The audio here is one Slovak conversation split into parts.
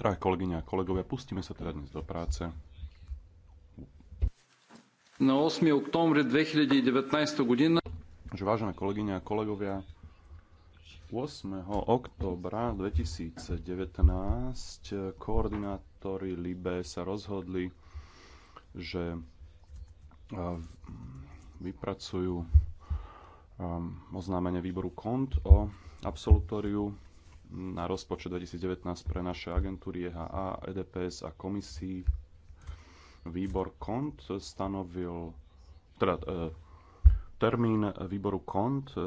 Drahé kolegyne a kolegovia, pustíme sa teda dnes do práce. Na 8. októbre 2019 godina. Že vážené kolegyne a kolegovia, 8. oktobra 2019 koordinátori Libe sa rozhodli, že vypracujú Um, oznámenie výboru KONT o absolutóriu na rozpočet 2019 pre naše agentúry EHA, EDPS a e komisí. Výbor KONT stanovil, teda e, termín výboru KONT e,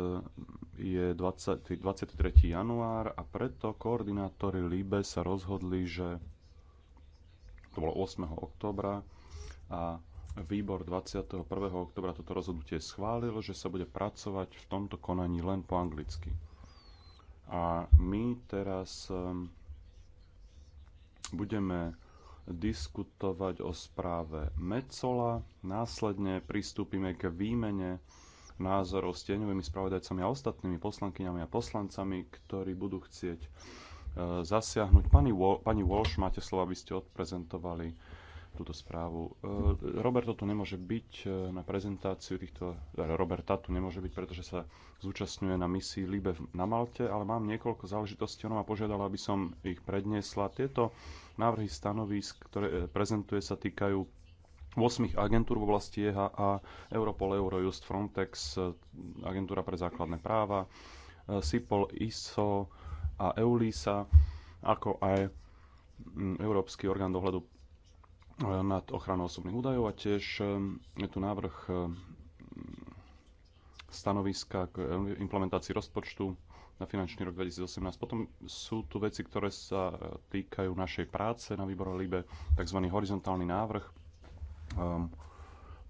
je 20, 23. január a preto koordinátori LIBE sa rozhodli, že to bolo 8. oktobra a výbor 21. oktobra toto rozhodnutie schválil, že sa bude pracovať v tomto konaní len po anglicky. A my teraz ehm, budeme diskutovať o správe Mecola. Následne pristúpime k výmene názorov s tieňovými spravodajcami a ostatnými poslankyňami a poslancami, ktorí budú chcieť e, zasiahnuť. Pani, Walsh, máte slovo, aby ste odprezentovali túto správu. E, Roberto tu nemôže byť e, na prezentáciu týchto... E, Roberta tu nemôže byť, pretože sa zúčastňuje na misii Libe na Malte, ale mám niekoľko záležitostí. Ona ma požiadala, aby som ich predniesla. Tieto návrhy stanovisk, ktoré prezentuje, sa týkajú 8 agentúr v oblasti EHA, Europol, Eurojust, Frontex, Agentúra pre základné práva, SIPOL, ISO a EULISA, ako aj mm, Európsky orgán dohľadu nad ochranou osobných údajov a tiež ehm, je tu návrh ehm, stanoviska k implementácii rozpočtu na finančný rok 2018. Potom sú tu veci, ktoré sa ehm, týkajú našej práce na výbore LIBE, tzv. horizontálny návrh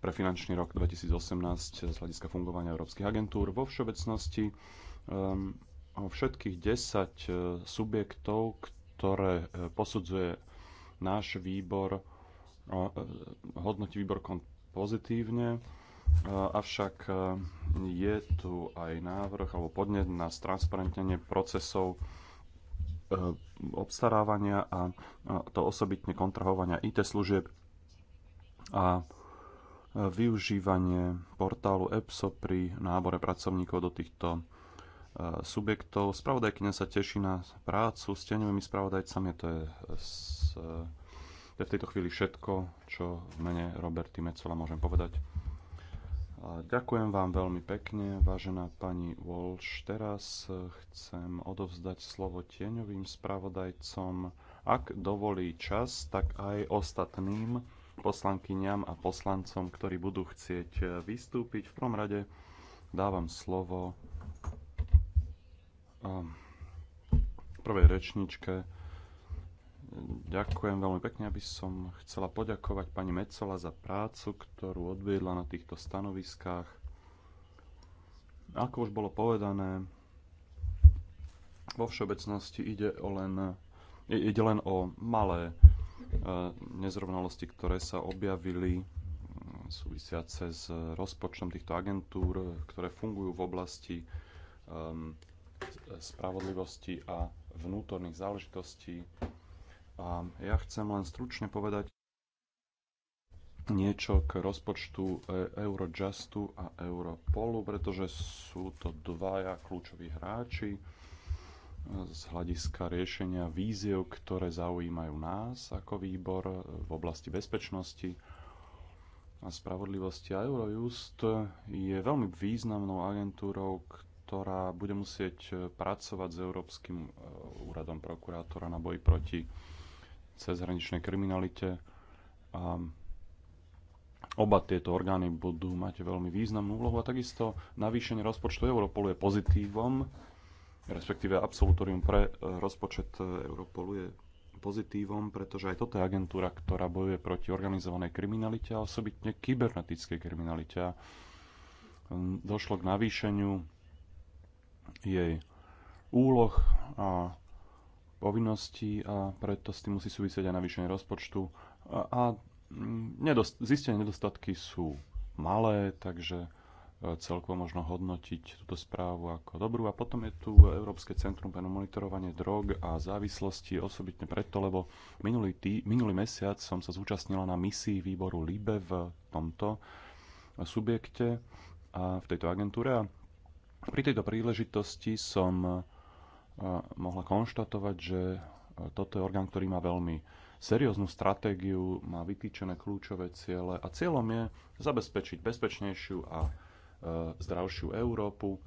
pre finančný rok 2018 z hľadiska fungovania európskych agentúr. Vo všeobecnosti všetkých 10 subjektov, ktoré posudzuje náš výbor, E, hodnotí výbor pozitívne, e, avšak e, je tu aj návrh alebo podnet na stransparentnenie procesov obstarávania a to osobitne kontrahovania IT služieb a využívanie portálu EPSO pri nábore pracovníkov do týchto subjektov. Spravodajkyňa sa teší na prácu s tieňovými spravodajcami, to je s to je v tejto chvíli všetko, čo v mene Roberty Mecola môžem povedať. ďakujem vám veľmi pekne, vážená pani Walsh. Teraz chcem odovzdať slovo tieňovým spravodajcom. Ak dovolí čas, tak aj ostatným poslankyňam a poslancom, ktorí budú chcieť vystúpiť. V prvom rade dávam slovo ehm, prvej rečničke, Ďakujem veľmi pekne, aby som chcela poďakovať pani Mecola za prácu, ktorú odviedla na týchto stanoviskách. Ako už bolo povedané, vo všeobecnosti ide, o len, ide len o malé e, nezrovnalosti, ktoré sa objavili e, súvisiace s rozpočtom týchto agentúr, ktoré fungujú v oblasti e, spravodlivosti a vnútorných záležitostí a ja chcem len stručne povedať niečo k rozpočtu e, Eurojustu a Europolu, pretože sú to dvaja kľúčoví hráči e, z hľadiska riešenia víziev, ktoré zaujímajú nás ako výbor e, v oblasti bezpečnosti a spravodlivosti. A Eurojust je veľmi významnou agentúrou, ktorá bude musieť pracovať s Európskym úradom prokurátora na boji proti cezhraničnej kriminalite. A oba tieto orgány budú mať veľmi významnú úlohu a takisto navýšenie rozpočtu Europolu je pozitívom, respektíve absolutorium pre e, rozpočet e, Europolu je pozitívom, pretože aj toto je agentúra, ktorá bojuje proti organizovanej kriminalite a osobitne kybernetickej kriminalite. Došlo k navýšeniu jej úloh a povinností a preto s tým musí súvisieť aj navýšenie rozpočtu. A, a mm, nedost- zistené nedostatky sú malé, takže e, celkovo možno hodnotiť túto správu ako dobrú. A potom je tu Európske centrum pre monitorovanie drog a závislosti, osobitne preto, lebo minulý, tý, minulý mesiac som sa zúčastnila na misii výboru LIBE v tomto subjekte a v tejto agentúre. A pri tejto príležitosti som mohla konštatovať, že e, toto je orgán, ktorý má veľmi serióznu stratégiu, má vytýčené kľúčové ciele a cieľom je zabezpečiť bezpečnejšiu a e, zdravšiu Európu. E,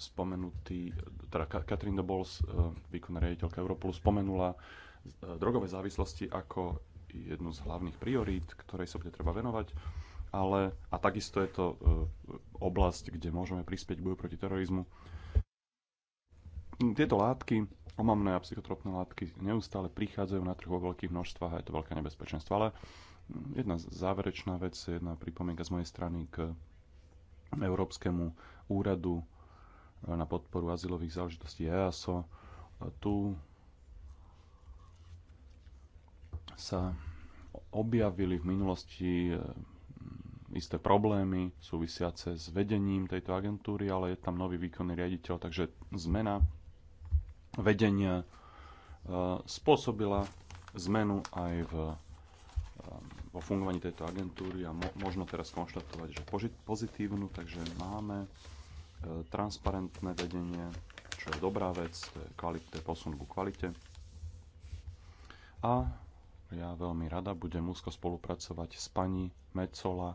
spomenutý, teda Katrin de Bols, výkonná riaditeľka Europolu, spomenula drogové závislosti ako jednu z hlavných priorít, ktorej sa bude treba venovať. Ale, a takisto je to oblasť, kde môžeme prispieť k boju proti terorizmu tieto látky, omamné a psychotropné látky, neustále prichádzajú na trh vo veľkých množstvách a je to veľké nebezpečenstvo. Ale jedna záverečná vec, jedna pripomienka z mojej strany k Európskemu úradu na podporu azylových záležitostí EASO. Tu sa objavili v minulosti eh, isté problémy súvisiace s vedením tejto agentúry, ale je tam nový výkonný riaditeľ, takže zmena vedenia eh, spôsobila zmenu aj v, eh, vo fungovaní tejto agentúry a mo, možno teraz konštatovať, že pozitívnu, takže máme eh, transparentné vedenie, čo je dobrá vec, to je, kvalit- to je posun ku kvalite. A ja veľmi rada budem úzko spolupracovať s pani Mecola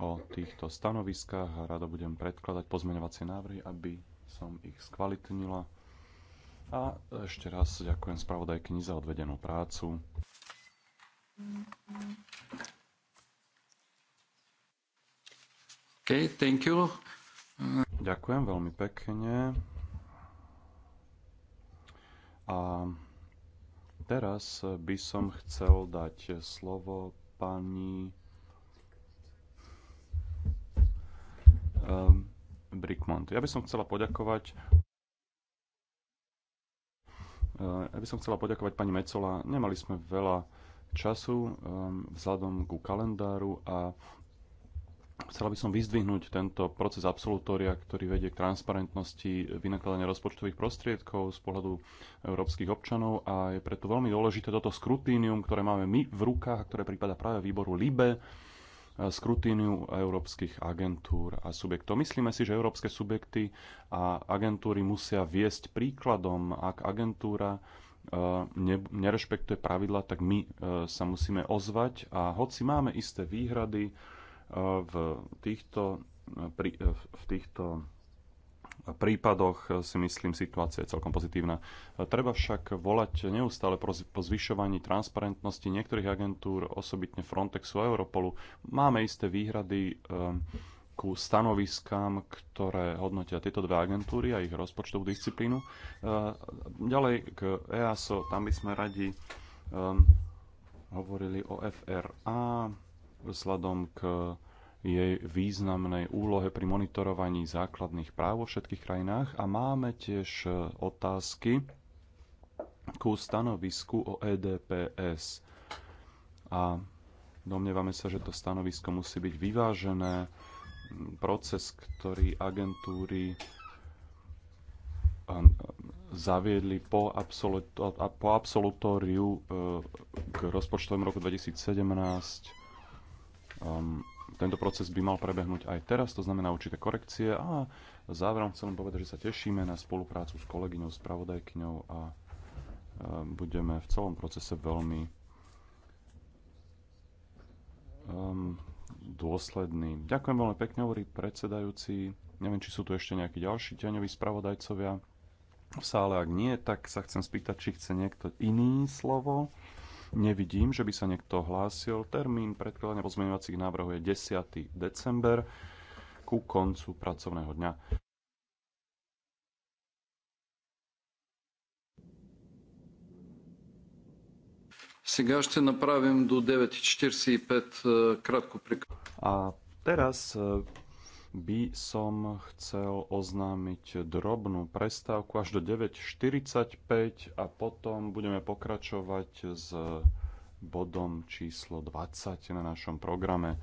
o týchto stanoviskách a rada budem predkladať pozmeňovacie návrhy, aby som ich skvalitnila a ešte raz ďakujem spravodajkyni za odvedenú prácu. Okay, thank you. Ďakujem veľmi pekne. A teraz by som chcel dať slovo pani ehm, Brickmont. Ja by som chcela poďakovať Eh, ja by som chcela poďakovať pani Mecola. Nemali sme veľa času eh, vzhľadom ku kalendáru a chcela by som vyzdvihnúť tento proces absolutória, ktorý vedie k transparentnosti vynakladania rozpočtových prostriedkov z pohľadu európskych občanov a je preto veľmi dôležité toto skrutínium, ktoré máme my v rukách a ktoré prípada práve výboru LIBE, skrutíniu európskych agentúr a subjektov. Myslíme si, že európske subjekty a agentúry musia viesť príkladom, ak agentúra e, nerešpektuje pravidla, tak my e, sa musíme ozvať a hoci máme isté výhrady e, v týchto, v týchto prípadoch eh, si myslím, situácia je celkom pozitívna. Eh, treba však volať neustále po zvyšovaní transparentnosti niektorých agentúr, osobitne Frontexu a Europolu. Máme isté výhrady eh, ku stanoviskám, ktoré hodnotia tieto dve agentúry a ich rozpočtovú disciplínu. Ďalej k EASO, tam by sme radi hovorili o FRA vzhľadom k jej významnej úlohe pri monitorovaní základných práv vo všetkých krajinách a máme tiež e, otázky ku stanovisku o EDPS. A domnievame sa, že to stanovisko musí byť vyvážené. Proces, ktorý agentúry e, zaviedli po, absolut- po absolutóriu e, k rozpočtovému roku 2017 tento proces by mal prebehnúť aj teraz, to znamená určité korekcie a záverom chcem povedať, že sa tešíme na spoluprácu s kolegyňou, spravodajkyňou a e, budeme v celom procese veľmi um, dôslední. Ďakujem veľmi pekne, hovorí predsedajúci. Neviem, či sú tu ešte nejakí ďalší tieňoví spravodajcovia v sále. Ak nie, tak sa chcem spýtať, či chce niekto iný slovo. Nevidím, že by sa niekto hlásil. Termín predkladania pozmeňovacích návrhov je 10. december ku koncu pracovného dňa. Сега ще направим до 9.45 кратко прекъсване. А teraz by som chcel oznámiť drobnú prestávku až do 9.45 a potom budeme pokračovať s bodom číslo 20 na našom programe.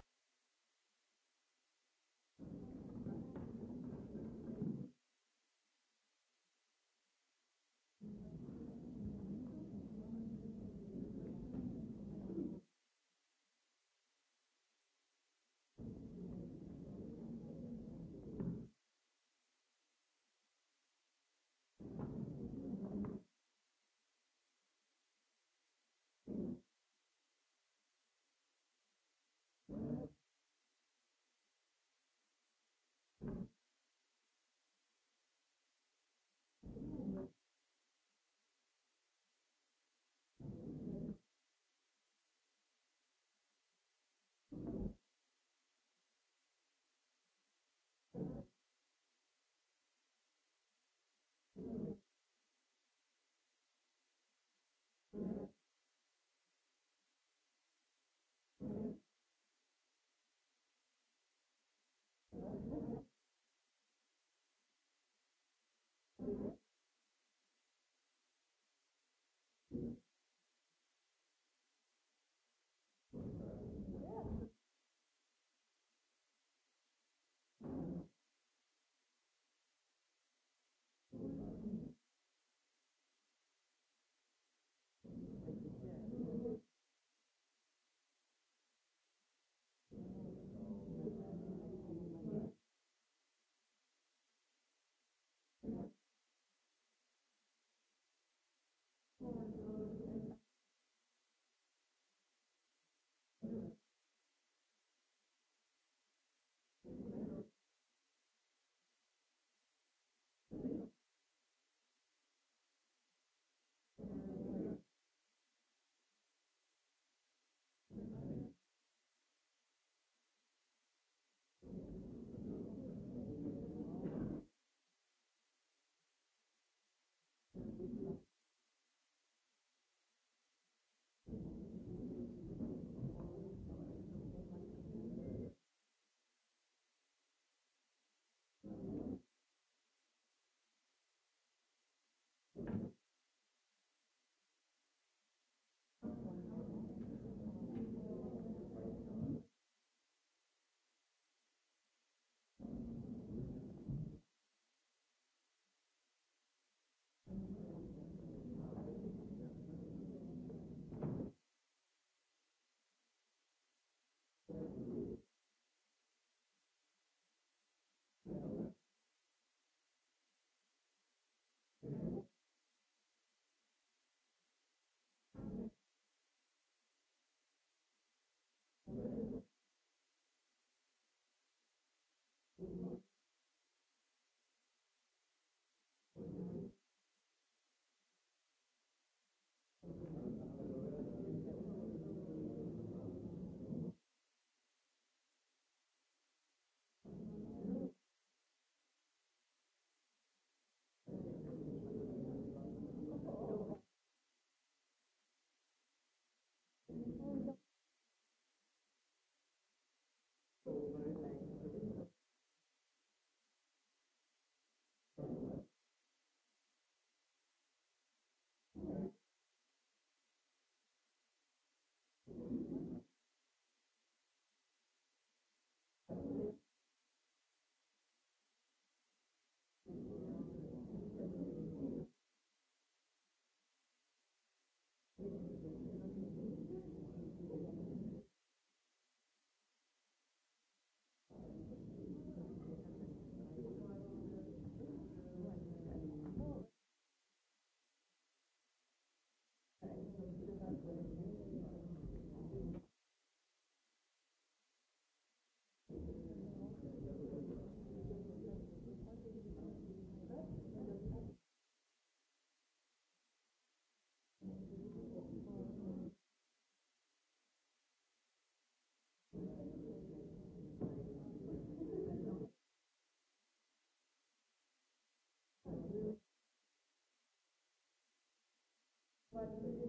Pani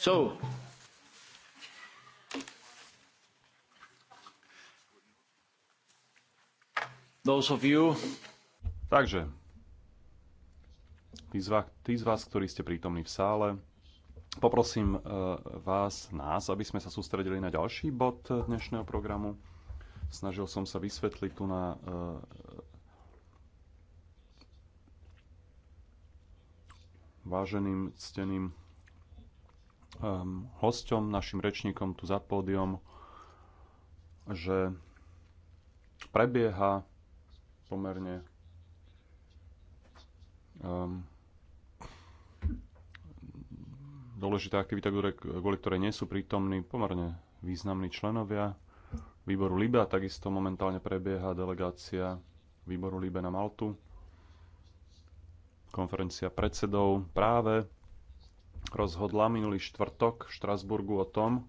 So, those of you... Takže, tí z, vás, tí z vás, ktorí ste prítomní v sále, poprosím eh, vás, nás, aby sme sa sústredili na ďalší bod dnešného programu. Snažil som sa vysvetliť tu na eh, váženým, cteným um, hosťom, našim rečníkom tu za pódium, že prebieha pomerne um, ehm, dôležitá aktivita, kvôli ktorej nie sú prítomní pomerne významní členovia výboru Libe a takisto momentálne prebieha delegácia výboru Libe na Maltu. Konferencia predsedov práve rozhodla minulý štvrtok v Štrasburgu o tom,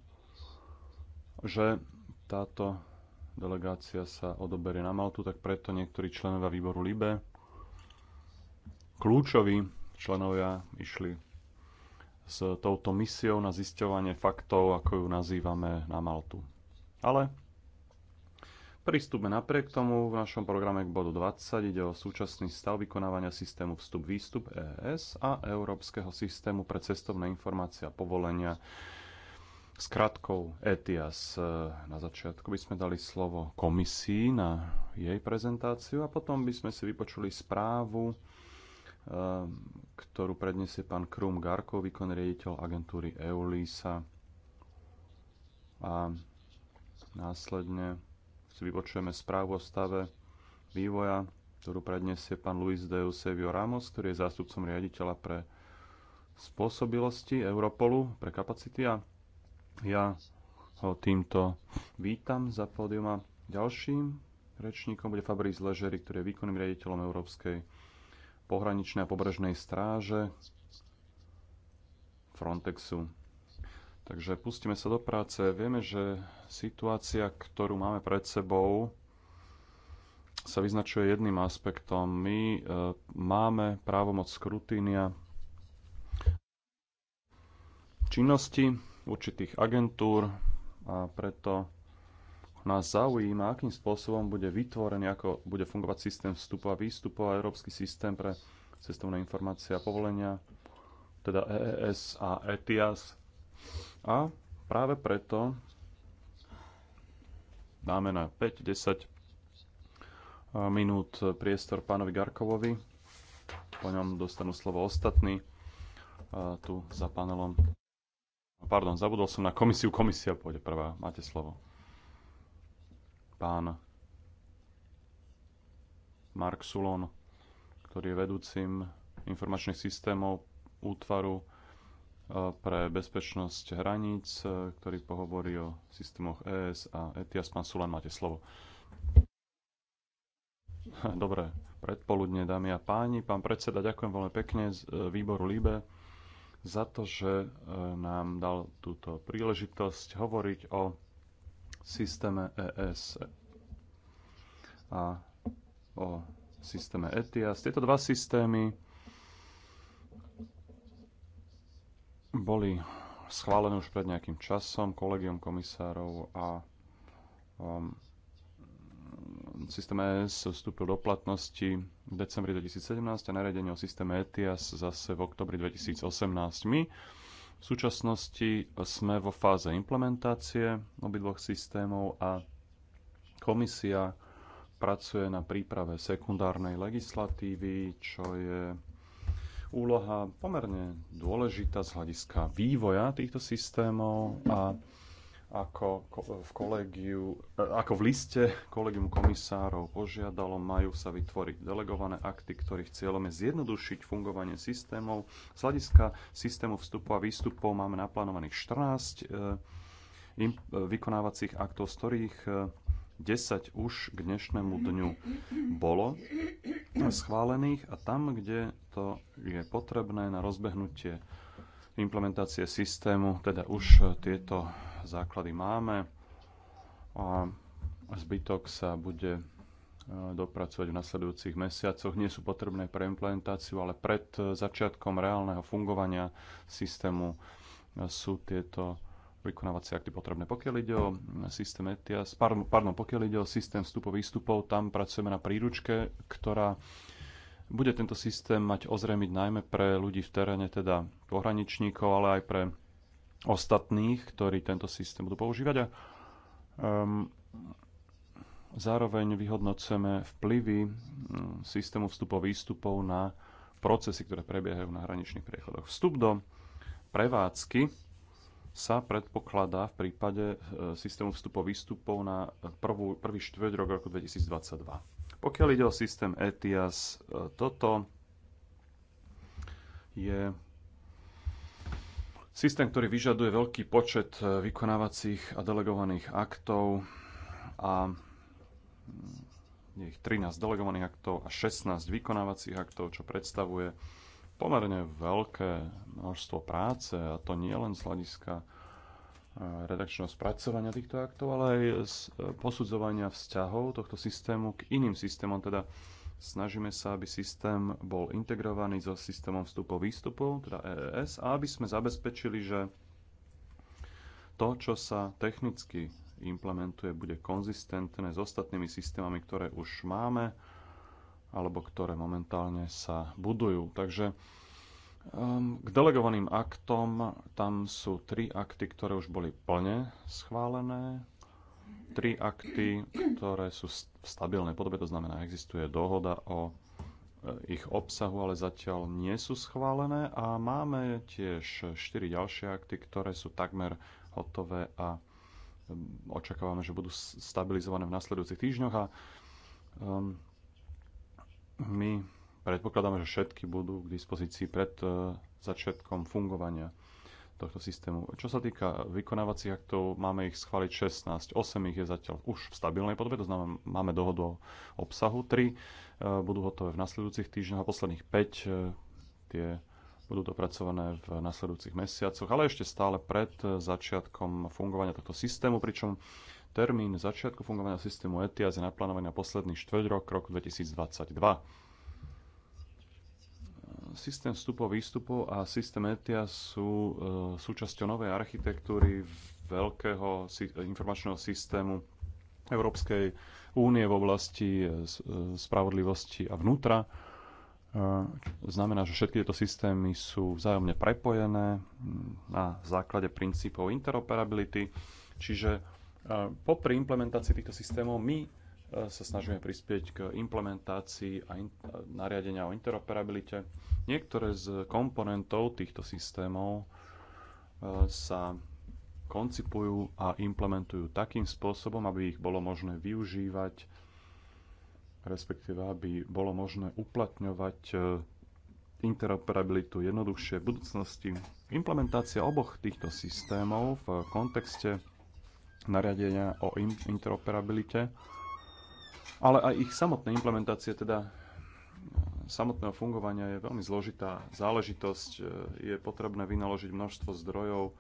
že táto delegácia sa odoberie na Maltu, tak preto niektorí členovia výboru LIBE, kľúčoví členovia, išli s touto misiou na zisťovanie faktov, ako ju nazývame, na Maltu. Ale Pristúpme napriek tomu v našom programe k bodu 20. Ide o súčasný stav vykonávania systému vstup-výstup EES a Európskeho systému pre cestovné informácie a povolenia s krátkou ETIAS. Eh, na začiatku by sme dali slovo komisii na jej prezentáciu a potom by sme si vypočuli správu, eh, ktorú predniesie pán Krum Garkov, výkonný riaditeľ agentúry EULISA. A následne si vypočujeme správu o stave vývoja, ktorú predniesie pán Luis de Eusebio Ramos, ktorý je zástupcom riaditeľa pre spôsobilosti Europolu, pre kapacity a ja ho týmto vítam za pódium a ďalším rečníkom bude Fabrice Ležery, ktorý je výkonným riaditeľom Európskej pohraničnej a pobrežnej stráže Frontexu. Takže pustíme sa do práce. Vieme, že situácia, ktorú máme pred sebou, sa vyznačuje jedným aspektom. My e, máme právomoc skrutínia činnosti určitých agentúr a preto nás zaujíma, akým spôsobom bude vytvorený, ako bude fungovať systém vstupu a výstupu a európsky systém pre cestovné informácie a povolenia, teda EES a ETIAS a práve preto dáme na 5-10 minút priestor pánovi Garkovovi. Po ňom dostanú slovo ostatní tu za panelom. Pardon, zabudol som na komisiu. Komisia pôjde prvá. Máte slovo. Pán Mark Sulon, ktorý je vedúcim informačných systémov útvaru pre bezpečnosť hraníc, e, ktorý pohovorí o systémoch ES a ETIAS. Pán Sulan, máte slovo. Dobre, predpoludne, dámy a páni. Pán predseda, ďakujem veľmi pekne z e, výboru LIBE za to, že e, nám dal túto príležitosť hovoriť o systéme ES a o systéme ETIAS. Tieto dva systémy boli schválené už pred nejakým časom kolegium komisárov a um, systém ES vstúpil do platnosti v decembri 2017 a nariadenie o systéme ETIAS zase v oktobri 2018. My v súčasnosti sme vo fáze implementácie obidvoch systémov a komisia pracuje na príprave sekundárnej legislatívy, čo je úloha pomerne dôležitá z hľadiska vývoja týchto systémov a ako v, kolegiu, eh, ako v liste kolegium komisárov požiadalo, majú sa vytvoriť delegované akty, ktorých cieľom je zjednodušiť fungovanie systémov. Z hľadiska systému vstupu a výstupov máme naplánovaných 14 eh, eh, vykonávacích aktov, z ktorých 10 už k dnešnému dňu bolo schválených a tam, kde to je potrebné na rozbehnutie implementácie systému, teda už tieto základy máme a zbytok sa bude e, dopracovať v nasledujúcich mesiacoch. Nie sú potrebné pre implementáciu, ale pred e, začiatkom reálneho fungovania systému e, sú tieto vykonávacie akty potrebné. Pokiaľ ide o systém ETIAS, pardon, pardon, pokiaľ ide o systém vstupov výstupov, tam pracujeme na príručke, ktorá bude tento systém mať ozremiť najmä pre ľudí v teréne, teda pohraničníkov, ale aj pre ostatných, ktorí tento systém budú používať. A, um, zároveň vyhodnocujeme vplyvy systému vstupov výstupov na procesy, ktoré prebiehajú na hraničných priechodoch. Vstup do prevádzky sa predpokladá v prípade e, systému vstupov výstupov na prvú, prvý štvrť rok roku 2022. Pokiaľ ide o systém ETIAS, e, toto je systém, ktorý vyžaduje veľký počet e, vykonávacích a delegovaných aktov a mm, je ich 13 delegovaných aktov a 16 vykonávacích aktov, čo predstavuje pomerne veľké množstvo práce, a to nie len z hľadiska e, redakčného spracovania týchto aktov, ale aj z e, posudzovania vzťahov tohto systému k iným systémom. Teda snažíme sa, aby systém bol integrovaný so systémom vstupov výstupov, teda EES, a aby sme zabezpečili, že to, čo sa technicky implementuje, bude konzistentné s ostatnými systémami, ktoré už máme, alebo ktoré momentálne sa budujú. Takže um, k delegovaným aktom tam sú tri akty, ktoré už boli plne schválené, tri akty, ktoré sú v stabilnej podobe, to znamená, existuje dohoda o e, ich obsahu, ale zatiaľ nie sú schválené a máme tiež štyri ďalšie akty, ktoré sú takmer hotové a e, očakávame, že budú stabilizované v nasledujúcich týždňoch a um, my predpokladáme, že všetky budú k dispozícii pred e, začiatkom fungovania tohto systému. Čo sa týka vykonávacích aktov, máme ich schváliť 16, 8 ich je zatiaľ už v stabilnej podobe, to znamená, máme dohodu o obsahu, 3 e, budú hotové v nasledujúcich týždňoch a posledných 5 e, tie budú dopracované v nasledujúcich mesiacoch, ale ešte stále pred začiatkom fungovania tohto systému, pričom termín začiatku fungovania systému ETIAS je naplánovaný na posledný štvrť rok, rok 2022. Systém vstupov, výstupov a systém ETIAS sú e, súčasťou novej architektúry veľkého informačného systému Európskej únie v oblasti e, e, spravodlivosti a vnútra Znamená, že všetky tieto systémy sú vzájomne prepojené na základe princípov interoperability, čiže popri implementácii týchto systémov my e, sa snažíme prispieť k implementácii a in- nariadenia o interoperabilite. Niektoré z komponentov týchto systémov e, sa koncipujú a implementujú takým spôsobom, aby ich bolo možné využívať respektíve aby bolo možné uplatňovať e, interoperabilitu jednoduchšie v budúcnosti. Implementácia oboch týchto systémov v kontexte nariadenia o interoperabilite, ale aj ich samotné implementácie, teda e, samotného fungovania je veľmi zložitá záležitosť, e, je potrebné vynaložiť množstvo zdrojov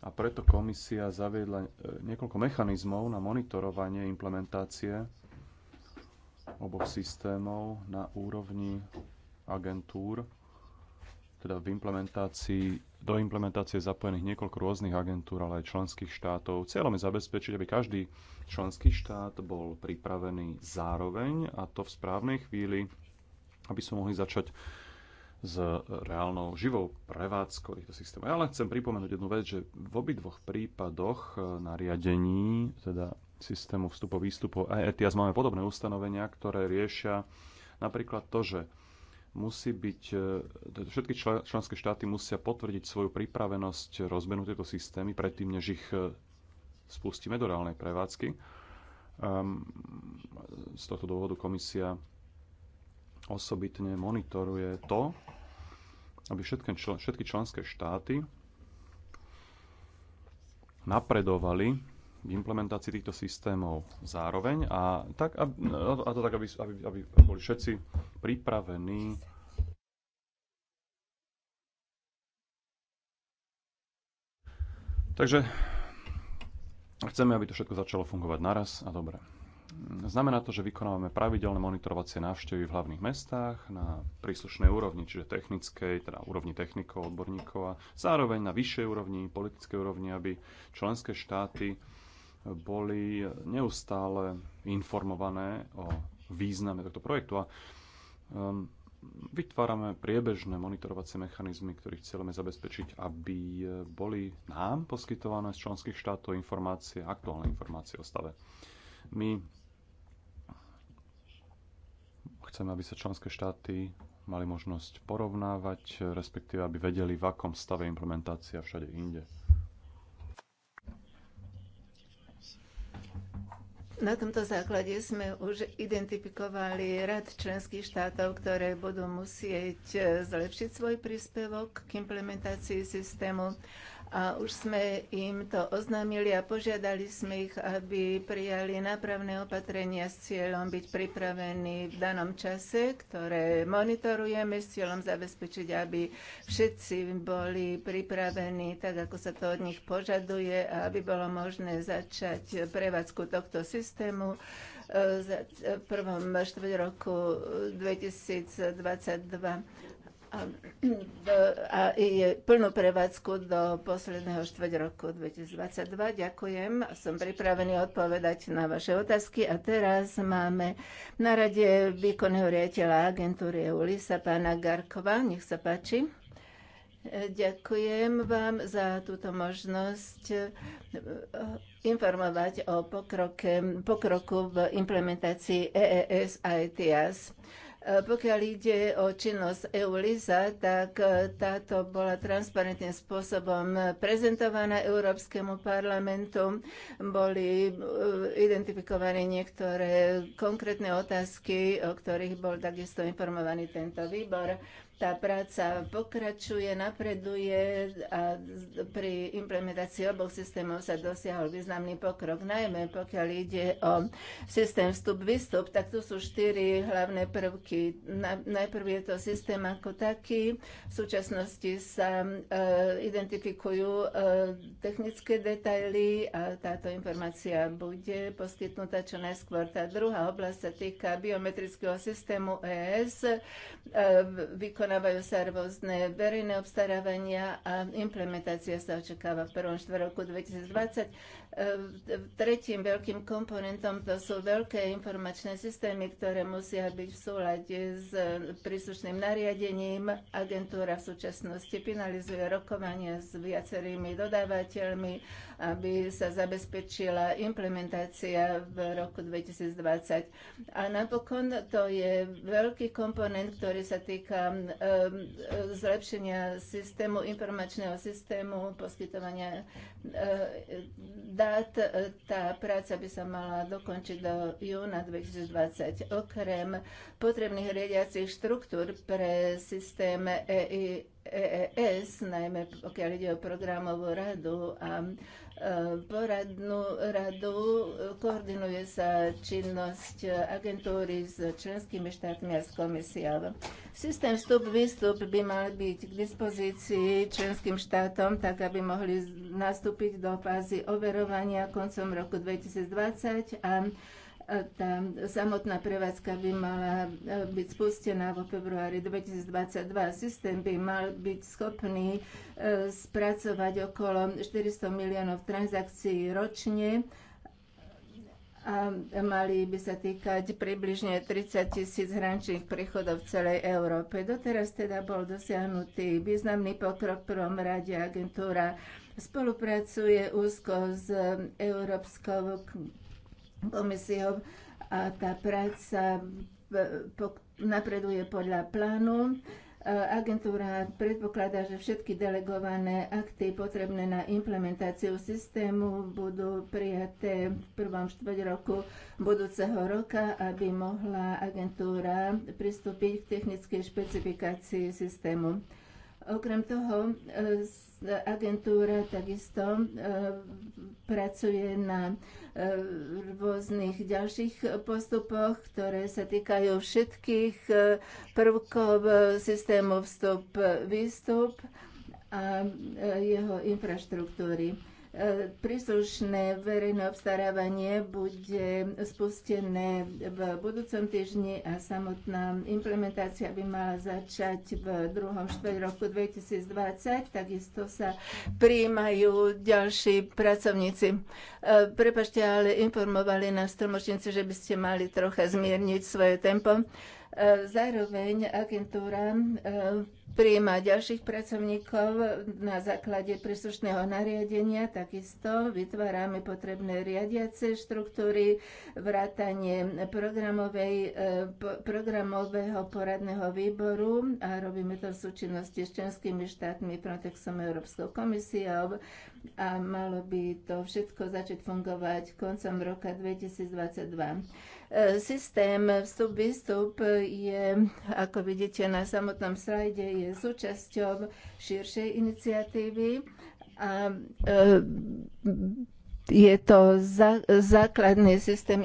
a preto komisia zaviedla niekoľko mechanizmov na monitorovanie implementácie oboch systémov na úrovni agentúr, teda v implementácii, do implementácie zapojených niekoľko rôznych agentúr, ale aj členských štátov. Cieľom je zabezpečiť, aby každý členský štát bol pripravený zároveň a to v správnej chvíli, aby sme mohli začať s reálnou živou prevádzkou týchto systémov. Ja len chcem pripomenúť jednu vec, že v obidvoch prípadoch eh, nariadení, teda systému vstupov výstupov. Aj ETIAS máme podobné ustanovenia, ktoré riešia napríklad to, že musí byť, e, všetky členské štáty musia potvrdiť svoju pripravenosť rozbenúť tieto systémy predtým, než ich e, spustíme do reálnej prevádzky. Ehm, z tohto dôvodu komisia osobitne monitoruje to, aby všetky členské štáty napredovali v implementácii týchto systémov zároveň a, tak, a, no, a to tak, aby, aby, aby boli všetci pripravení Takže chceme, aby to všetko začalo fungovať naraz a dobre. Znamená to, že vykonávame pravidelné monitorovacie návštevy v hlavných mestách na príslušnej úrovni, čiže technickej, teda úrovni technikov, odborníkov a zároveň na vyššej úrovni, politickej úrovni, aby členské štáty boli neustále informované o význame tohto projektu a um, vytvárame priebežné monitorovacie mechanizmy, ktorých cieľom je zabezpečiť, aby e, boli nám poskytované z členských štátov informácie, aktuálne informácie o stave. My chceme, aby sa členské štáty mali možnosť porovnávať, respektíve aby vedeli, v akom stave implementácia všade inde. Na tomto základe sme už identifikovali rad členských štátov, ktoré budú musieť eh, zlepšiť svoj príspevok k implementácii systému a už sme im to oznámili a požiadali sme ich, aby prijali nápravné opatrenia s cieľom byť pripravení v danom čase, ktoré monitorujeme s cieľom zabezpečiť, aby všetci boli pripravení tak, ako sa to od nich požaduje a aby bolo možné začať prevádzku tohto systému e, v prvom štvrť roku 2022. do, a je plnú prevádzku do posledného štvrť roku 2022. Ďakujem. Som pripravený odpovedať na vaše otázky. A teraz máme na rade výkonného riaditeľa agentúry e Ulisa pána Garkova. Nech sa páči. Ďakujem vám za túto možnosť e, informovať o pokroke, pokroku v implementácii EES a e E, pokiaľ ide o činnosť EULISA, tak e, táto bola transparentným spôsobom e, prezentovaná Európskemu parlamentu. Boli identifikované niektoré konkrétne otázky, o ktorých bol takisto informovaný tento výbor. Tá práca pokračuje, napreduje a pri implementácii oboch systémov sa dosiahol významný pokrok, najmä pokiaľ ide o systém vstup-výstup, tak tu sú štyri hlavné prvky. Najprv je to systém ako taký. V súčasnosti sa e, identifikujú e, technické detaily a táto informácia bude poskytnutá čo najskôr. Tá druhá oblasť sa týka biometrického systému ES, e, výkon vykonávajú sa rôzne verejné obstarávania a implementácia sa očakáva v prvom štvrtroku 2020 Tretím veľkým komponentom to sú veľké informačné systémy, ktoré musia byť v súlade s príslušným nariadením. Agentúra v súčasnosti finalizuje rokovanie s viacerými dodávateľmi, aby sa zabezpečila implementácia v roku 2020. A napokon to je veľký komponent, ktorý sa týka um, zlepšenia systému, informačného systému, poskytovania uh, dá štát. E, tá práca by sa mala dokončiť do júna 2020. Okrem potrebných riadiacich štruktúr pre systém EI EES, najmä pokiaľ ide o programovú radu a e, poradnú radu, koordinuje sa činnosť agentúry s členskými štátmi a s komisiou. Systém vstup-výstup by mal byť k dispozícii členským štátom, tak aby mohli nastúpiť do fázy overovania koncom roku 2020 a tá samotná prevádzka by mala e, byť spustená vo februári 2022. Systém by mal byť schopný e, spracovať okolo 400 miliónov transakcií ročne a mali by sa týkať približne 30 tisíc hraničných prechodov v celej Európe. Doteraz teda bol dosiahnutý významný pokrok. V prvom rade agentúra spolupracuje úzko s Európskou komisiou a tá práca e, napreduje podľa plánu. E, agentúra predpokladá, že všetky delegované akty potrebné na implementáciu systému budú prijaté v prvom štvrť roku budúceho roka, aby mohla agentúra pristúpiť k technickej špecifikácii systému. Okrem toho e, agentúra takisto e, pracuje na e, rôznych ďalších postupoch, ktoré sa týkajú všetkých e, prvkov systému vstup-výstup a jeho infraštruktúry. Príslušné verejné obstarávanie bude spustené v budúcom týždni a samotná implementácia by mala začať v druhom štveť roku 2020. Takisto sa príjmajú ďalší pracovníci. E, prepašte, ale informovali nás tlmočníci, že by ste mali trocha zmierniť svoje tempo. E, zároveň agentúra e, prijíma ďalších pracovníkov na základe príslušného nariadenia. Takisto vytvárame potrebné riadiace štruktúry, vrátanie programovej, e, programového poradného výboru a robíme to v súčinnosti s členskými štátmi, Frontexom, Európskou komisiou a malo by to všetko začať fungovať koncom roka 2022. Eh, systém vstup-výstup je, ako vidíte na samotnom slajde, je súčasťou širšej iniciatívy a eh, je to za, základný systém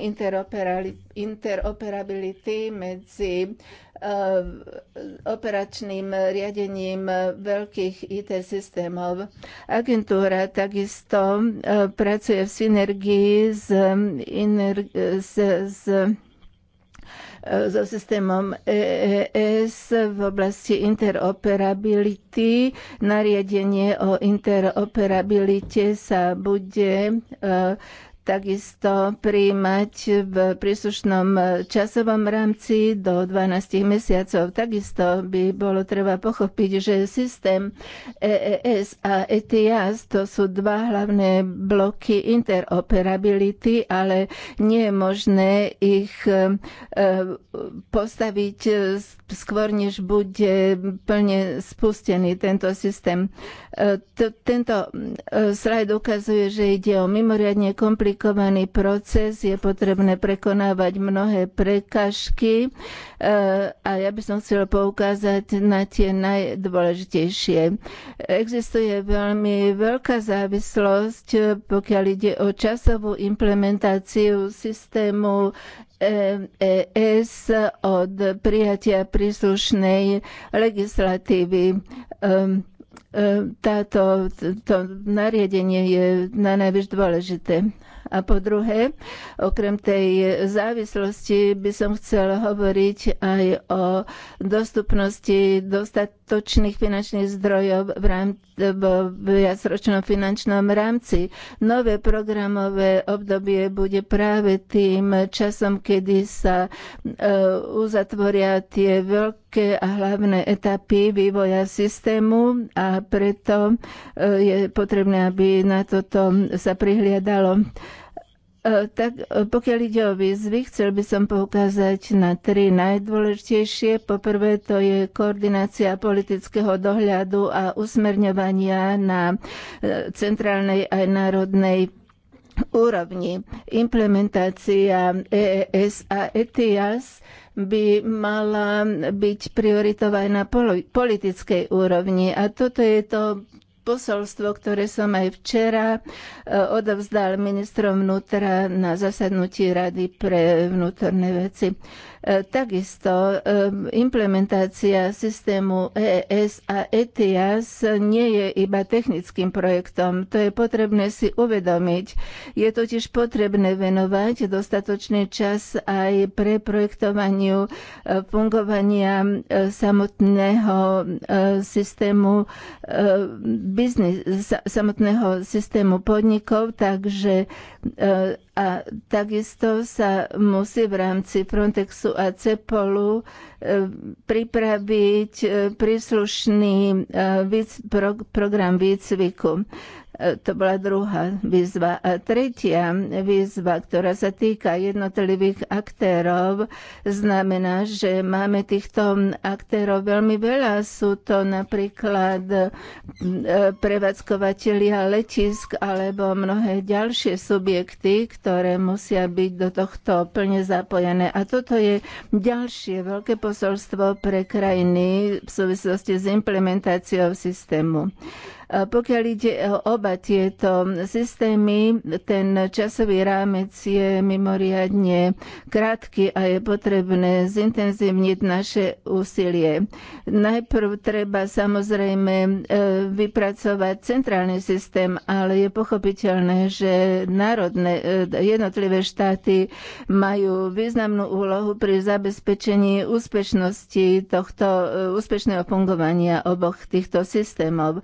interoperability medzi Eh, operačným riadením veľkých IT systémov. Agentúra takisto eh, pracuje v synergii s, s, s eh, so systémom EES v oblasti interoperability. Nariadenie o interoperabilite sa bude takisto príjmať v príslušnom časovom rámci do 12 mesiacov. Takisto by bolo treba pochopiť, že systém EES a ETIAS to sú dva hlavné bloky interoperability, ale nie je možné ich e, postaviť e, skôr, než bude plne spustený tento systém. E, tento slajd ukazuje, že ide o mimoriadne komplikované komplikovaný proces, je potrebné prekonávať mnohé prekažky e, a ja by som chcela poukázať na tie najdôležitejšie. Existuje veľmi veľká závislosť, pokiaľ ide o časovú implementáciu systému ES e od prijatia príslušnej legislatívy. Ehm, ehm, táto, to nariadenie je na najvyššie dôležité. A po druhé, okrem tej závislosti by som chcel hovoriť aj o dostupnosti dostatočných finančných zdrojov v rámci viacročnom finančnom rámci. Nové programové obdobie bude práve tým časom, kedy sa e, uzatvoria tie veľké a hlavné etapy vývoja systému a preto e, je potrebné, aby na toto sa prihliadalo E, tak e, pokiaľ ide o výzvy, chcel by som poukázať na tri najdôležitejšie. Poprvé to je koordinácia politického dohľadu a usmerňovania na e, centrálnej aj národnej úrovni. Implementácia EES a ETIAS by mala byť prioritovaná aj na politickej úrovni. A toto je to posolstvo, ktoré som aj včera e, odovzdal ministrom vnútra na zasadnutí Rady pre vnútorné veci. E, takisto e, implementácia systému ES a ETIAS nie je iba technickým projektom. To je potrebné si uvedomiť. Je totiž potrebné venovať dostatočný čas aj pre projektovaniu fungovania samotného systému biznis, samotného systému podnikov, takže eh, a takisto sa musí v rámci Frontexu a CEPOLu eh, pripraviť eh, príslušný program výcviku. E, to bola druhá výzva. A e, tretia výzva, ktorá sa týka jednotlivých aktérov, znamená, že máme týchto aktérov veľmi veľa. Sú to napríklad e, prevádzkovateľia letisk alebo mnohé ďalšie subjekty, ktoré musia byť do tohto plne zapojené. A toto je ďalšie veľké posolstvo pre krajiny v súvislosti s implementáciou systému. Eh, pokiaľ ide o eh, oba tieto systémy, ten časový rámec je mimoriadne krátky a je potrebné zintenzívniť naše úsilie. Najprv treba samozrejme eh, vypracovať centrálny systém, ale je pochopiteľné, že národné, jednotlivé štáty majú významnú úlohu pri zabezpečení úspešnosti tohto úspešného fungovania oboch týchto systémov.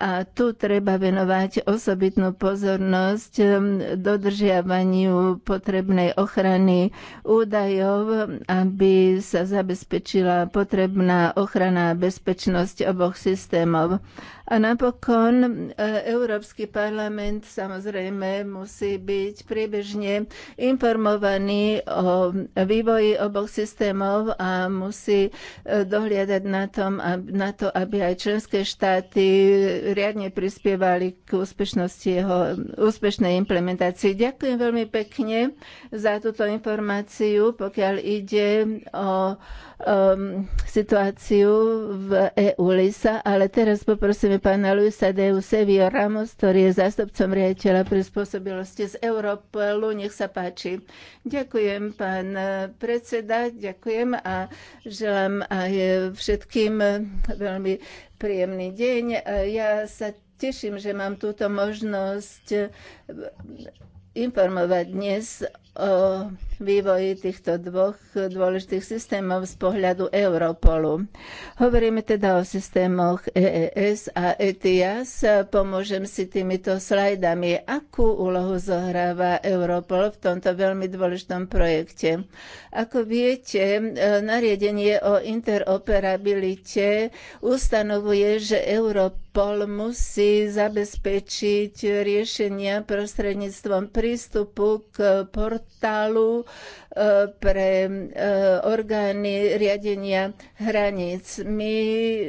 A tu treba venovať osobitnú pozornosť um, dodržiavaniu potrebnej ochrany údajov, aby sa zabezpečila potrebná ochrana a bezpečnosť oboch systémov. A napokon e, Európsky parlament samozrejme musí byť priebežne informovaný o vývoji oboch systémov a musí e, dohliadať na, tom, na to, aby aj členské štáty riadne prispievali k úspešnosti jeho úspešnej implementácii. Ďakujem veľmi pekne za túto informáciu, pokiaľ ide o um, situáciu v EU Lisa, ale teraz poprosíme pána Luisa de Eusebio Ramos, ktorý je zástupcom riaditeľa pre spôsobilosti z Europolu. Nech sa páči. Ďakujem, pán predseda, ďakujem a želám aj všetkým veľmi príjemný deň. Ja sa teším, že mám túto možnosť informovať dnes o vývoji týchto dvoch dôležitých systémov z pohľadu Europolu. Hovoríme teda o systémoch EES a ETIAS. Pomôžem si týmito slajdami. Akú úlohu zohráva Europol v tomto veľmi dôležitom projekte? Ako viete, e, nariadenie o interoperabilite ustanovuje, že Europol Europol musí zabezpečiť riešenia prostredníctvom prístupu k portálu e, pre e, orgány riadenia hraníc. My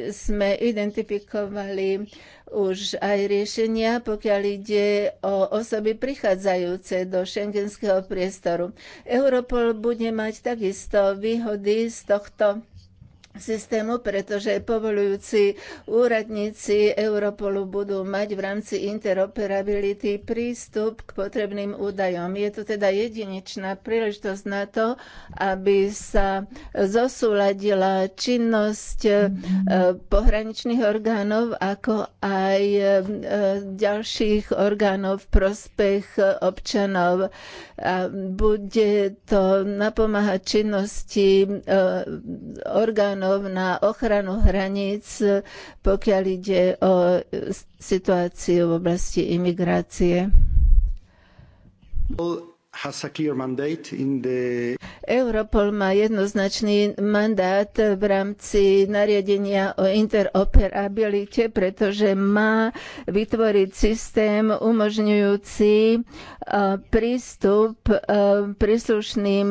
sme identifikovali už aj riešenia, pokiaľ ide o osoby prichádzajúce do šengenského priestoru. Europol bude mať takisto výhody z tohto systému, pretože povolujúci úradníci Europolu budú mať v rámci interoperability prístup k potrebným údajom. Je to teda jedinečná príležitosť na to, aby sa zosúladila činnosť eh, pohraničných orgánov, ako aj eh, ďalších orgánov v prospech občanov. bude to napomáhať činnosti eh, orgánov plánov na ochranu hraníc, pokiaľ ide o e, situáciu v oblasti imigrácie. Europol má jednoznačný mandát v rámci nariadenia o interoperabilite, pretože má vytvoriť systém umožňujúci prístup príslušným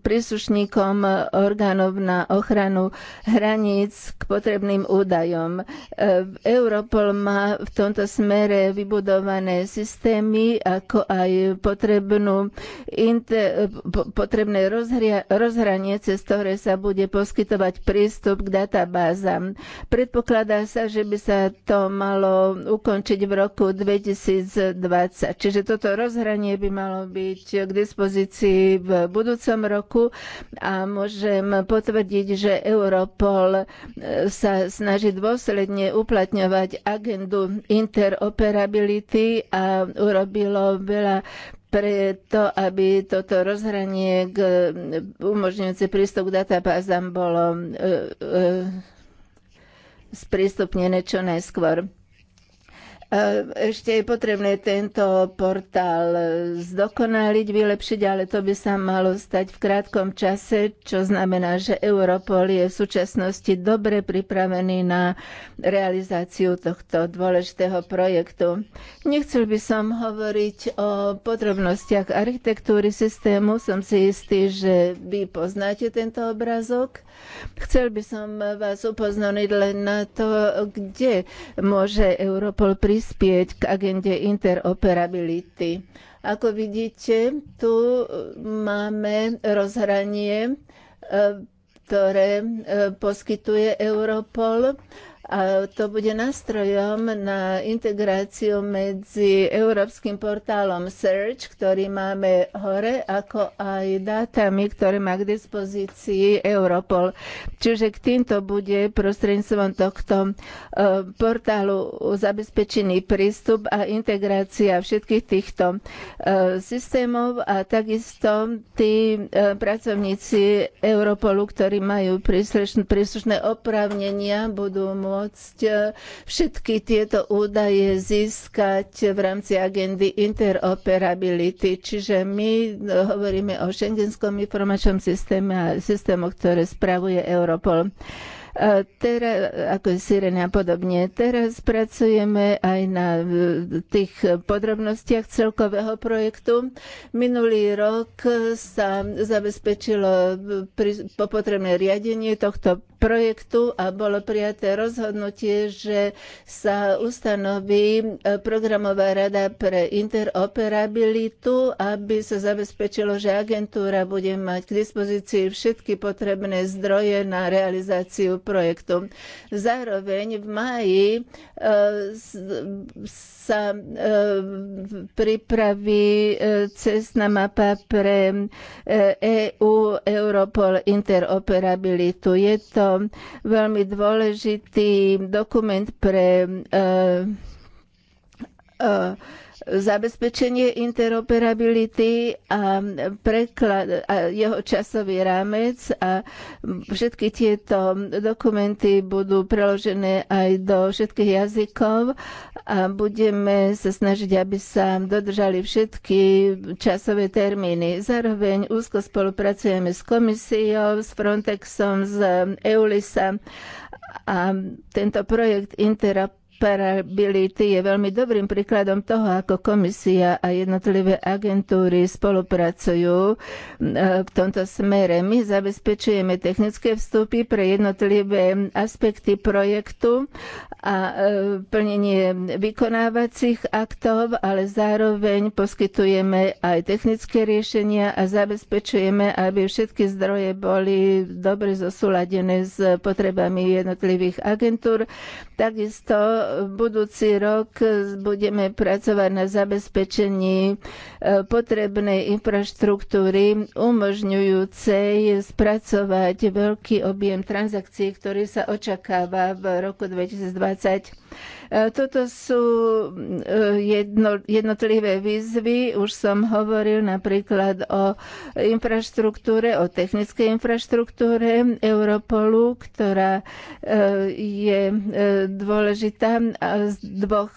príslušníkom orgánov na ochranu hraníc k potrebným údajom. Europol má v tomto smere vybudované systémy, ako aj potrebné potrebnú, inter, potrebné rozhria, rozhranie, cez ktoré sa bude poskytovať prístup k databázam. Predpokladá sa, že by sa to malo ukončiť v roku 2020. Čiže toto rozhranie by malo byť k dispozícii v budúcom roku a môžem potvrdiť, že Europol e, sa snaží dôsledne uplatňovať agendu interoperability a urobilo veľa preto, aby toto rozhranie k umožňujúce prístup k databázam bolo e, e, sprístupnené čo najskôr. Ešte je potrebné tento portál zdokonaliť, vylepšiť, ale to by sa malo stať v krátkom čase, čo znamená, že Europol je v súčasnosti dobre pripravený na realizáciu tohto dôležitého projektu. Nechcel by som hovoriť o podrobnostiach architektúry systému, som si istý, že vy poznáte tento obrazok. Chcel by som vás upoznaniť len na to, kde môže Europol prísť prispieť k agende interoperability. Ako vidíte, tu máme rozhranie, e, ktoré e, poskytuje Europol a to bude nástrojom na integráciu medzi európskym portálom Search, ktorý máme hore, ako aj dátami, ktoré má k dispozícii Europol. Čiže k týmto bude prostredníctvom tohto e, portálu zabezpečený prístup a integrácia všetkých týchto e, systémov a takisto tí e, pracovníci Europolu, ktorí majú príslušné oprávnenia, budú môcť pomôcť e, všetky tieto údaje získať v rámci agendy interoperability. Čiže my e, hovoríme o šengenskom informačnom systéme a systémoch, ktoré spravuje Europol. Teraz, ako je sirene a podobne. Teraz pracujeme aj na tých podrobnostiach celkového projektu. Minulý rok sa zabezpečilo popotrebné riadenie tohto projektu a bolo prijaté rozhodnutie, že sa ustanoví e, programová rada pre interoperabilitu, aby sa zabezpečilo, že agentúra bude mať k dispozícii všetky potrebné zdroje na realizáciu projektu. Zároveň v máji e, sa e, pripraví e, cestná mapa pre EU Europol interoperabilitu. Je to veľmi dôležitý dokument pre uh, uh, zabezpečenie interoperability a, preklad, a jeho časový rámec a všetky tieto dokumenty budú preložené aj do všetkých jazykov a budeme sa snažiť, aby sa dodržali všetky časové termíny. Zároveň úzko spolupracujeme s komisiou, s Frontexom, s EULISA a tento projekt interoperability interoperability je veľmi dobrým príkladom toho, ako komisia a jednotlivé agentúry spolupracujú e, v tomto smere. My zabezpečujeme technické vstupy pre jednotlivé aspekty projektu a e, plnenie vykonávacích aktov, ale zároveň poskytujeme aj technické riešenia a zabezpečujeme, aby všetky zdroje boli dobre zosúladené s potrebami jednotlivých agentúr. Takisto budúci rok budeme pracovať na zabezpečení e, potrebnej infraštruktúry umožňujúcej spracovať veľký objem transakcií, ktorý sa očakáva v roku 2020. E, toto sú e, jedno, jednotlivé výzvy. Už som hovoril napríklad o infraštruktúre, o technickej infraštruktúre Europolu, ktorá e, je dôležitá z dvoch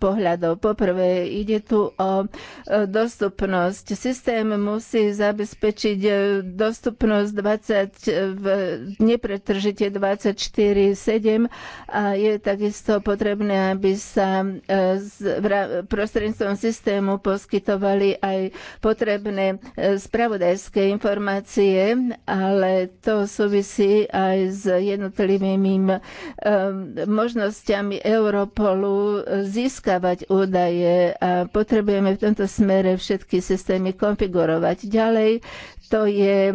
pohľadov. Poprvé, ide tu o dostupnosť. Systém musí zabezpečiť dostupnosť 20, v, nepretržite 24-7 a je takisto potrebné potrebné, aby sa e, prostredníctvom systému poskytovali aj potrebné e, spravodajské informácie, ale to súvisí aj s jednotlivými e, možnosťami Europolu získavať údaje a potrebujeme v tomto smere všetky systémy konfigurovať. Ďalej to je e,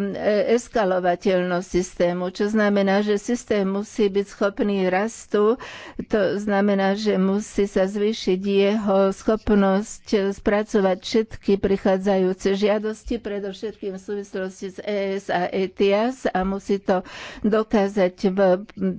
eskalovateľnosť systému, čo znamená, že systém musí byť schopný rastu, to znamená, že musí sa zvýšiť jeho schopnosť spracovať všetky prichádzajúce žiadosti, predovšetkým v súvislosti s ES a ETIAS a musí to dokázať v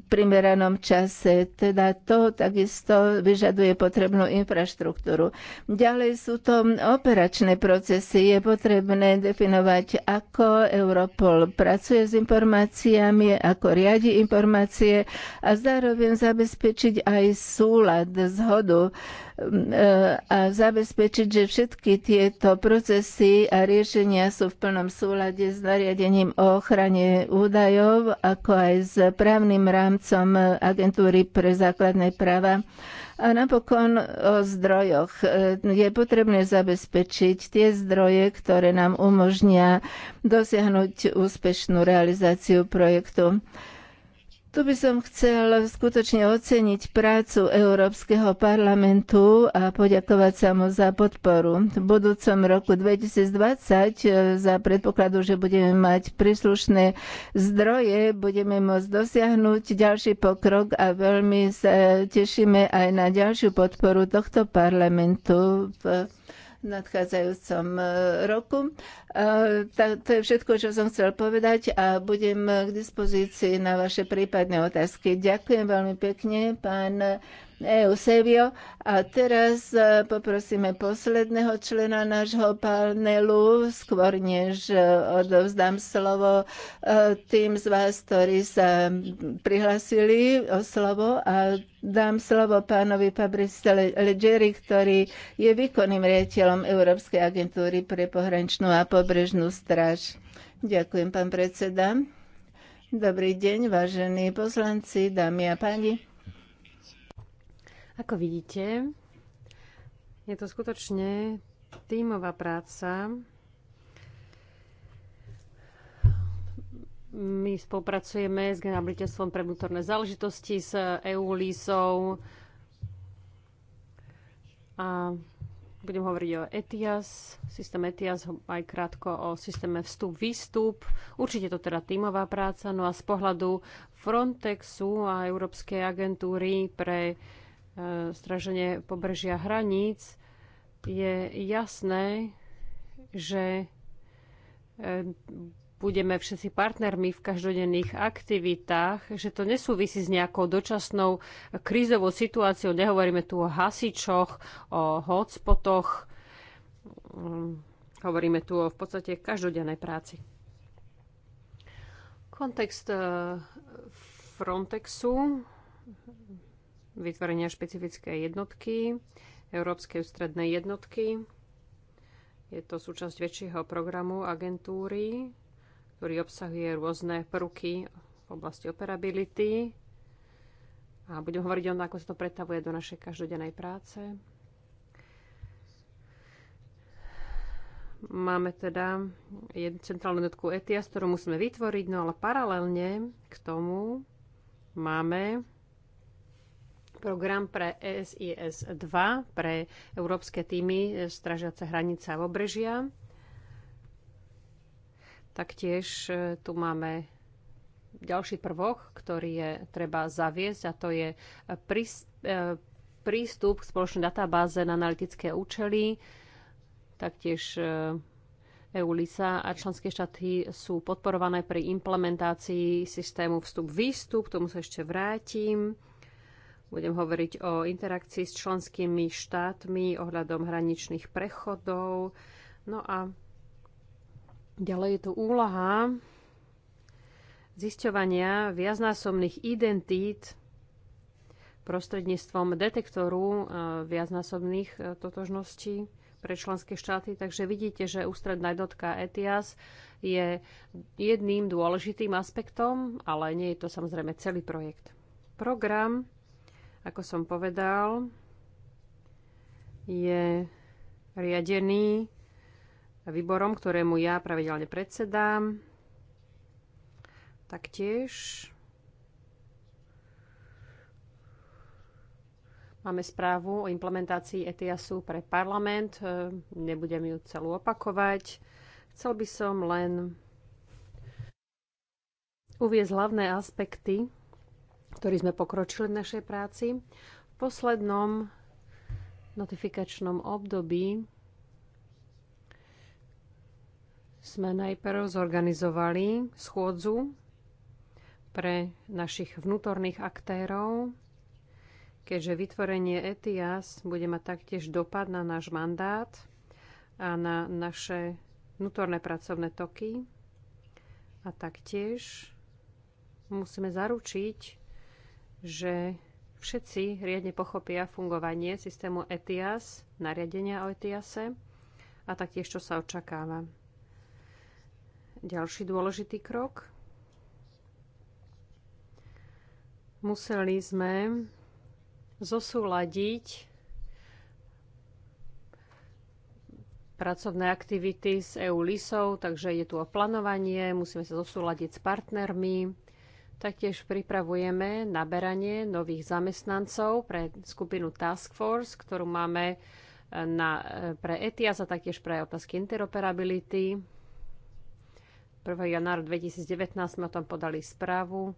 primeranom čase. Teda to takisto vyžaduje potrebnú infraštruktúru. Ďalej sú to operačné procesy. Je potrebné definovať, ak ako Europol pracuje s informáciami, ako riadi informácie a zároveň zabezpečiť aj súlad, zhodu e, a zabezpečiť, že všetky tieto procesy a riešenia sú v plnom súlade s nariadením o ochrane údajov, ako aj s právnym rámcom agentúry pre základné práva a napokon o zdrojoch. Je potrebné zabezpečiť tie zdroje, ktoré nám umožnia dosiahnuť úspešnú realizáciu projektu. Tu by som chcel skutočne oceniť prácu Európskeho parlamentu a poďakovať sa mu za podporu. V budúcom roku 2020 e, za predpokladu, že budeme mať príslušné zdroje, budeme môcť dosiahnuť ďalší pokrok a veľmi sa tešíme aj na ďalšiu podporu tohto parlamentu v nadchádzajúcom e, roku. To je všetko, čo som chcel povedať a budem k dispozícii na vaše prípadné otázky. Ďakujem veľmi pekne, pán Eusebio. A teraz e, poprosíme posledného člena nášho panelu, skôr než e, odovzdám slovo e, tým z vás, ktorí sa prihlasili o slovo a dám slovo pánovi Fabrice Leggeri, ktorý je výkonným riaditeľom Európskej agentúry pre pohraničnú a pobrežnú stráž. Ďakujem, pán predseda. Dobrý deň, vážení poslanci, dámy a páni. Ako vidíte, je to skutočne tímová práca. My spolupracujeme s Generáliteľstvom pre vnútorné záležitosti, s EU lísou a budem hovoriť o ETIAS, systém ETIAS, aj krátko o systéme vstup-výstup. Určite to teda tímová práca, no a z pohľadu Frontexu a Európskej agentúry pre straženie pobržia hraníc, je jasné, že e, budeme všetci partnermi v každodenných aktivitách, že to nesúvisí s nejakou dočasnou krízovou situáciou. Nehovoríme tu o hasičoch, o hotspotoch. Mm, hovoríme tu o v podstate každodennej práci. Kontext e, Frontexu vytvorenia špecifické jednotky, Európskej ústrednej jednotky. Je to súčasť väčšieho programu agentúry, ktorý obsahuje rôzne prvky v oblasti operability. A budem hovoriť o tom, ako sa to pretavuje do našej každodennej práce. Máme teda jednu centrálnu jednotku ETIAS, ktorú musíme vytvoriť, no ale paralelne k tomu máme program pre SIS 2 pre európske týmy e, stražiace hranice a obrežia. Taktiež e, tu máme ďalší prvok, ktorý je treba zaviesť a to je e, prístup k spoločnej databáze na analytické účely. Taktiež EULISA a členské štáty sú podporované pri implementácii systému vstup-výstup, k tomu sa ešte vrátim. Budem hovoriť o interakcii s členskými štátmi ohľadom hraničných prechodov. No a ďalej je tu úloha zisťovania viacnásobných identít prostredníctvom detektoru e, viacnásobných e, totožností pre členské štáty. Takže vidíte, že ústredná jednotka ETIAS je jedným dôležitým aspektom, ale nie je to samozrejme celý projekt. Program ako som povedal, je riadený výborom, ktorému ja pravidelne predsedám. Taktiež máme správu o implementácii ETIASu pre parlament. E, nebudem ju celú opakovať. Chcel by som len uviezť hlavné aspekty ktorý sme pokročili v našej práci. V poslednom notifikačnom období sme najprv zorganizovali schôdzu pre našich vnútorných aktérov, keďže vytvorenie ETIAS bude mať taktiež dopad na náš mandát a na naše vnútorné pracovné toky. A taktiež musíme zaručiť, že všetci riadne pochopia fungovanie systému ETIAS, nariadenia o ETIASe a taktiež, čo sa očakáva. Ďalší dôležitý krok. Museli sme zosúľadiť pracovné aktivity e s EU-lisou, takže je tu o plánovanie, musíme sa zosúľadiť s partnermi, Taktiež pripravujeme naberanie nových zamestnancov pre skupinu Task Force, ktorú máme e, na, e, pre ETIAS a taktiež pre otázky interoperability. 1. januára 2019 sme o tom podali správu.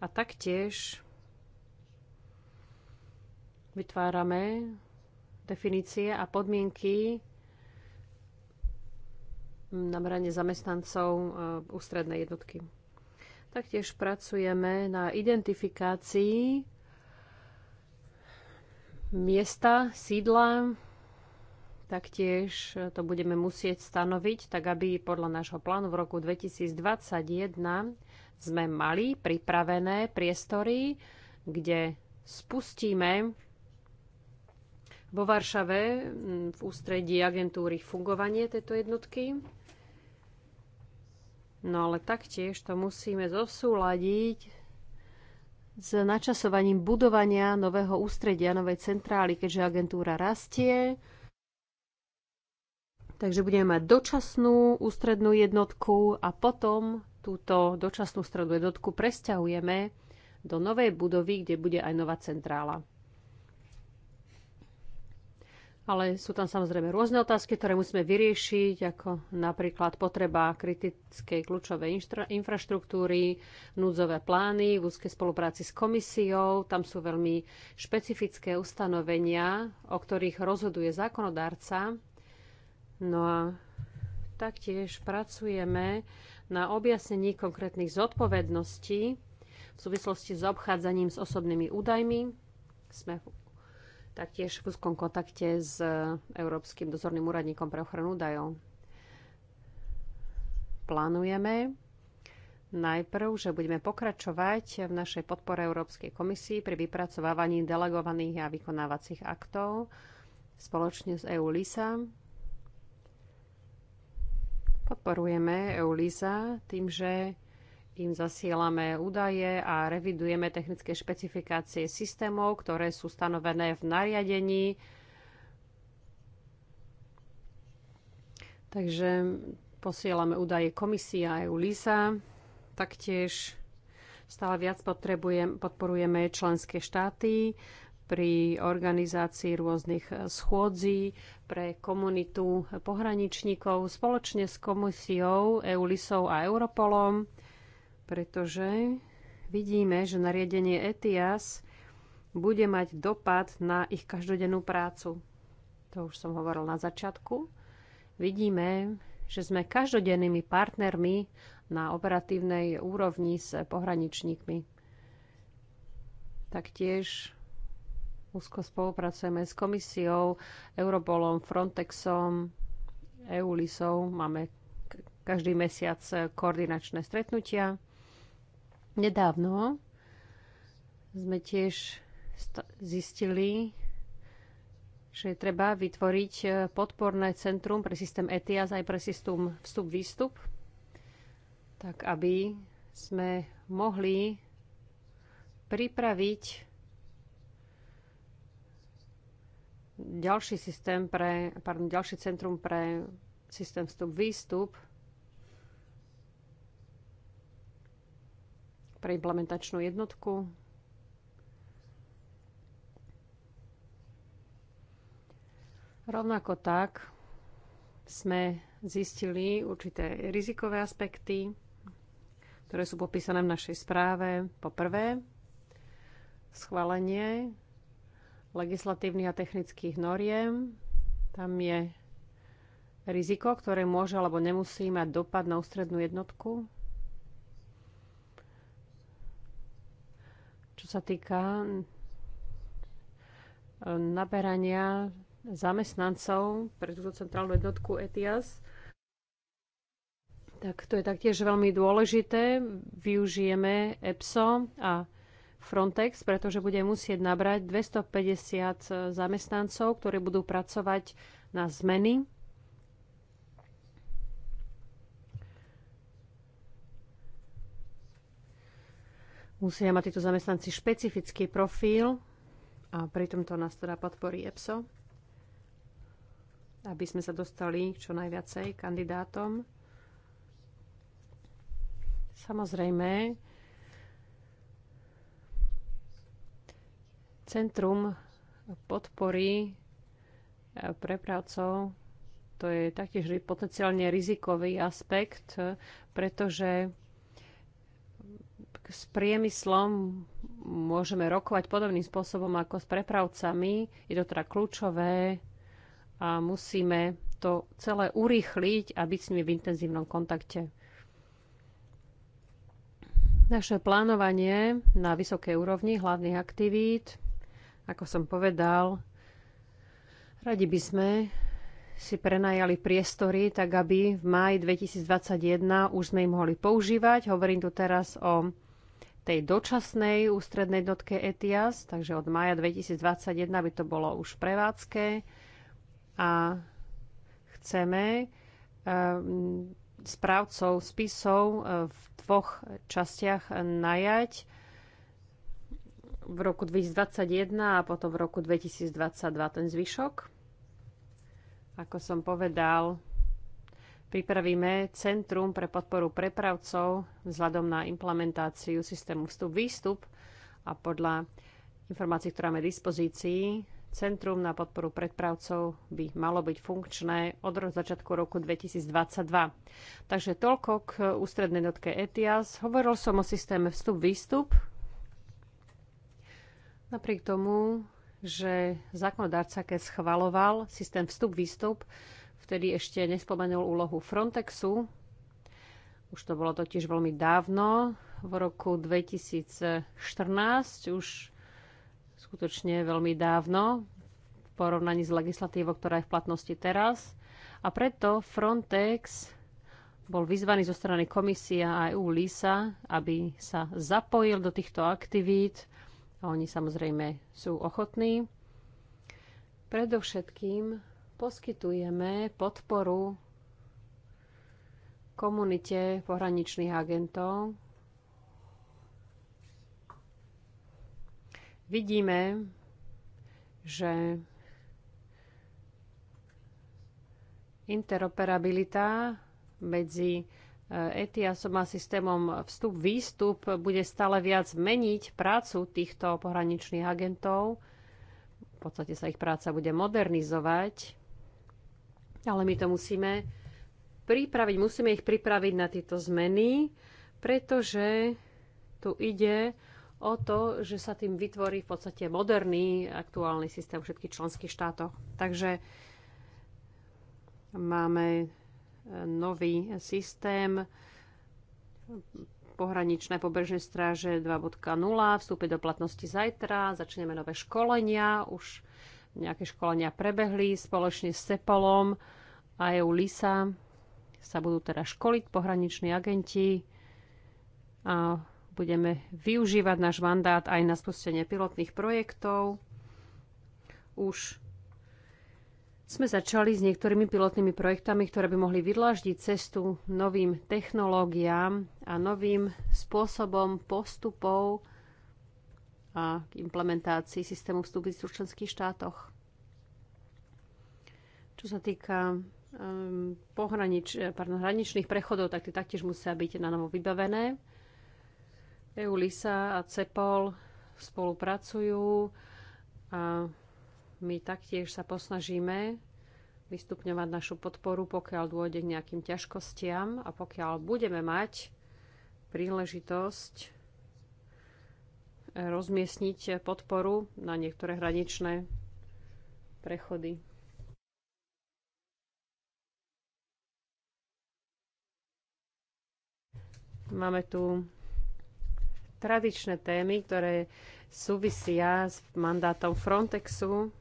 A taktiež vytvárame definície a podmienky nameranie zamestnancov e, ústrednej jednotky. Taktiež pracujeme na identifikácii miesta, sídla. Taktiež e, to budeme musieť stanoviť, tak aby podľa nášho plánu v roku 2021 sme mali pripravené priestory, kde spustíme vo Varšave v ústredí agentúry fungovanie tejto jednotky No ale taktiež to musíme zosúľadiť s načasovaním budovania nového ústredia, novej centrály, keďže agentúra rastie. Takže budeme mať dočasnú ústrednú jednotku a potom túto dočasnú strednú jednotku presťahujeme do novej budovy, kde bude aj nová centrála ale sú tam samozrejme rôzne otázky, ktoré musíme vyriešiť, ako napríklad potreba kritickej kľúčovej infraštruktúry, núdzové plány v úzkej spolupráci s komisiou. Tam sú veľmi špecifické ustanovenia, o ktorých rozhoduje zákonodárca. No a taktiež pracujeme na objasnení konkrétnych zodpovedností v súvislosti s obchádzaním s osobnými údajmi. Sme taktiež v úzkom kontakte s eh, Európskym dozorným úradníkom pre ochranu údajov. Plánujeme najprv, že budeme pokračovať v našej podpore Európskej komisii pri vypracovávaní delegovaných a vykonávacích aktov spoločne s EU-LISA, podporujeme EULISA tým, že im zasielame údaje a revidujeme technické špecifikácie systémov, ktoré sú stanovené v nariadení. Takže posielame údaje komisia EU LISA. Taktiež stále viac podporujeme členské štáty pri organizácii rôznych schôdzí pre komunitu pohraničníkov spoločne s komisiou EULISou a Europolom pretože vidíme, že nariadenie ETIAS bude mať dopad na ich každodennú prácu. To už som hovoril na začiatku. Vidíme, že sme každodennými partnermi na operatívnej úrovni s pohraničníkmi. Taktiež úzko spolupracujeme s komisiou, Europolom, Frontexom, EULISou. Máme každý mesiac koordinačné stretnutia. Nedávno sme tiež zistili, že treba vytvoriť e, podporné centrum pre systém ETIAS aj pre systém vstup-výstup, tak aby sme mohli pripraviť ďalší systém pre, pardon, ďalší centrum pre systém vstup-výstup pre implementačnú jednotku. Rovnako tak sme zistili určité rizikové aspekty, ktoré sú popísané v našej správe. Po prvé, schválenie legislatívnych a technických noriem. Tam je riziko, ktoré môže alebo nemusí mať dopad na ústrednú jednotku. sa týka eh, naberania zamestnancov pre túto centrálnu jednotku ETIAS, tak to je taktiež veľmi dôležité. Využijeme EPSO a Frontex, pretože bude musieť nabrať 250 eh, zamestnancov, ktorí budú pracovať na zmeny Musia mať títo zamestnanci špecifický profil a pritom to nás teda podporí EPSO, aby sme sa dostali čo najviacej kandidátom. Samozrejme, Centrum podpory eh, prepravcov to je taktiež potenciálne rizikový aspekt, pretože s priemyslom môžeme rokovať podobným spôsobom ako s prepravcami. Je to teda kľúčové a musíme to celé urýchliť a byť s nimi v intenzívnom kontakte. Naše plánovanie na vysokej úrovni hlavných aktivít, ako som povedal, radi by sme si prenajali priestory, tak aby v máji 2021 už sme ich mohli používať. Hovorím tu teraz o tej dočasnej ústrednej jednotke ETIAS, takže od maja 2021 by to bolo už prevádzke a chceme eh, správcov spisov eh, v dvoch častiach najať v roku 2021 a potom v roku 2022 ten zvyšok. Ako som povedal, pripravíme Centrum pre podporu prepravcov vzhľadom na implementáciu systému vstup-výstup a podľa informácií, ktoré máme v dispozícii, Centrum na podporu predpravcov by malo byť funkčné od začiatku roku 2022. Takže toľko k ústrednej dotke ETIAS. Hovoril som o systéme vstup-výstup. Napriek tomu, že zákonodárca, keď schvaloval systém vstup-výstup, vtedy ešte nespomenul úlohu Frontexu. Už to bolo totiž veľmi dávno, v roku 2014, už skutočne veľmi dávno, v porovnaní s legislatívou, ktorá je v platnosti teraz. A preto Frontex bol vyzvaný zo strany komisia a EU LISA, aby sa zapojil do týchto aktivít a oni samozrejme sú ochotní. Predovšetkým poskytujeme podporu komunite pohraničných agentov. Vidíme, že interoperabilita medzi eh, ETIASom a systémom vstup-výstup bude stále viac meniť prácu týchto pohraničných agentov. V podstate sa ich práca bude modernizovať ale my to musíme pripraviť, musíme ich pripraviť na tieto zmeny, pretože tu ide o to, že sa tým vytvorí v podstate moderný aktuálny systém všetkých členských štátov. Takže máme e, nový systém pohraničné pobrežné stráže 2.0, vstúpi do platnosti zajtra, začneme nové školenia, už Nejaké školenia prebehli spoločne s CEPOLom a EU LISA. Sa budú teda školiť pohraniční agenti a budeme využívať náš mandát aj na spustenie pilotných projektov. Už sme začali s niektorými pilotnými projektami, ktoré by mohli vydlaždiť cestu novým technológiám a novým spôsobom postupov a k implementácii systému vstup v členských štátoch. Čo sa týka um, pohranič, pardon, hraničných prechodov, tak tie taktiež musia byť na novo vybavené. EULISA a CEPOL spolupracujú a my taktiež sa posnažíme vystupňovať našu podporu, pokiaľ dôjde k nejakým ťažkostiam a pokiaľ budeme mať príležitosť rozmiestniť podporu na niektoré hraničné prechody. Máme tu tradičné témy, ktoré súvisia s mandátom Frontexu.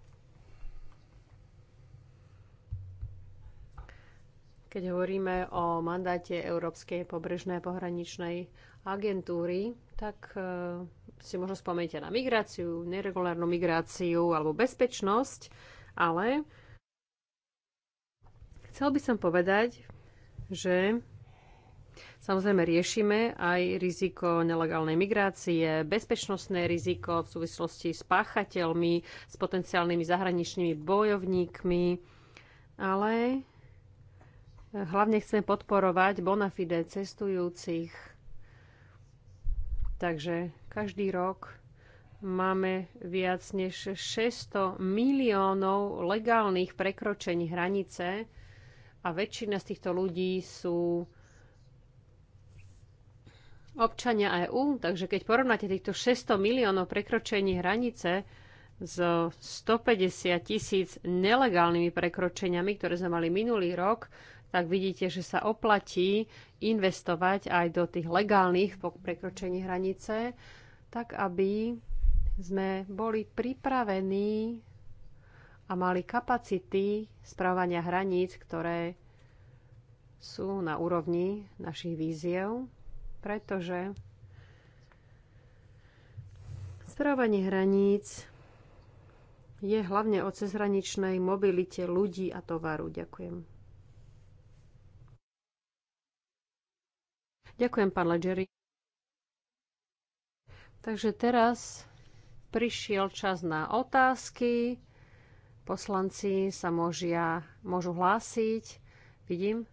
Keď hovoríme o mandáte Európskej pobrežnej pohraničnej agentúry, tak eh, si možno spomeniete na migráciu, neregulárnu migráciu alebo bezpečnosť, ale chcel by som povedať, že Samozrejme riešime aj riziko nelegálnej migrácie, bezpečnostné riziko v súvislosti s páchateľmi, s potenciálnymi zahraničnými bojovníkmi, ale hlavne chceme podporovať bona fide cestujúcich Takže každý rok máme viac než 600 miliónov legálnych prekročení hranice a väčšina z týchto ľudí sú občania EÚ. Takže keď porovnáte týchto 600 miliónov prekročení hranice s 150 tisíc nelegálnymi prekročeniami, ktoré sme mali minulý rok, tak vidíte, že sa oplatí investovať aj do tých legálnych po prekročení hranice, tak aby sme boli pripravení a mali kapacity správania hraníc, ktoré sú na úrovni našich víziev, pretože správanie hraníc je hlavne o cezhraničnej mobilite ľudí a tovaru. Ďakujem. Ďakujem, pán Ledgeri. Takže teraz prišiel čas na otázky. Poslanci sa môžia, môžu hlásiť. Vidím,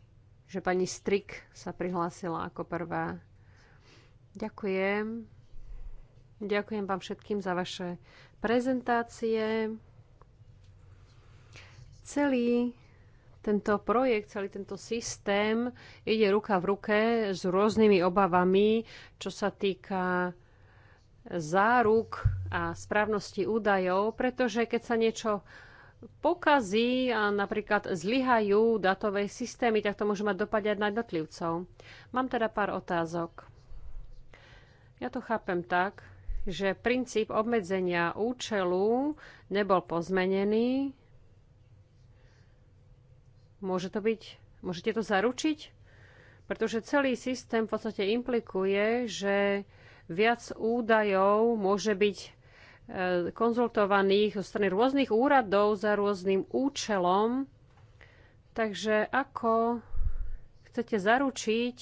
že pani Strik sa prihlásila ako prvá. Ďakujem. Ďakujem vám všetkým za vaše prezentácie. Celý tento projekt, celý tento systém ide ruka v ruke s rôznymi obavami, čo sa týka záruk a správnosti údajov, pretože keď sa niečo pokazí a napríklad zlyhajú datové systémy, tak to môže mať dopadať na jednotlivcov. Mám teda pár otázok. Ja to chápem tak, že princíp obmedzenia účelu nebol pozmenený, Môže to byť, môžete to zaručiť? Pretože celý systém v podstate implikuje, že viac údajov môže byť e, konzultovaných zo strany rôznych úradov za rôznym účelom. Takže ako chcete zaručiť,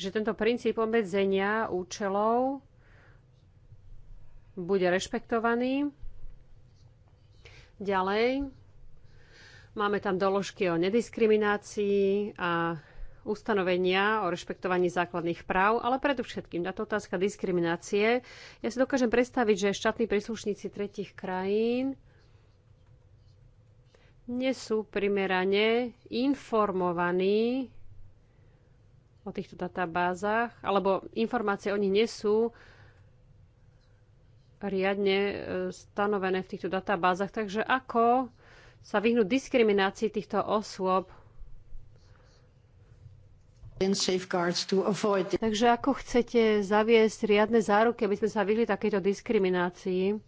že tento princíp obmedzenia účelov bude rešpektovaný? Ďalej, Máme tam doložky o nediskriminácii a ustanovenia o rešpektovaní základných práv, ale predovšetkým táto otázka diskriminácie. Ja si dokážem predstaviť, že štátni príslušníci tretich krajín nie sú primerane informovaní o týchto databázach, alebo informácie o nich nie sú riadne e, stanovené v týchto databázach. Takže ako sa vyhnúť diskriminácii týchto osôb. Takže ako chcete zaviesť riadne záruky, aby sme sa vyhli takejto diskriminácii?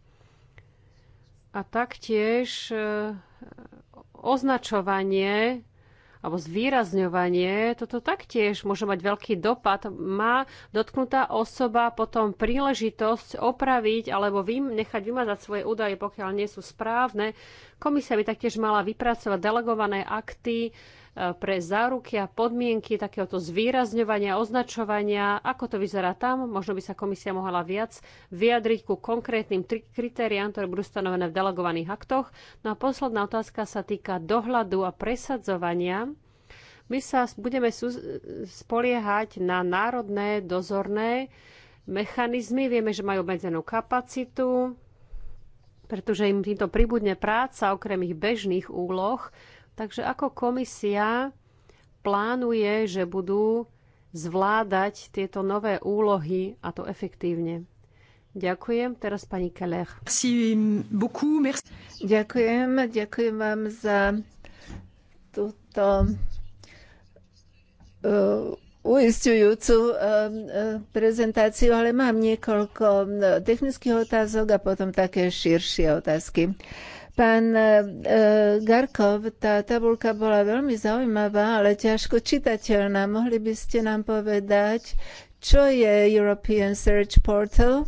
A taktiež eh, označovanie alebo zvýrazňovanie, toto taktiež môže mať veľký dopad. Má dotknutá osoba potom príležitosť opraviť alebo vym, nechať vymazať svoje údaje, pokiaľ nie sú správne. Komisia by taktiež mala vypracovať delegované akty, pre záruky a podmienky takéhoto zvýrazňovania, označovania. Ako to vyzerá tam? Možno by sa komisia mohla viac vyjadriť ku konkrétnym kritériám, ktoré budú stanovené v delegovaných aktoch. No a posledná otázka sa týka dohľadu a presadzovania. My sa budeme spoliehať na národné dozorné mechanizmy. Vieme, že majú obmedzenú kapacitu, pretože im týmto pribudne práca okrem ich bežných úloh Takže ako komisia plánuje, že budú zvládať tieto nové úlohy a to efektívne? Ďakujem. Teraz pani Keller. Ďakujem. Ďakujem vám za túto e, uistujúcu e, e, prezentáciu, ale mám niekoľko technických otázok a potom také širšie otázky. Pán e, e, Garkov, tá tabulka bola veľmi zaujímavá, ale ťažko čitateľná. Mohli by ste nám povedať, čo je European Search Portal?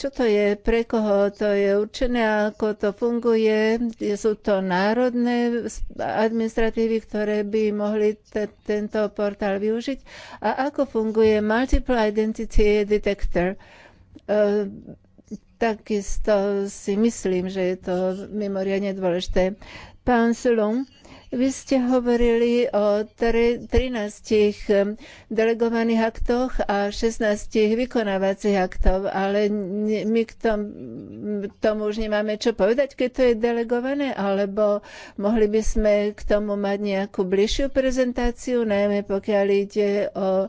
Čo to je, pre koho to je určené, ako to funguje? Sú to národné administratívy, ktoré by mohli tento portál využiť? A ako funguje Multiple Identity Detector? E, Takisto si myslím, že je to mimoriadne dôležité. Pán Selon, vy ste hovorili o 13 ehm, delegovaných aktoch a 16 vykonávacích aktov, ale my k tomu už nemáme čo povedať, keď to je delegované, alebo mohli by sme k tomu mať nejakú bližšiu prezentáciu, najmä pokiaľ ide o e,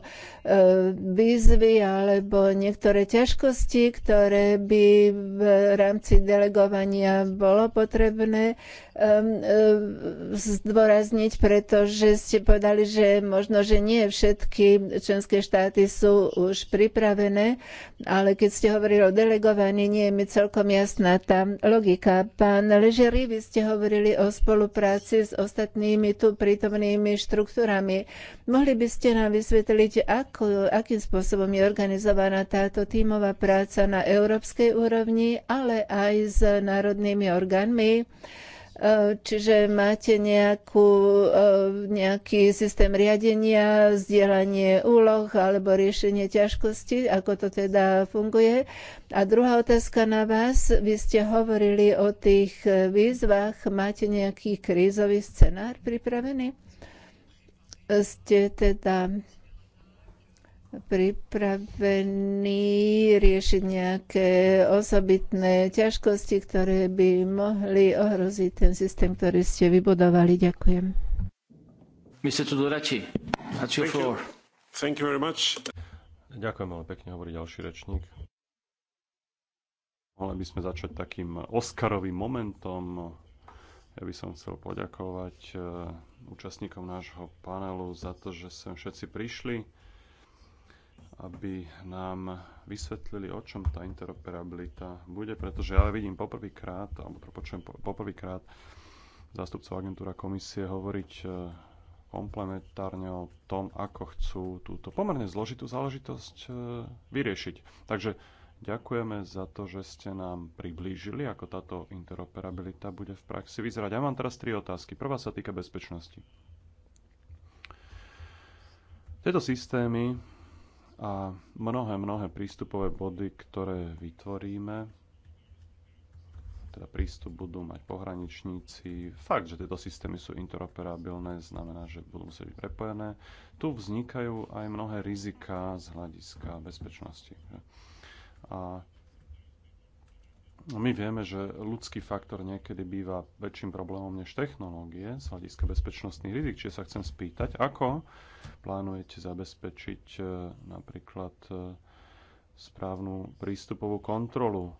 výzvy alebo niektoré ťažkosti, ktoré by v rámci delegovania bolo potrebné Um, um, zdôrazniť, pretože ste povedali, že možno, že nie všetky členské štáty sú už pripravené, ale keď ste hovorili o delegovaní, nie je mi celkom jasná tá logika. Pán Ležery, vy ste hovorili o spolupráci s ostatnými tu prítomnými štruktúrami. Mohli by ste nám vysvetliť, ako, akým spôsobom je organizovaná táto tímová práca na európskej úrovni, ale aj s národnými orgánmi? Eh, čiže máte nejakú, eh, nejaký systém riadenia, vzdielanie úloh alebo riešenie ťažkosti, ako to teda funguje. A druhá otázka na vás. Vy ste hovorili o tých eh, výzvach. Máte nejaký krízový scenár pripravený? Ste teda pripravení riešiť nejaké osobitné ťažkosti, ktoré by mohli ohroziť ten systém, ktorý ste vybudovali. Ďakujem. Mr. Tudorači, that's your floor. Thank you very much. Ďakujem veľmi pekne, hovorí ďalší rečník. Mohli by sme začať takým Oscarovým momentom. Ja by som chcel poďakovať eh, účastníkom nášho panelu za to, že sem všetci prišli aby nám vysvetlili, o čom tá interoperabilita bude, pretože ja vidím poprvýkrát, alebo teda počujem poprvýkrát zástupcov agentúra komisie hovoriť e, komplementárne o tom, ako chcú túto pomerne zložitú záležitosť e, vyriešiť. Takže ďakujeme za to, že ste nám priblížili, ako táto interoperabilita bude v praxi vyzerať. Ja mám teraz tri otázky. Prvá sa týka bezpečnosti. Tieto systémy a mnohé, mnohé prístupové body, ktoré vytvoríme, teda prístup budú mať pohraničníci. Fakt, že tieto systémy sú interoperabilné, znamená, že budú musieť byť prepojené. Tu vznikajú aj mnohé rizika z hľadiska bezpečnosti. A my vieme, že ľudský faktor niekedy býva väčším problémom než technológie z hľadiska bezpečnostných rizik. Čiže sa chcem spýtať, ako plánujete zabezpečiť e, napríklad e, správnu prístupovú kontrolu e,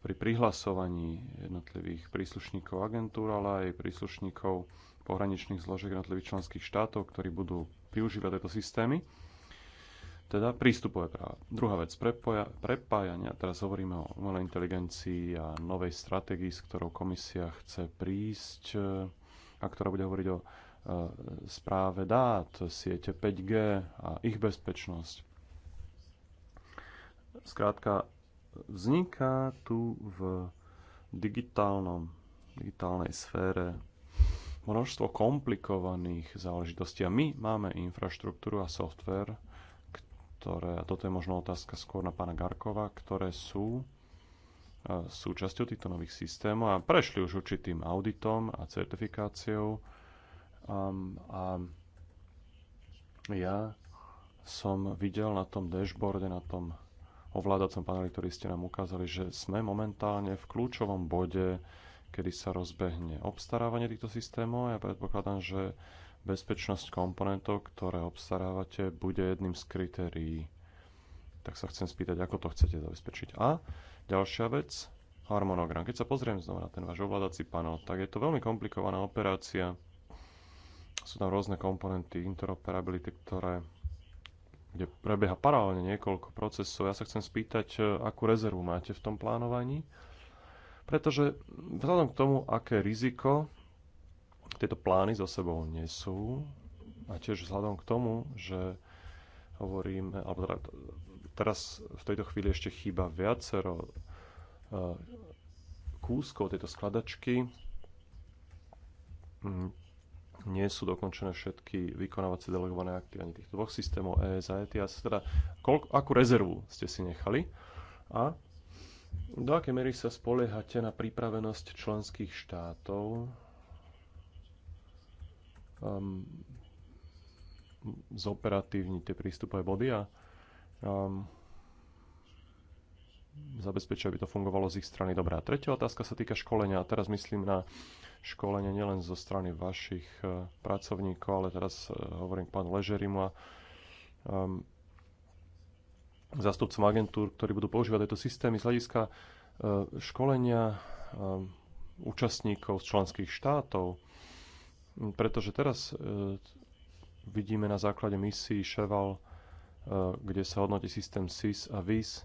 pri prihlasovaní jednotlivých príslušníkov agentúr, ale aj príslušníkov pohraničných zložiek jednotlivých členských štátov, ktorí budú využívať tieto systémy teda prístupové práva. Druhá vec, prepoja, prepájania. Teraz hovoríme o umelej inteligencii a novej stratégii, s ktorou komisia chce prísť e, a ktorá bude hovoriť o e, správe dát, siete 5G a ich bezpečnosť. Skrátka, vzniká tu v digitálnom, digitálnej sfére množstvo komplikovaných záležitostí a my máme infraštruktúru a software, ktoré, a toto je možno otázka skôr na pána Garkova, ktoré sú e, súčasťou týchto nových systémov a prešli už určitým auditom a certifikáciou. Um, a ja som videl na tom dashboarde, na tom ovládacom paneli, ktorý ste nám ukázali, že sme momentálne v kľúčovom bode, kedy sa rozbehne obstarávanie týchto systémov. Ja predpokladám, že bezpečnosť komponentov, ktoré obstarávate, bude jedným z kritérií. Tak sa chcem spýtať, ako to chcete zabezpečiť. A ďalšia vec, harmonogram. Keď sa pozriem znova na ten váš ovládací panel, tak je to veľmi komplikovaná operácia. Sú tam rôzne komponenty interoperability, ktoré kde prebieha paralelne niekoľko procesov. Ja sa chcem spýtať, akú rezervu máte v tom plánovaní, pretože vzhľadom k tomu, aké riziko tieto plány so sebou nesú. A tiež vzhľadom k tomu, že hovoríme, alebo teda, teraz v tejto chvíli ešte chýba viacero e, kúskov tejto skladačky. Mm, nie sú dokončené všetky vykonávacie delegované akty ani tých dvoch systémov ES a ETIAS. Teda, koľko, akú rezervu ste si nechali a do akej miery sa spoliehate na pripravenosť členských štátov um, zoperatívniť tie prístupové body a um, zabezpečiť, aby to fungovalo z ich strany. Dobrá. Tretia otázka sa týka školenia. A teraz myslím na školenie nielen zo strany vašich uh, pracovníkov, ale teraz uh, hovorím k pánu Ležerimu a um, zastupcom agentúr, ktorí budú používať tieto systémy z hľadiska uh, školenia um, účastníkov z členských štátov pretože teraz e, vidíme na základe misií Cheval, e, kde sa hodnotí systém SIS a VIS,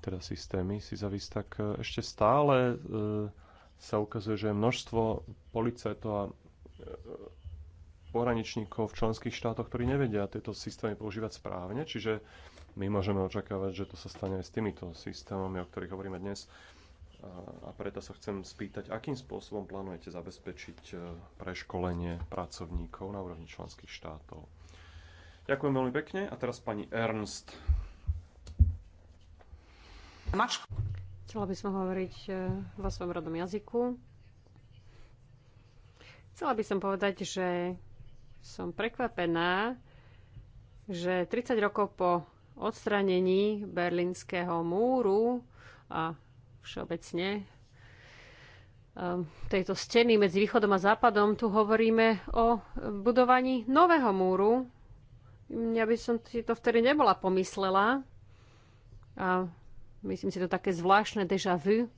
teda systémy SIS a VIS, tak e, ešte stále sa ukazuje, že množstvo policajtov a pohraničníkov v členských štátoch, ktorí nevedia tieto systémy používať správne, čiže my môžeme očakávať, že to sa stane aj s týmito systémami, o ktorých hovoríme dnes a preto sa chcem spýtať, akým spôsobom plánujete zabezpečiť e, preškolenie pracovníkov na úrovni členských štátov. Ďakujem veľmi pekne a teraz pani Ernst. Chcela by som hovoriť e, vo svojom rodnom jazyku. Chcela by som povedať, že som prekvapená, že 30 rokov po odstranení berlínskeho múru a všeobecne ehm, tejto steny medzi východom a západom, tu hovoríme o budovaní nového múru. Ja by som si to vtedy nebola pomyslela. A myslím si to také zvláštne deja vu.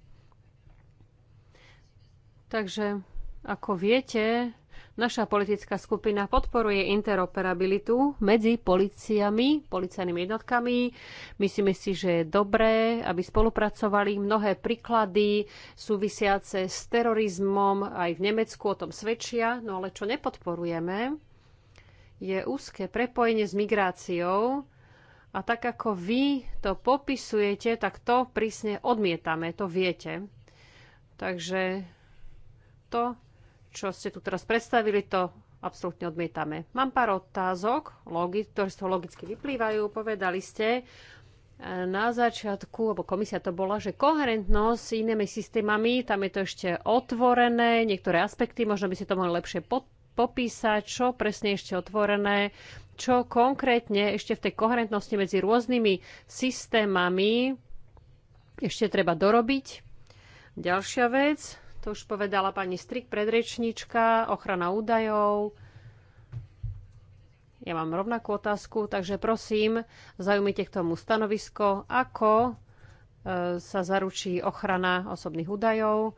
Takže, ako viete, Naša politická skupina podporuje interoperabilitu medzi policiami, policajnými jednotkami. Myslíme si, že je dobré, aby spolupracovali. Mnohé príklady súvisiace s terorizmom aj v Nemecku o tom svedčia, no ale čo nepodporujeme, je úzke prepojenie s migráciou. A tak ako vy to popisujete, tak to prísne odmietame, to viete. Takže to čo ste tu teraz predstavili, to absolútne odmietame. Mám pár otázok, logi- ktoré z toho logicky vyplývajú. Povedali ste e, na začiatku, alebo komisia to bola, že koherentnosť s inými systémami, tam je to ešte otvorené, niektoré aspekty, možno by ste to mohli lepšie pod- popísať, čo presne ešte otvorené, čo konkrétne ešte v tej koherentnosti medzi rôznymi systémami ešte treba dorobiť. Ďalšia vec, to už povedala pani Strik, predrečníčka, ochrana údajov. Ja mám rovnakú otázku, takže prosím, zaujmite k tomu stanovisko, ako e, sa zaručí ochrana osobných údajov.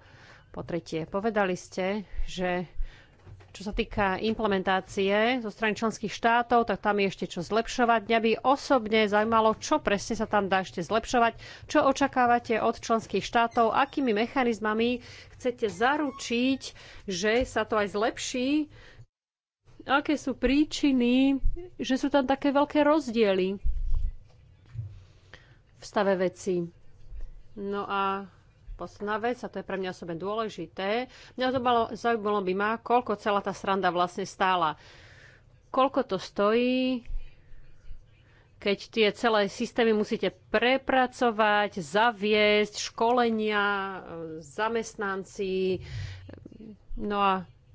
Po tretie, povedali ste, že čo sa týka implementácie zo strany členských štátov, tak tam je ešte čo zlepšovať. Mňa by osobne zaujímalo, čo presne sa tam dá ešte zlepšovať, čo očakávate od členských štátov, akými mechanizmami chcete zaručiť, že sa to aj zlepší, aké sú príčiny, že sú tam také veľké rozdiely v stave veci. No a posledná vec a to je pre mňa osobne dôležité. Mňa to malo, zaujímalo by ma, koľko celá tá sranda vlastne stála. Koľko to stojí, keď tie celé systémy musíte prepracovať, zaviesť, školenia, zamestnanci. No a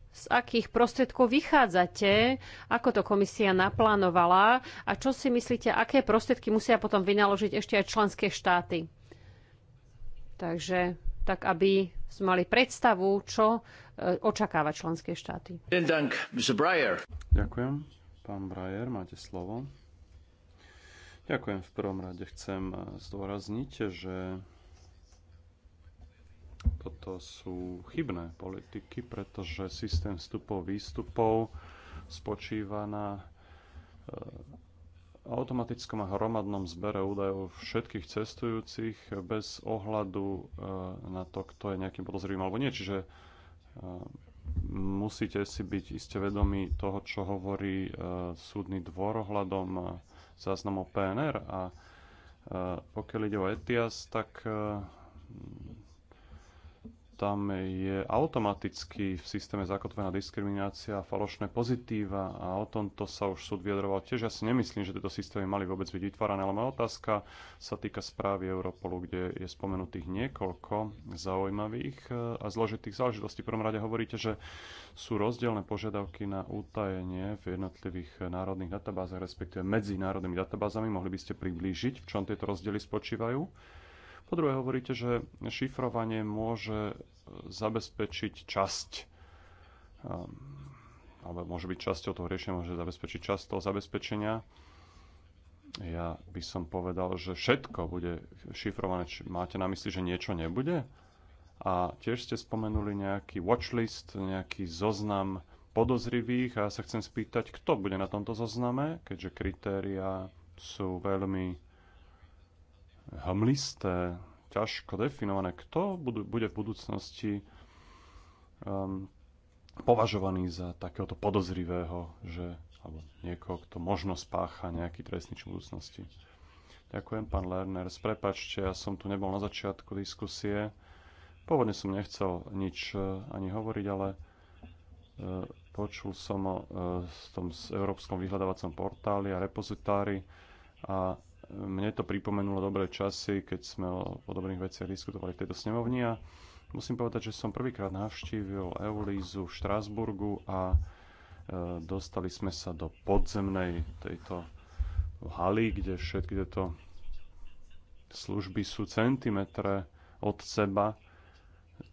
z akých prostriedkov vychádzate, ako to komisia naplánovala a čo si myslíte, aké prostriedky musia potom vynaložiť ešte aj členské štáty. Takže tak, aby sme mali predstavu, čo e, očakáva členské štáty. Ďakujem. Pán Brajer, máte slovo. Ďakujem. V prvom rade chcem e, zdôrazniť, že toto sú chybné politiky, pretože systém vstupov výstupov spočíva na e, automatickom a hromadnom zbere údajov všetkých cestujúcich bez ohľadu e, na to, kto je nejakým podozrivým alebo nie. Čiže e, musíte si byť iste vedomi toho, čo hovorí e, súdny dvor ohľadom záznamov PNR a pokiaľ ide o ETIAS, tak tam je automaticky v systéme zakotvená diskriminácia, a falošné pozitíva a o tomto sa už súd vyjadroval tiež. Ja si nemyslím, že tieto systémy mali vôbec byť vytvárané, ale moja otázka sa týka správy Europolu, kde je spomenutých niekoľko zaujímavých e, a zložitých záležitostí. V prvom rade hovoríte, že sú rozdielne požiadavky na utajenie v jednotlivých národných databázach, respektíve medzinárodnými databázami. Mohli by ste priblížiť, v čom tieto rozdiely spočívajú? Po druhé hovoríte, že šifrovanie môže e, zabezpečiť časť ehm, alebo môže byť časťou toho riešenia, môže zabezpečiť časť toho zabezpečenia. Ja by som povedal, že všetko bude šifrované. či Máte na mysli, že niečo nebude? A tiež ste spomenuli nejaký watchlist, nejaký zoznam podozrivých a ja sa chcem spýtať, kto bude na tomto zozname, keďže kritéria sú veľmi hmlisté, ťažko definované, kto bude v budúcnosti um, považovaný za takéhoto podozrivého, že, alebo niekoho, kto možno spácha nejaký trestný čin v budúcnosti. Ďakujem, pán Lerner. Prepačte, ja som tu nebol na začiatku diskusie. Pôvodne som nechcel nič e, ani hovoriť, ale e, počul som o e, tom európskom vyhľadávacom portáli a repozitári a mne to pripomenulo dobré časy, keď sme o podobných veciach diskutovali v tejto snemovni a musím povedať, že som prvýkrát navštívil Eulízu v Štrásburgu a e, dostali sme sa do podzemnej tejto haly, kde všetky tieto služby sú centimetre od seba.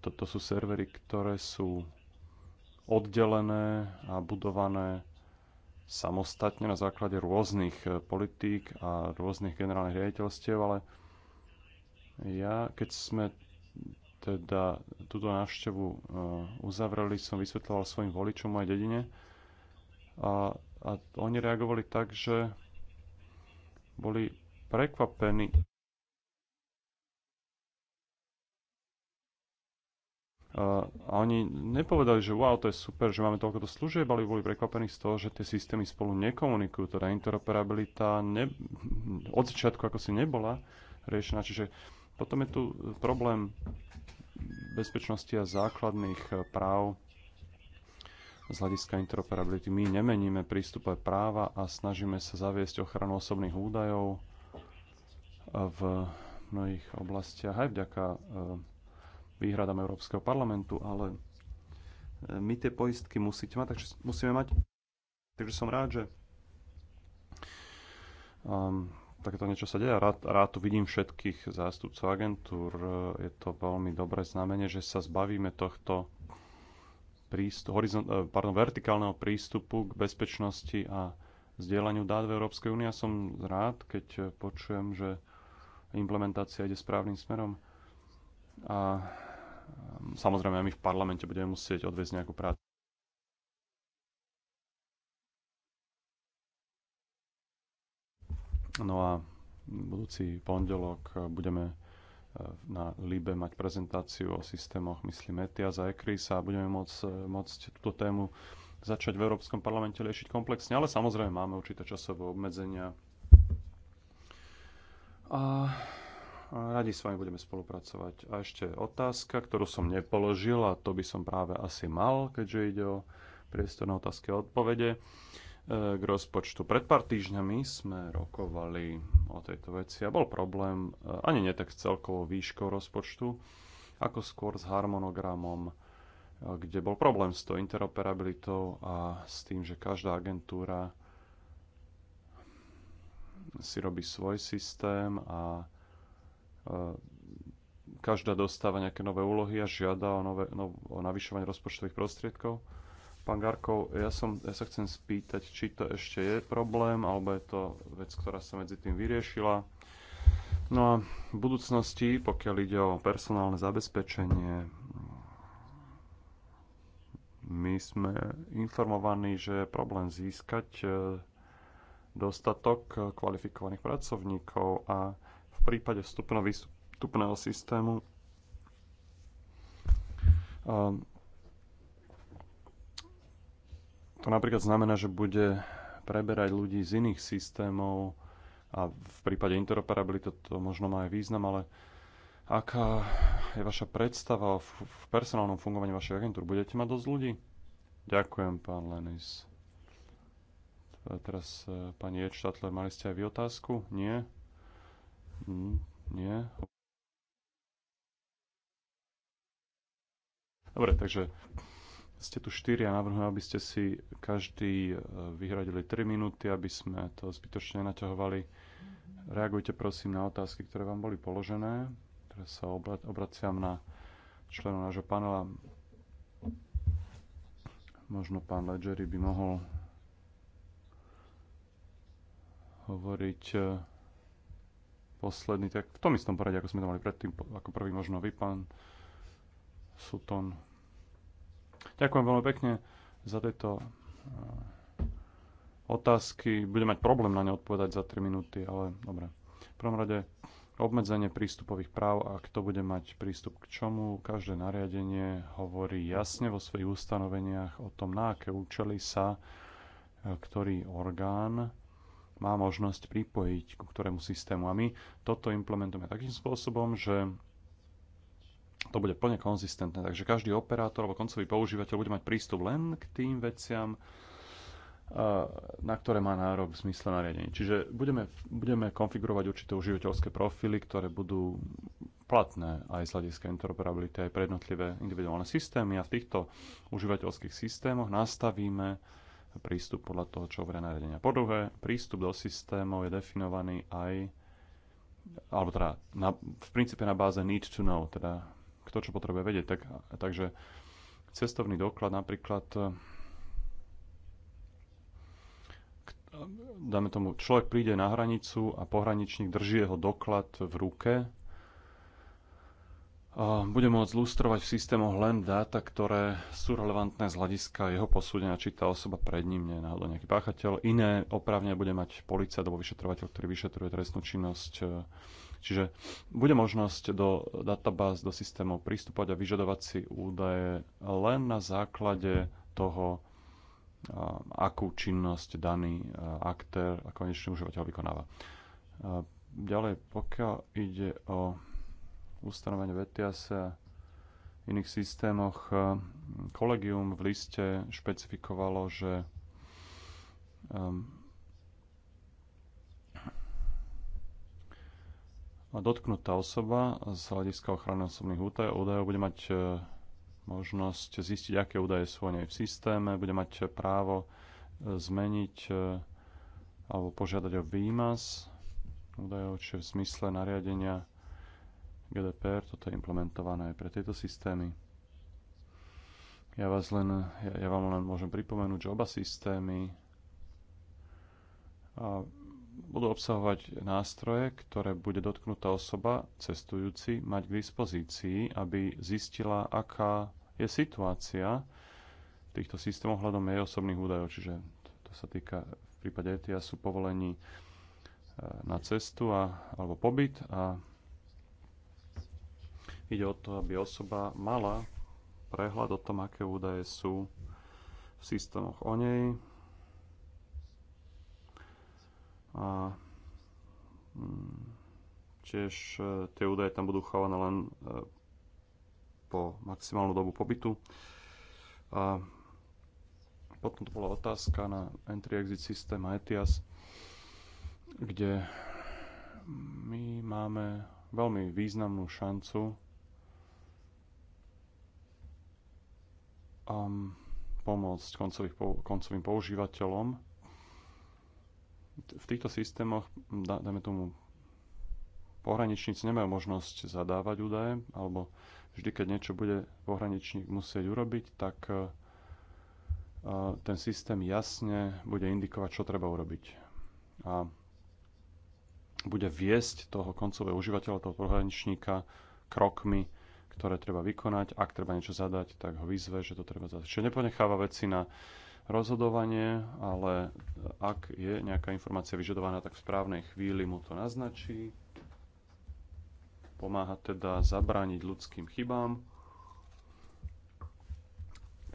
Toto sú servery, ktoré sú oddelené a budované samostatne na základe rôznych e, politík a rôznych generálnych riaditeľstiev, ale ja, keď sme teda túto návštevu e, uzavreli, som vysvetľoval svojim voličom mojej dedine a, a oni reagovali tak, že boli prekvapení a oni nepovedali, že wow, to je super, že máme toľko služieb, ale boli prekvapení z toho, že tie systémy spolu nekomunikujú, teda interoperabilita ne, od začiatku ako si nebola riešená. Čiže potom je tu problém bezpečnosti a základných e, práv z hľadiska interoperability. My nemeníme prístupové práva a snažíme sa zaviesť ochranu osobných údajov v mnohých oblastiach aj vďaka e, výhradám Európskeho parlamentu, ale e, my tie poistky musíte mať, takže musíme mať. Takže som rád, že um, takéto niečo sa deje. Rád, rád tu vidím všetkých zástupcov agentúr. Je to veľmi dobré znamenie, že sa zbavíme tohto prístup, horizont, e, pardon, vertikálneho prístupu k bezpečnosti a zdieľaniu dát v Európskej únie. Ja som rád, keď počujem, že implementácia ide správnym smerom. A Ehm, samozrejme, aj my v parlamente budeme musieť odviezť nejakú prácu. No a budúci pondelok e, budeme e, na Libe mať prezentáciu o systémoch, myslím, ETIAS a ECRIS a budeme môcť, e, môcť túto tému začať v Európskom parlamente riešiť komplexne, ale samozrejme máme určité časové obmedzenia. A Radi s vami budeme spolupracovať. A ešte otázka, ktorú som nepoložil a to by som práve asi mal, keďže ide o priestor na otázky a odpovede e, k rozpočtu. Pred pár týždňami sme rokovali o tejto veci a bol problém e, ani nie tak s celkovou výškou rozpočtu, ako skôr s harmonogramom, e, kde bol problém s tou interoperabilitou a s tým, že každá agentúra si robí svoj systém a každá dostáva nejaké nové úlohy a žiada o, nové, no, o navyšovanie rozpočtových prostriedkov. Pán Garkov, ja, som, ja sa chcem spýtať, či to ešte je problém, alebo je to vec, ktorá sa medzi tým vyriešila. No a v budúcnosti, pokiaľ ide o personálne zabezpečenie, my sme informovaní, že je problém získať eh, dostatok eh, kvalifikovaných pracovníkov a prípade vstupno-výstupného systému ehm, to napríklad znamená, že bude preberať ľudí z iných systémov a v prípade interoperability to možno má aj význam, ale aká je vaša predstava v personálnom fungovaní vašej agentúry? Budete mať dosť ľudí? Ďakujem, pán Lenis. Teraz, eh, pani Edštatler, mali ste aj vy otázku? Nie? Mm, nie. Dobre, takže ste tu štyria, navrhujem, aby ste si každý e, vyhradili 3 minúty, aby sme to zbytočne naťahovali. Reagujte prosím na otázky, ktoré vám boli položené. Teraz sa obraciam na členov nášho panela. Možno pán Ledgery by mohol hovoriť e, posledný, tak v tom istom poradí, ako sme to mali predtým, ako prvý možno vy, pán Sutton. Ďakujem veľmi pekne za tieto eh, otázky. Budem mať problém na ne odpovedať za 3 minúty, ale dobre. V prvom rade obmedzenie prístupových práv a kto bude mať prístup k čomu. Každé nariadenie hovorí jasne vo svojich ustanoveniach o tom, na aké účely sa eh, ktorý orgán má možnosť pripojiť ku ktorému systému. A my toto implementujeme takým spôsobom, že to bude plne konzistentné. Takže každý operátor alebo koncový používateľ bude mať prístup len k tým veciam, na ktoré má nárok v zmysle nariadení. Čiže budeme, budeme konfigurovať určité užívateľské profily, ktoré budú platné aj z hľadiska interoperability, aj pre jednotlivé individuálne systémy a v týchto užívateľských systémoch nastavíme prístup podľa toho, čo hovoria nariadenia. Po druhé, prístup do systémov je definovaný aj, alebo teda na, v princípe na báze need to know, teda kto čo potrebuje vedieť. Tak, takže cestovný doklad napríklad dáme tomu, človek príde na hranicu a pohraničník drží jeho doklad v ruke bude môcť lustrovať v systémoch len dáta, ktoré sú relevantné z hľadiska jeho posúdenia, či tá osoba pred ním nie je náhodou nejaký páchateľ. Iné oprávne bude mať policia alebo vyšetrovateľ, ktorý vyšetruje trestnú činnosť. E, čiže bude možnosť do databáz, do systémov prístupovať a vyžadovať si údaje len na základe toho, e, akú činnosť daný e, aktér a konečný užívateľ vykonáva. Ďalej, pokiaľ ide o ustanovení VETIAS a iných systémoch. E, kolegium v liste špecifikovalo, že ehm, dotknutá osoba z hľadiska ochrany osobných údajov, údajov bude mať e, možnosť zistiť, aké údaje sú o nej v systéme, bude mať právo e, zmeniť alebo požiadať o výmaz údajov, čiže v zmysle nariadenia GDPR, toto je implementované aj pre tieto systémy. Ja, vás len, ja, ja vám len môžem pripomenúť, že oba systémy a budú obsahovať nástroje, ktoré bude dotknutá osoba, cestujúci, mať k dispozícii, aby zistila, aká je situácia v týchto systémoch hľadom jej osobných údajov. Čiže to sa týka v prípade sú povolení e, na cestu a, alebo pobyt a Ide o to, aby osoba mala prehľad o tom, aké údaje sú v systémoch o nej. A mm, tiež e, tie údaje tam budú chované len e, po maximálnu dobu pobytu. A potom to bola otázka na entry-exit systém a ETIAS, kde my máme veľmi významnú šancu um, pomôcť koncovým používateľom. V týchto systémoch, dajme tomu, pohraničníci nemajú možnosť zadávať údaje, alebo vždy, keď niečo bude pohraničník musieť urobiť, tak uh, ten systém jasne bude indikovať, čo treba urobiť. A bude viesť toho koncového užívateľa, toho pohraničníka krokmi, ktoré treba vykonať. Ak treba niečo zadať, tak ho vyzve, že to treba zadať. Čiže neponecháva veci na rozhodovanie, ale ak je nejaká informácia vyžadovaná, tak v správnej chvíli mu to naznačí. Pomáha teda zabrániť ľudským chybám,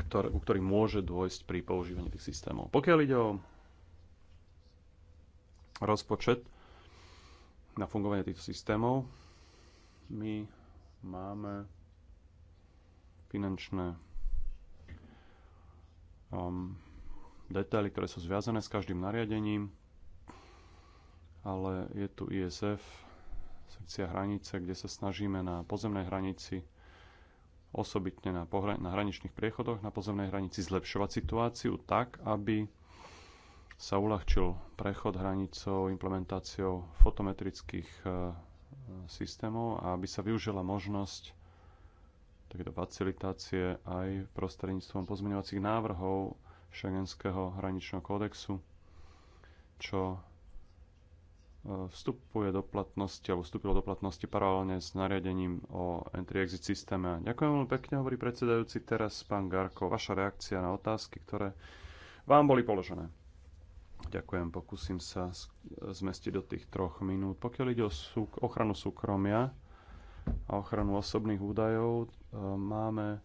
ktoré, u ktorých môže dôjsť pri používaní tých systémov. Pokiaľ ide o rozpočet na fungovanie týchto systémov, my máme finančné um, detaily, ktoré sú zviazané s každým nariadením, ale je tu ISF, sekcia hranice, kde sa snažíme na pozemnej hranici osobitne na, pohra- na hraničných priechodoch na pozemnej hranici zlepšovať situáciu tak, aby sa uľahčil prechod hranicou implementáciou fotometrických eh, systémov a aby sa využila možnosť takéto facilitácie aj prostredníctvom pozmeňovacích návrhov Schengenského hraničného kódexu, čo e, vstupuje do platnosti, alebo vstúpilo do platnosti paralelne s nariadením o entry-exit systéme. Ďakujem veľmi pekne, hovorí predsedajúci. Teraz, pán Garko, vaša reakcia na otázky, ktoré vám boli položené. Ďakujem, pokúsim sa zmestiť do tých troch minút. Pokiaľ ide o súk- ochranu súkromia a ochranu osobných údajov, e, máme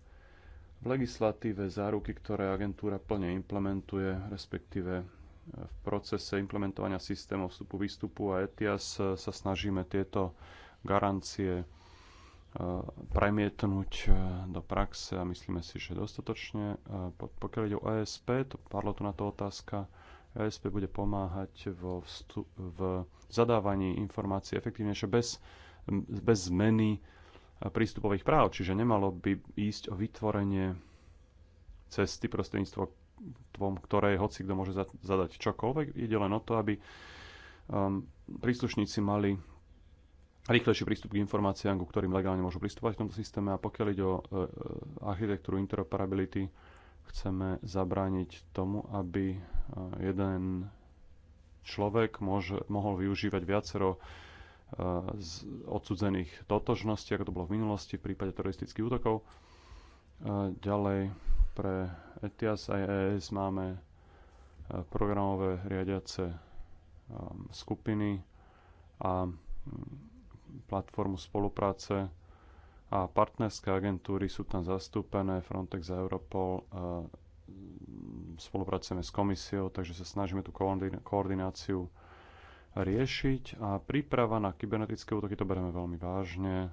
v legislatíve záruky, ktoré agentúra plne implementuje, respektíve e, v procese implementovania systémov vstupu, výstupu a ETIAS sa snažíme tieto garancie e, premietnúť do praxe a myslíme si, že dostatočne. Pokiaľ ide o ESP, to padlo tu na to otázka, ESP bude pomáhať vo vstu- v zadávaní informácií efektívnejšie bez, bez zmeny prístupových práv. Čiže nemalo by ísť o vytvorenie cesty prostredníctvom ktorej hoci kto môže zadať čokoľvek. Ide len o to, aby um, príslušníci mali rýchlejší prístup k informáciám, ku ktorým legálne môžu pristúpať v tomto systéme. A pokiaľ ide o e, e, architektúru interoperability, chceme zabrániť tomu, aby jeden človek môže, mohol využívať viacero e, z odsudzených totožností, ako to bolo v minulosti v prípade teroristických útokov. E, ďalej pre ETIAS a EES máme e, programové riadiace skupiny a platformu spolupráce a partnerské agentúry sú tam zastúpené Frontex a Europol spolupracujeme s komisiou, takže sa snažíme tú koordináciu riešiť a príprava na kybernetické útoky to bereme veľmi vážne.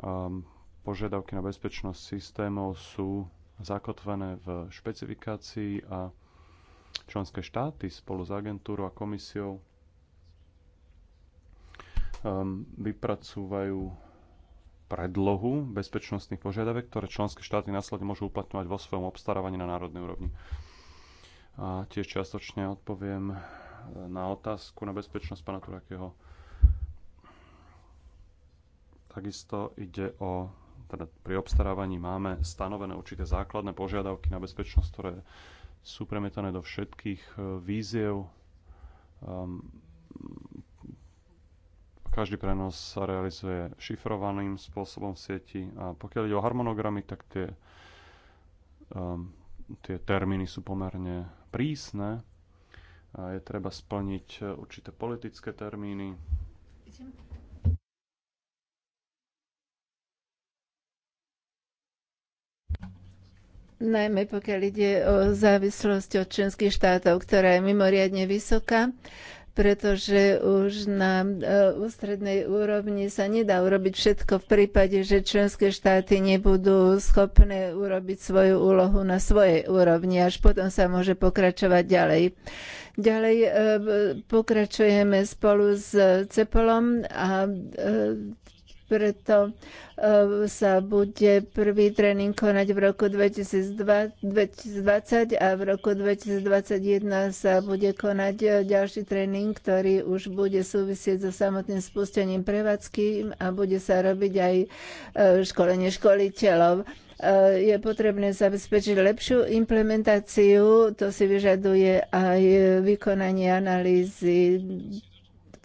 Um, požiadavky na bezpečnosť systémov sú zakotvené v špecifikácii a členské štáty spolu s agentúrou a komisiou um, vypracúvajú predlohu bezpečnostných požiadavek, ktoré členské štáty následne môžu uplatňovať vo svojom obstarávaní na národnej úrovni. A tiež čiastočne odpoviem e, na otázku na bezpečnosť pána Turakého. Takisto ide o, teda pri obstarávaní máme stanovené určité základné požiadavky na bezpečnosť, ktoré sú premietané do všetkých e, víziev um, každý prenos sa realizuje šifrovaným spôsobom v sieti a pokiaľ ide o harmonogramy, tak tie, um, tie termíny sú pomerne prísne. A je treba splniť určité politické termíny. najmä pokiaľ ide o závislosť od členských štátov, ktorá je mimoriadne vysoká pretože už na ústrednej e, úrovni sa nedá urobiť všetko v prípade, že členské štáty nebudú schopné urobiť svoju úlohu na svojej úrovni. Až potom sa môže pokračovať ďalej. Ďalej e, pokračujeme spolu s Cepolom a e, preto e, sa bude prvý tréning konať v roku 2020 a v roku 2021 sa bude konať e, ďalší tréning, ktorý už bude súvisieť so samotným spustením prevádzky a bude sa robiť aj e, školenie školiteľov je potrebné zabezpečiť lepšiu implementáciu. To si vyžaduje aj vykonanie analýzy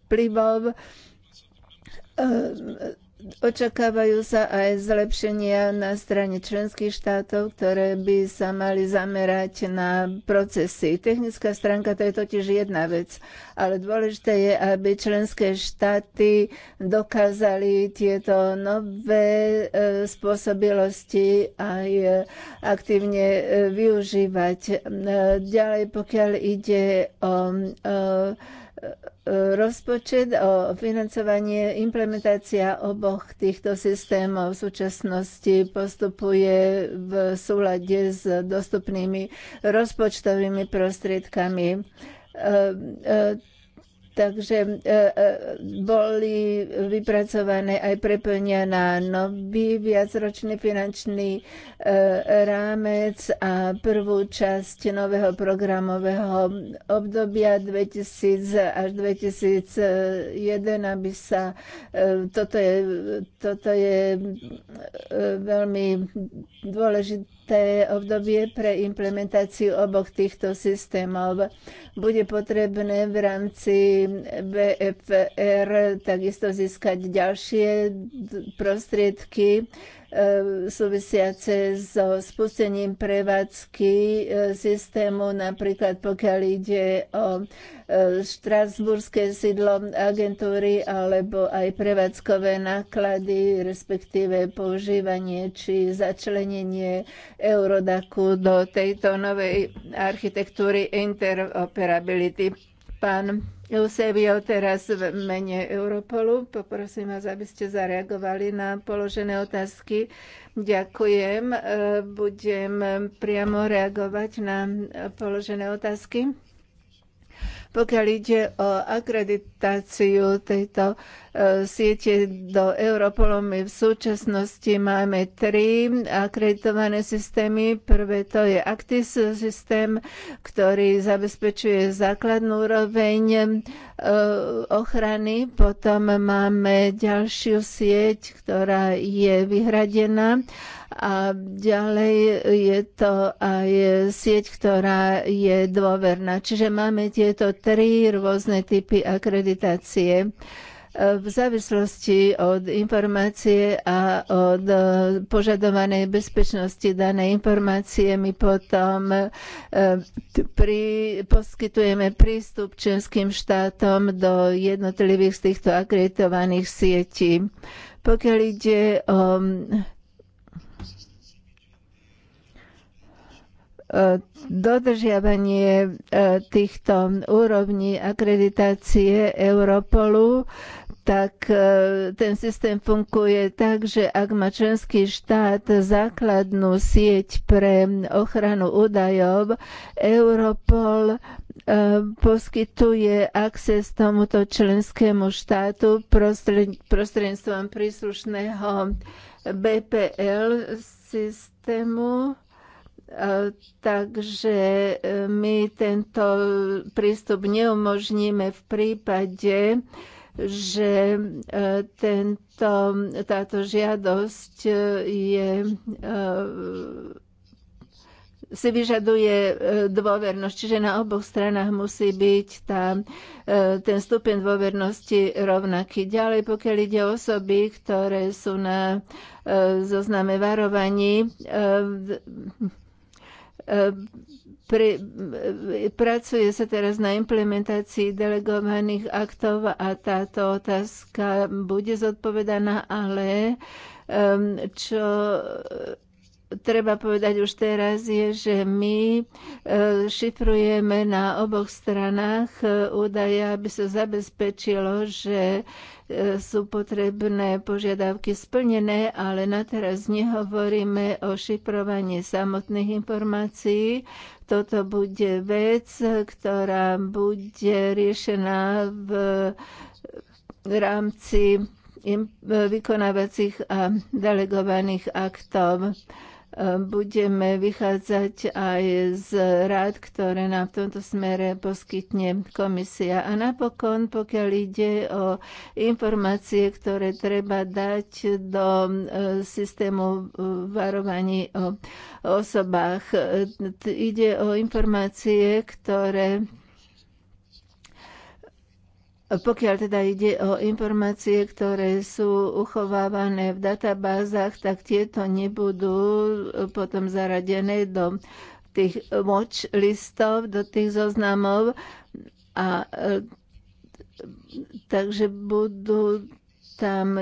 vplyvov Očakávajú sa aj zlepšenia na strane členských štátov, ktoré by sa mali zamerať na procesy. Technická stránka to je totiž jedna vec, ale dôležité je, aby členské štáty dokázali tieto nové e, spôsobilosti aj aktívne e, využívať. E, ďalej, pokiaľ ide o rozpočet, o financovanie, implementácia oboch týchto systémov v súčasnosti postupuje v súlade s dostupnými rozpočtovými prostriedkami e, e, Takže e, e, boli vypracované aj preplnia na nový viacročný finančný e, rámec a prvú časť nového programového obdobia 2000 až 2001, aby sa toto je, toto je veľmi dôležité dôležité obdobie pre implementáciu oboch týchto systémov. Bude potrebné v rámci BFR takisto získať ďalšie prostriedky E, súvisiace so spustením prevádzky e, systému, napríklad pokiaľ ide o e, štrasburské sídlo agentúry alebo aj prevádzkové náklady, respektíve používanie či začlenenie Eurodaku do tejto novej architektúry interoperability. Pán Eusebio teraz v mene Europolu. Poprosím vás, aby ste zareagovali na položené otázky. Ďakujem. E, budem priamo reagovať na položené otázky. Pokiaľ ide o akreditáciu tejto e, siete do Europolu, my v súčasnosti máme tri akreditované systémy. Prvé to je Actis systém, ktorý zabezpečuje základnú úroveň e, ochrany. Potom máme ďalšiu sieť, ktorá je vyhradená a ďalej je to aj sieť, ktorá je dôverná. Čiže máme tieto tri rôzne typy akreditácie v závislosti od informácie a od požadovanej bezpečnosti danej informácie my potom e, pri, poskytujeme prístup členským štátom do jednotlivých z týchto akreditovaných sietí. Pokiaľ ide o dodržiavanie e, týchto úrovní akreditácie Europolu, tak e, ten systém funguje tak, že ak má členský štát základnú sieť pre ochranu údajov, Europol e, poskytuje akces tomuto členskému štátu prostredníctvom príslušného BPL systému Takže e, my tento prístup neumožníme v prípade, že e, tento, táto žiadosť e, je si vyžaduje dôvernosť, čiže na oboch stranách musí byť tá, ten stupeň dôvernosti rovnaký. Ďalej, pokiaľ ide o osoby, ktoré sú na zozname varovaní, Ehm, Pre, ehm, pracuje sa teraz na implementácii delegovaných aktov a táto otázka bude zodpovedaná, ale ehm, čo e, treba povedať už teraz je, že my e, šifrujeme na oboch stranách e, údaje, aby sa zabezpečilo, že sú potrebné požiadavky splnené, ale na teraz nehovoríme o šifrovaní samotných informácií. Toto bude vec, ktorá bude riešená v rámci vykonávacích a delegovaných aktov budeme vychádzať aj z rád, ktoré nám v tomto smere poskytne komisia. A napokon, pokiaľ ide o informácie, ktoré treba dať do e, systému e, varovaní o osobách, e, ide o informácie, ktoré pokiaľ teda ide o informácie, ktoré sú uchovávané v databázach, tak tieto nebudú e, potom zaradené do tých watch listov, do tých zoznamov a e, takže budú tam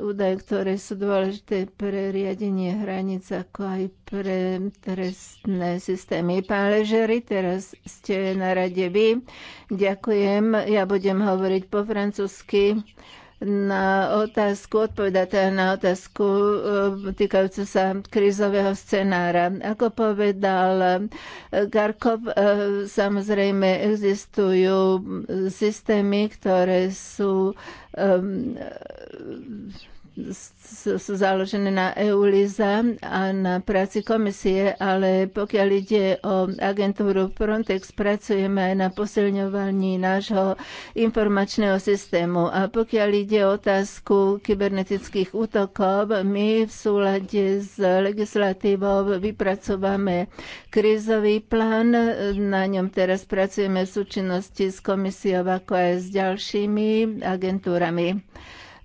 údaje, ktoré sú dôležité pre riadenie hraníc, ako aj pre trestné systémy. Pán Ležery, teraz ste na rade vy. Ďakujem. Ja budem hovoriť po francúzsky na otázku, odpovedať na otázku e, týkajúcu sa krízového scenára. Ako povedal e, Garkov, e, samozrejme existujú systémy, ktoré sú sú založené na EULISA a na práci komisie, ale pokiaľ ide o agentúru Frontex, pracujeme aj na posilňovaní nášho informačného systému. A pokiaľ ide o otázku kybernetických útokov, my v súlade s legislatívou vypracovame krízový plán. Na ňom teraz pracujeme v súčinnosti s komisiou ako aj s ďalšími agentúrami.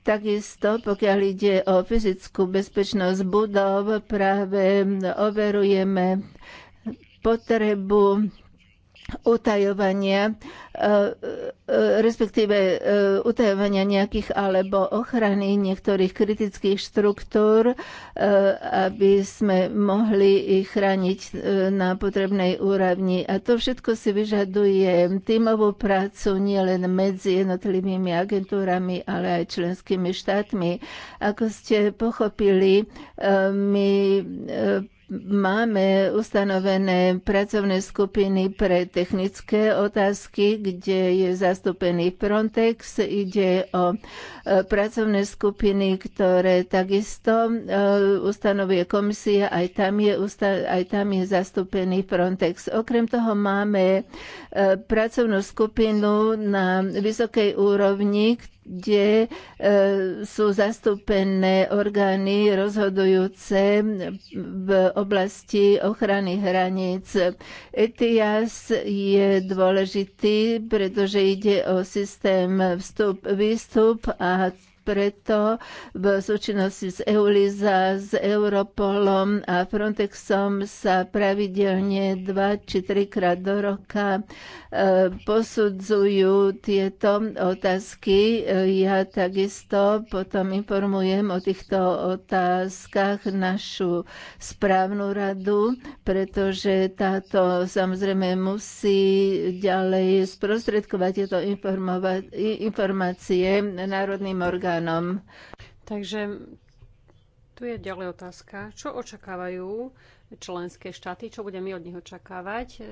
Takisto, pokiaľ ide o fyzickú bezpečnosť budov, práve overujeme potrebu utajovania, e, e, respektíve e, utajovania nejakých alebo ochrany niektorých kritických štruktúr, aby sme mohli ich chrániť na potrebnej úrovni. A to všetko si vyžaduje tímovú prácu nielen medzi jednotlivými agentúrami, ale aj členskými štátmi. Ako ste pochopili, my Máme ustanovené pracovné skupiny pre technické otázky, kde je zastúpený Frontex. Ide o e, pracovné skupiny, ktoré takisto e, ustanovuje komisia, aj tam je, aj tam je zastúpený Frontex. Okrem toho máme e, pracovnú skupinu na vysokej úrovni, kde e, sú zastúpené orgány rozhodujúce v oblasti ochrany hraníc. ETIAS je dôležitý, pretože ide o systém vstup-výstup a preto v súčinnosti s EULISA, s Europolom a Frontexom sa pravidelne dva či trikrát do roka e, posudzujú tieto otázky. E, ja takisto potom informujem o týchto otázkach našu správnu radu, pretože táto samozrejme musí ďalej sprostredkovať tieto informácie národným orgánom členom. Takže tu je ďalej otázka. Čo očakávajú členské štáty? Čo budeme my od nich očakávať?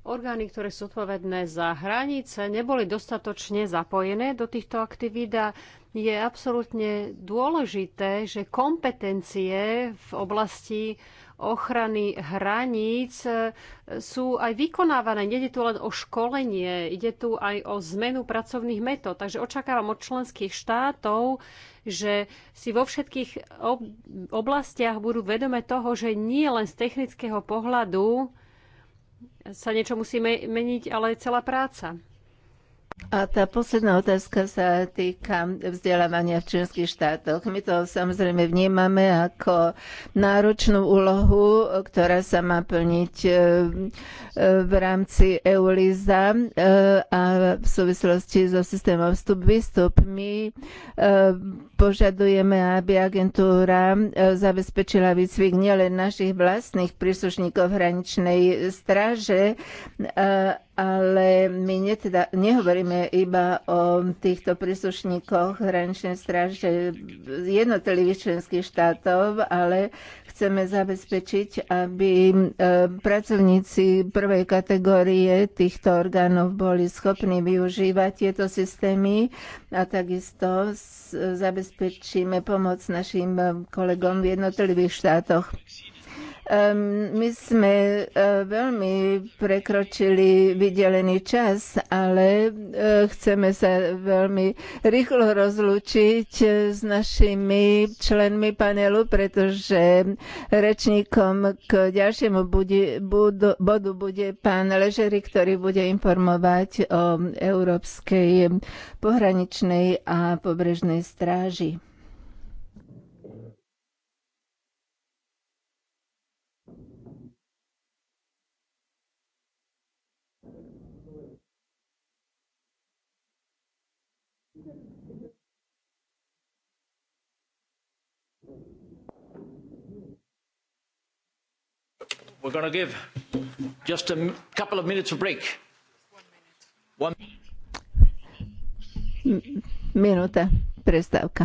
Orgány, ktoré sú odpovedné za hranice, neboli dostatočne zapojené do týchto aktivít a je absolútne dôležité, že kompetencie v oblasti ochrany hraníc e, sú aj vykonávané. Nede tu len o školenie, ide tu aj o zmenu pracovných metód. Takže očakávam od členských štátov, že si vo všetkých oblastiach budú vedome toho, že nie len z technického pohľadu sa niečo musí meniť, ale celá práca. A tá posledná otázka sa týka vzdelávania v členských štátoch. My to samozrejme vnímame ako náročnú úlohu, ktorá sa má plniť e, e, v rámci EULISA e, a v súvislosti so systémom vstup-výstup. My Požadujeme, aby agentúra e, zabezpečila výcvik nielen našich vlastných príslušníkov hraničnej stráže, e, ale my neteda, nehovoríme iba o týchto príslušníkoch hraničnej stráže jednotlivých členských štátov, ale chceme zabezpečiť, aby e, pracovníci prvej kategórie týchto orgánov boli schopní využívať tieto systémy a takisto zabezpečíme pomoc našim kolegom v jednotlivých štátoch. My sme e, veľmi prekročili vydelený čas, ale e, chceme sa veľmi rýchlo rozlúčiť e, s našimi členmi panelu, pretože rečníkom k ďalšiemu budi, budu, bodu bude pán Ležery, ktorý bude informovať o Európskej pohraničnej a pobrežnej stráži. We're going to give just a couple of minutes of break. One... Minúta prestávka.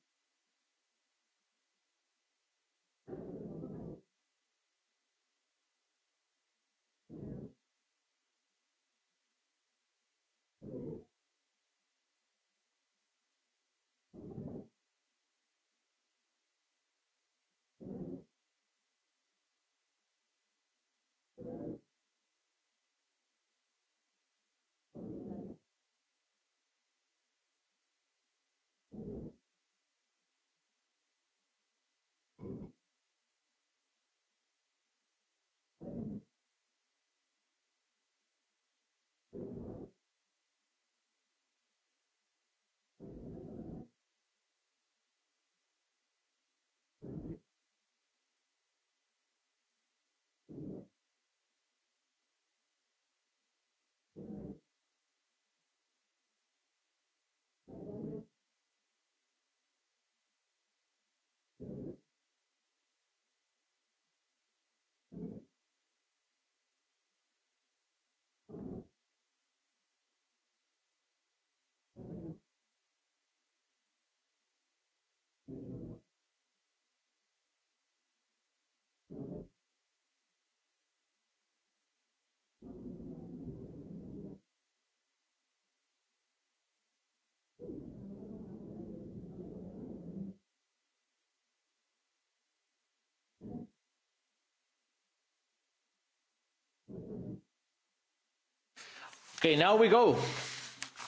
Okay, now we go.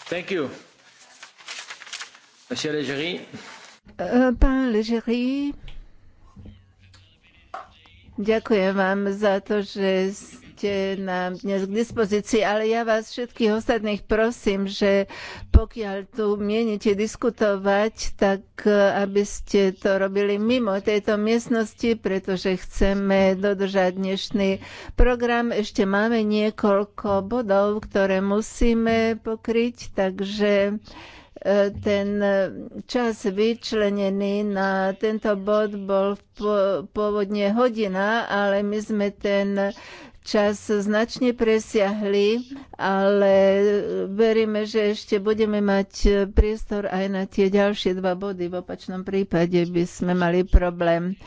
Thank you. Monsieur Legeri. Uh, pán Legeri. ďakujem vám za to, že ste máte nám dnes k dispozícii, ale ja vás všetkých ostatných prosím, že pokiaľ tu mienite diskutovať, tak eh, aby ste to robili mimo tejto miestnosti, pretože chceme dodržať dnešný program. Ešte máme niekoľko bodov, ktoré musíme pokryť, takže eh, ten čas vyčlenený na tento bod bol pôvodne hodina, ale my sme ten čas značne presiahli, ale veríme, že ešte budeme mať priestor aj na tie ďalšie dva body. V opačnom prípade by sme mali problém.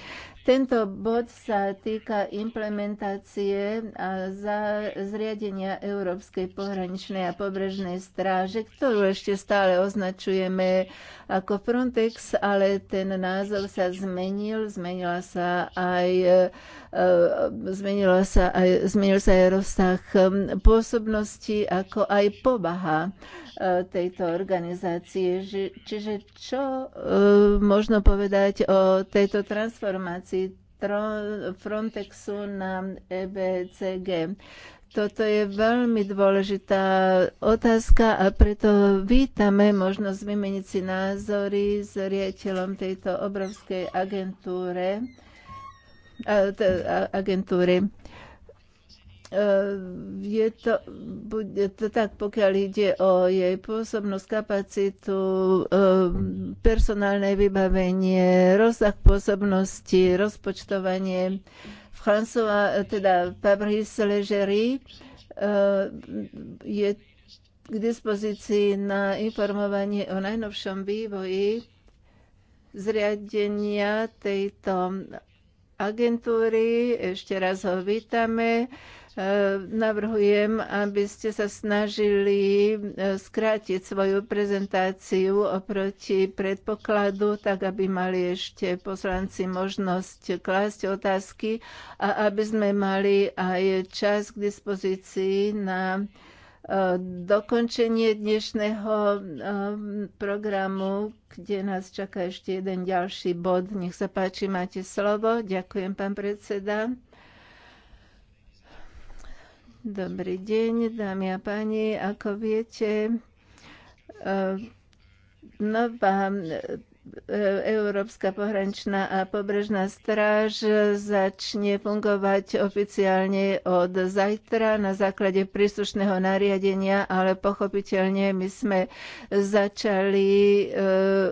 Tento bod sa týka implementácie a za zriadenia Európskej pohraničnej a pobrežnej stráže, ktorú ešte stále označujeme ako Frontex, ale ten názov sa zmenil, zmenila sa aj e, e, zmenila sa aj, zmenil sa aj rozsah pôsobnosti, ako aj povaha tejto organizácie. Čiže čo e, možno povedať o tejto transformácii Frontexu na EBCG? Toto je veľmi dôležitá otázka a preto vítame možnosť vymeniť si názory s riaditeľom tejto obrovskej agentúre. agentúry. Ehm, je to, bude to tak, pokiaľ ide o jej pôsobnosť, kapacitu, ehm, personálne vybavenie, rozsah pôsobnosti, rozpočtovanie. François, eh, teda Fabrice Legery ehm, je k dispozícii na informovanie o najnovšom vývoji zriadenia tejto agentúry. Ešte raz ho vítame. E, navrhujem, aby ste sa snažili e, skrátiť svoju prezentáciu oproti predpokladu, tak aby mali ešte poslanci možnosť klásť otázky a aby sme mali aj čas k dispozícii na e, dokončenie dnešného programu, kde nás čaká ešte jeden ďalší bod. Nech sa páči, máte slovo. Ďakujem, pán predseda. Dobrý deň, dámy a páni. Ako viete, eh, nová E, Európska pohraničná a pobrežná stráž začne fungovať oficiálne od zajtra na základe príslušného nariadenia, ale pochopiteľne my sme začali e,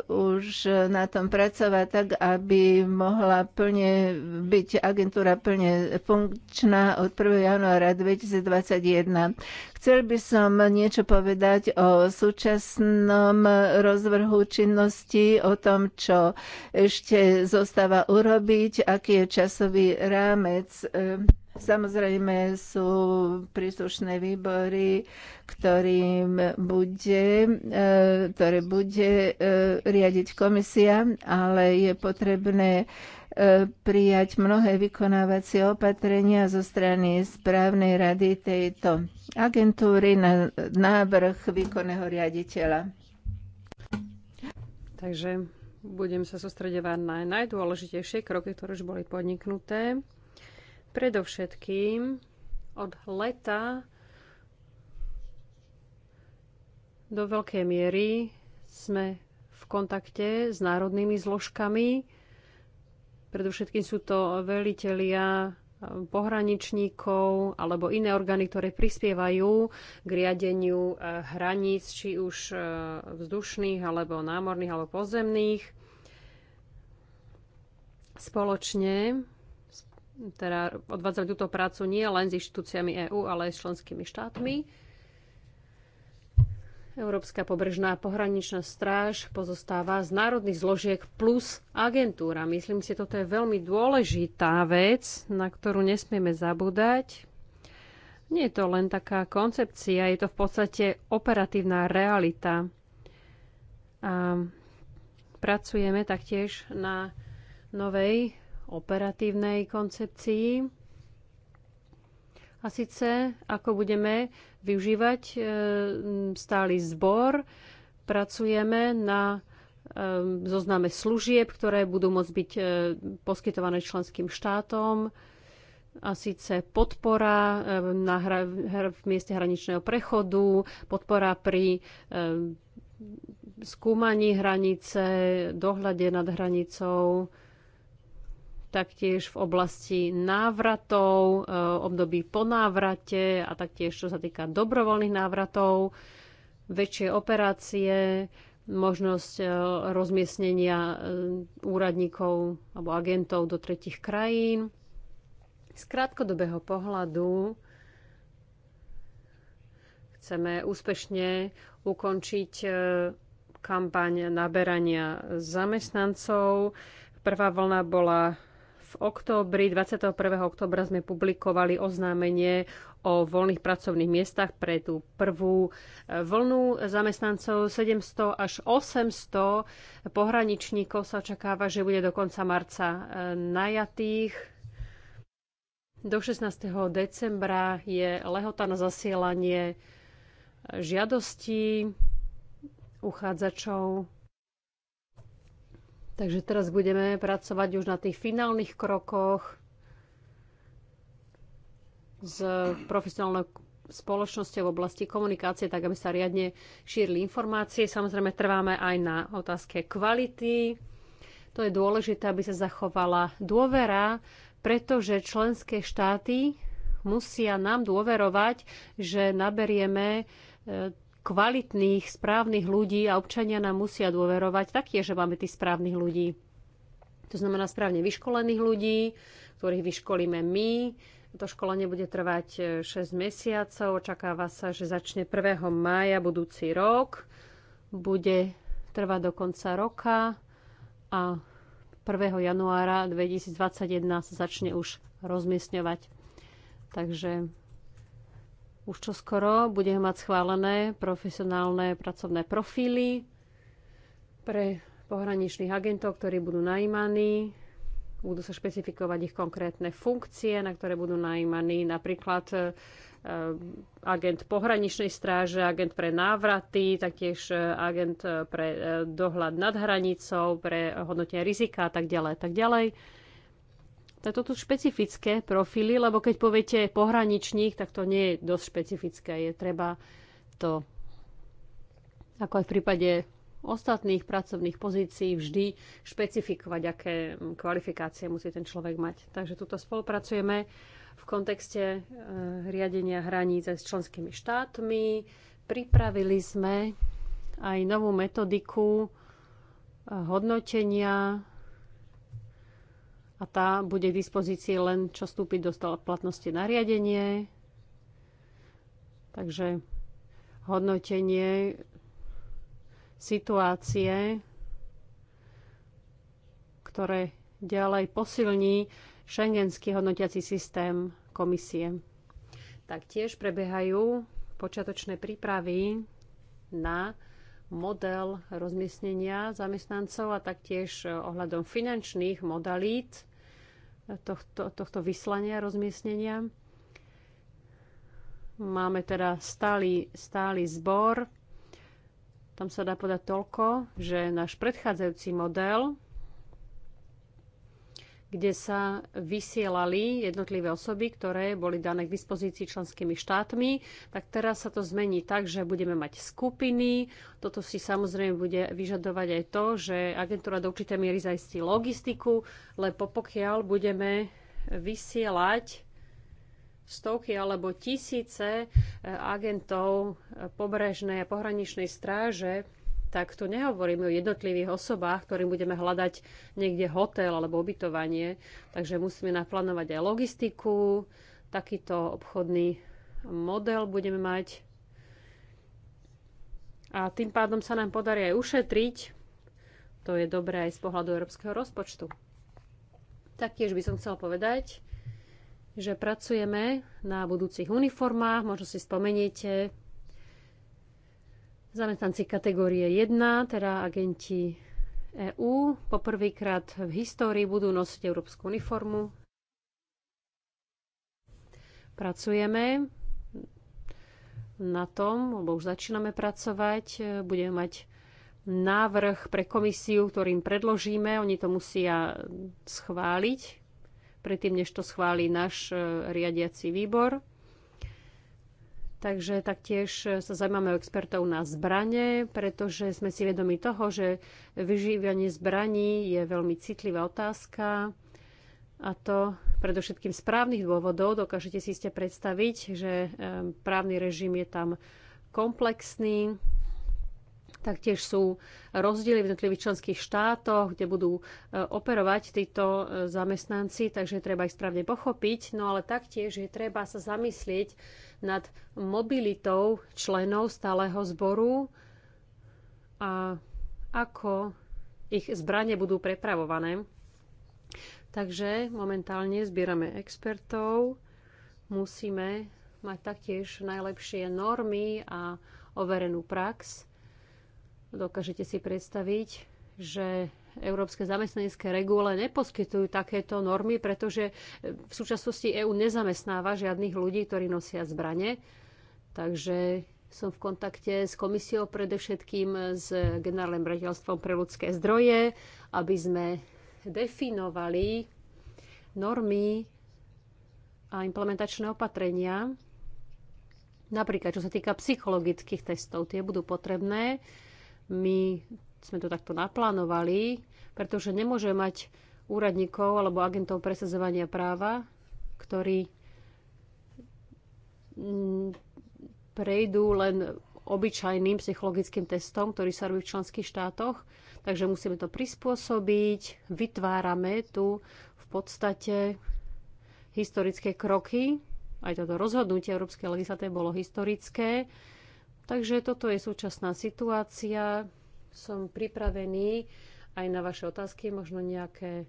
už na tom pracovať tak, aby mohla plne byť agentúra plne funkčná od 1. januára 2021. Chcel by som niečo povedať o súčasnom rozvrhu činnosti, o tom, čo ešte zostáva urobiť, aký je časový rámec. Ehm, samozrejme sú príslušné výbory, ktorým bude, ehm, ktoré bude ehm, riadiť komisia, ale je potrebné prijať mnohé vykonávacie opatrenia zo strany správnej rady tejto agentúry na návrh výkonného riaditeľa. Takže budem sa sústredovať na najdôležitejšie kroky, ktoré už boli podniknuté. Predovšetkým od leta do veľkej miery sme v kontakte s národnými zložkami. Predovšetkým sú to velitelia pohraničníkov alebo iné orgány, ktoré prispievajú k riadeniu eh, hraníc, či už eh, vzdušných, alebo námorných, alebo pozemných. Spoločne teda odvádzali túto prácu nie len s inštitúciami EÚ, ale aj s členskými štátmi. Európska pobrežná pohraničná stráž pozostáva z národných zložiek plus agentúra. Myslím si, toto je veľmi dôležitá vec, na ktorú nesmieme zabúdať. Nie je to len taká koncepcia, je to v podstate operatívna realita. A pracujeme taktiež na novej operatívnej koncepcii. A síce, ako budeme využívať e, stály zbor. Pracujeme na e, zozname služieb, ktoré budú môcť byť e, poskytované členským štátom a síce podpora na hra, hra, v mieste hraničného prechodu, podpora pri e, skúmaní hranice, dohľade nad hranicou, taktiež v oblasti návratov, e, období po návrate a taktiež čo sa týka dobrovoľných návratov, väčšie operácie, možnosť e, rozmiestnenia e, úradníkov alebo agentov do tretich krajín. Z krátkodobého pohľadu chceme úspešne ukončiť kampaň naberania zamestnancov. Prvá vlna bola v októbri, 21. oktobra sme publikovali oznámenie o voľných pracovných miestach pre tú prvú e, vlnu zamestnancov. 700 až 800 pohraničníkov sa očakáva, že bude do konca marca e, najatých. Do 16. decembra je lehota na zasielanie e, žiadostí uchádzačov Takže teraz budeme pracovať už na tých finálnych krokoch s profesionálnou spoločnosťou v oblasti komunikácie, tak aby sa riadne šírili informácie. Samozrejme, trváme aj na otázke kvality. To je dôležité, aby sa zachovala dôvera, pretože členské štáty musia nám dôverovať, že naberieme e, kvalitných, správnych ľudí a občania nám musia dôverovať. Tak je, že máme tých správnych ľudí. To znamená správne vyškolených ľudí, ktorých vyškolíme my. To školenie bude trvať 6 e, mesiacov. Očakáva sa, že začne 1. mája budúci rok. Bude trvať do konca roka a 1. januára 2021 sa začne už rozmiestňovať. Takže už čo skoro budeme mať schválené profesionálne pracovné profily pre pohraničných agentov, ktorí budú najímaní. Budú sa špecifikovať ich konkrétne funkcie, na ktoré budú najímaní napríklad e, e, agent pohraničnej stráže, agent pre návraty, taktiež e, agent pre dohľad nad hranicou, pre hodnotenie rizika a tak ďalej, tak ďalej. Toto sú špecifické profily, lebo keď poviete pohraničník, tak to nie je dosť špecifické. Je treba to, ako aj v prípade ostatných pracovných pozícií, vždy špecifikovať, aké kvalifikácie musí ten človek mať. Takže tuto spolupracujeme v kontexte e, riadenia hraníc aj s členskými štátmi. Pripravili sme aj novú metodiku e, hodnotenia a tá bude k dispozícii len čo vstúpiť do platnosti nariadenie. Takže hodnotenie situácie, ktoré ďalej posilní šengenský hodnotiaci systém komisie. Taktiež prebiehajú počiatočné prípravy na model rozmiestnenia zamestnancov a taktiež ohľadom finančných modalít tohto, tohto vyslania, rozmiestnenia. Máme teda stály, stály zbor. Tam sa dá podať toľko, že náš predchádzajúci model kde sa vysielali jednotlivé osoby, ktoré boli dané k dispozícii členskými štátmi, tak teraz sa to zmení tak, že budeme mať skupiny. Toto si samozrejme bude vyžadovať aj to, že agentúra do určitej miery zaistí logistiku, lebo pokiaľ budeme vysielať stovky alebo tisíce agentov pobrežnej a pohraničnej stráže tak tu nehovoríme o jednotlivých osobách, ktorým budeme hľadať niekde hotel alebo ubytovanie. Takže musíme naplánovať aj logistiku, takýto obchodný model budeme mať. A tým pádom sa nám podarí aj ušetriť. To je dobré aj z pohľadu európskeho rozpočtu. Taktiež by som chcel povedať, že pracujeme na budúcich uniformách. Možno si spomeniete, zamestnanci kategórie 1, teda agenti EÚ, poprvýkrát v histórii budú nosiť európsku uniformu. Pracujeme na tom, lebo už začíname pracovať. Budeme mať návrh pre komisiu, ktorým predložíme. Oni to musia schváliť, predtým, než to schváli náš eh, riadiaci výbor. Takže taktiež e, sa zaujímame o expertov na zbranie, pretože sme si vedomi toho, že vyžívanie zbraní je veľmi citlivá otázka a to predovšetkým z právnych dôvodov. Dokážete si ste predstaviť, že e, právny režim je tam komplexný, Taktiež sú rozdiely v jednotlivých členských štátoch, kde budú e, operovať títo e, zamestnanci, takže treba ich správne pochopiť. No ale taktiež je treba sa zamyslieť nad mobilitou členov stáleho zboru a ako ich zbranie budú prepravované. Takže momentálne zbierame expertov, musíme mať taktiež najlepšie normy a overenú prax Dokážete si predstaviť, že európske zamestnanecké regule neposkytujú takéto normy, pretože v súčasnosti EÚ nezamestnáva žiadnych ľudí, ktorí nosia zbranie. Takže som v kontakte s komisiou, predovšetkým s generálnym raditeľstvom pre ľudské zdroje, aby sme definovali normy a implementačné opatrenia, napríklad čo sa týka psychologických testov, tie budú potrebné my sme to takto naplánovali, pretože nemôže mať úradníkov alebo agentov presadzovania práva, ktorí mm, prejdú len obyčajným psychologickým testom, ktorý sa robí v členských štátoch. Takže musíme to prispôsobiť. Vytvárame tu v podstate historické kroky. Aj toto rozhodnutie európskej legislatívy bolo historické. Takže toto je súčasná situácia. Som pripravený aj na vaše otázky, možno nejaké e,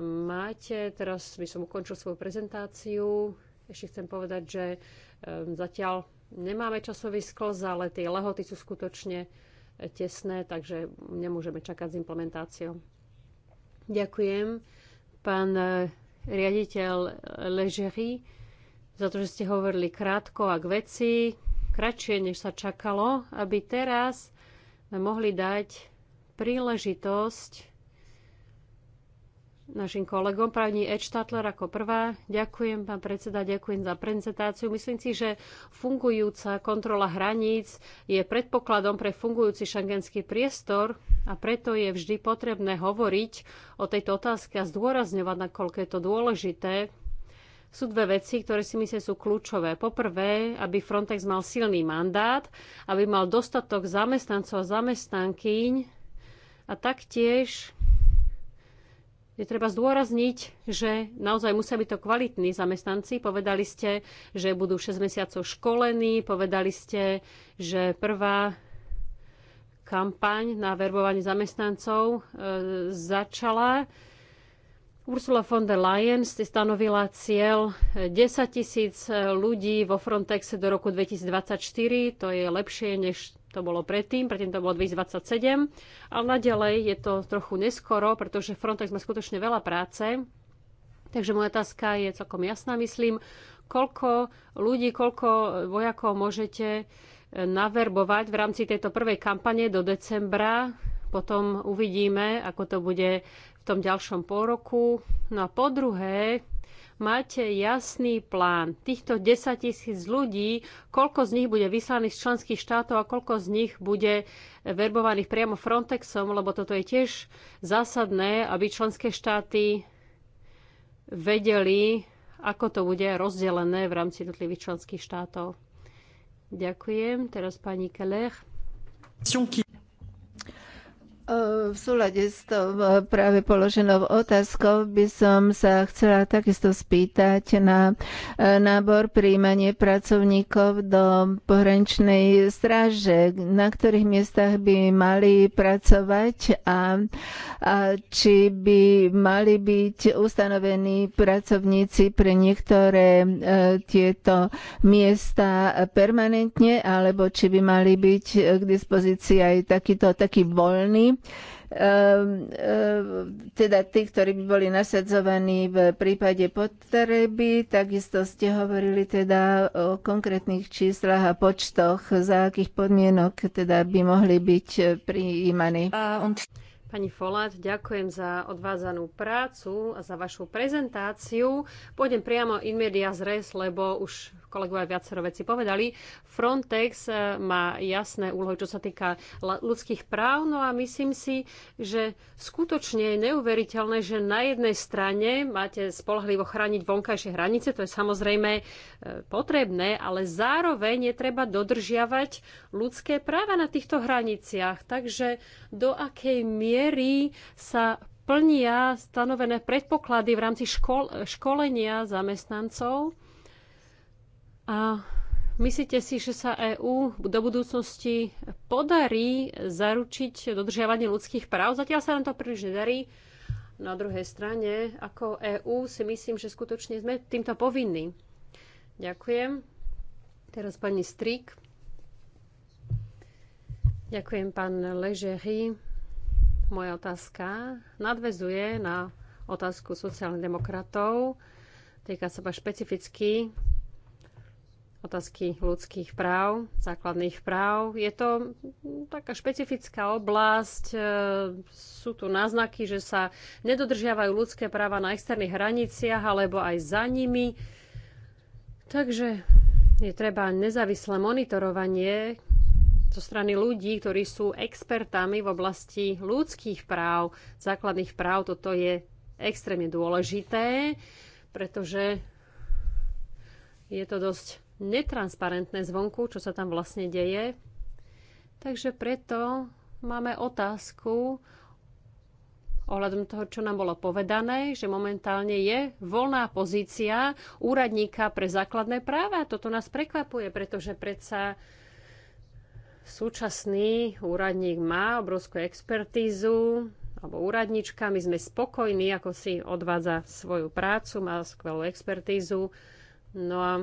máte. Teraz by som ukončil svoju prezentáciu. Ešte chcem povedať, že e, zatiaľ nemáme časový sklz, ale tie lehoty sú skutočne e, tesné, takže nemôžeme čakať s implementáciou. Ďakujem, pán riaditeľ Ležery, za to, že ste hovorili krátko a k veci kratšie, než sa čakalo, aby teraz sme mohli dať príležitosť našim kolegom, právni Ed Stadler ako prvá. Ďakujem, pán predseda, ďakujem za prezentáciu. Myslím si, že fungujúca kontrola hraníc je predpokladom pre fungujúci šangenský priestor a preto je vždy potrebné hovoriť o tejto otázke a zdôrazňovať, nakoľko je to dôležité sú dve veci, ktoré si myslím sú kľúčové. Poprvé, aby Frontex mal silný mandát, aby mal dostatok zamestnancov a zamestnankyň a taktiež je treba zdôrazniť, že naozaj musia byť to kvalitní zamestnanci. Povedali ste, že budú 6 mesiacov školení, povedali ste, že prvá kampaň na verbovanie zamestnancov e, začala. Ursula von der Leyen ste stanovila cieľ 10 eh, tisíc eh, ľudí vo Frontexe do roku 2024. To je lepšie, než to bolo predtým. Predtým to bolo 2027. Ale naďalej je to trochu neskoro, pretože Frontex má skutočne veľa práce. Takže moja otázka je celkom jasná, myslím. Koľko ľudí, koľko vojakov môžete eh, naverbovať v rámci tejto prvej kampane do decembra? Potom uvidíme, ako to bude v tom ďalšom pôroku. No a po druhé, máte jasný plán. Týchto 10 tisíc ľudí, koľko z nich bude vyslaných z členských štátov a koľko z nich bude verbovaných priamo Frontexom, lebo toto je tiež zásadné, aby členské štáty vedeli, ako to bude rozdelené v rámci jednotlivých členských štátov. Ďakujem. Teraz pani Ďakujem. V súlade s tou práve položenou otázkou by som sa chcela takisto spýtať na e, nábor príjmanie pracovníkov do pohraničnej stráže, na ktorých miestach by mali pracovať a, a či by mali byť ustanovení pracovníci pre niektoré e, tieto miesta permanentne, alebo či by mali byť k dispozícii aj takýto, taký voľný Ehm, ehm, teda tí, ktorí by boli nasadzovaní v prípade potreby. Takisto ste hovorili teda o konkrétnych číslach a počtoch, za akých podmienok teda by mohli byť prijímaní. Pani Folát, ďakujem za odvádzanú prácu a za vašu prezentáciu. Pôjdem priamo in medias zres, lebo už kolegovia viacero veci povedali. Frontex eh, má jasné úlohy, čo sa týka ľudských práv, no a myslím si, že skutočne je neuveriteľné, že na jednej strane máte spolahlivo chrániť vonkajšie hranice, to je samozrejme eh, potrebné, ale zároveň je treba dodržiavať ľudské práva na týchto hraniciach. Takže do akej miery sa plnia stanovené predpoklady v rámci škol, školenia zamestnancov a myslíte si, že sa EÚ do budúcnosti podarí zaručiť dodržiavanie ľudských práv? Zatiaľ sa nám to príliš nedarí. Na druhej strane, ako EÚ si myslím, že skutočne sme týmto povinní. Ďakujem. Teraz pani Strik. Ďakujem, pán Ležehy. Moja otázka nadvezuje na otázku sociálnych demokratov. Týka sa ma špecificky otázky ľudských práv, základných práv. Je to taká špecifická oblasť. E, sú tu náznaky, že sa nedodržiavajú ľudské práva na externých hraniciach alebo aj za nimi. Takže je treba nezávislé monitorovanie zo strany ľudí, ktorí sú expertami v oblasti ľudských práv, základných práv. Toto je extrémne dôležité, pretože je to dosť netransparentné zvonku, čo sa tam vlastne deje. Takže preto máme otázku ohľadom toho, čo nám bolo povedané, že momentálne je voľná pozícia úradníka pre základné práva. Toto nás prekvapuje, pretože predsa súčasný úradník má obrovskú expertízu, alebo úradnička, my sme spokojní, ako si odvádza svoju prácu, má skvelú expertízu. No a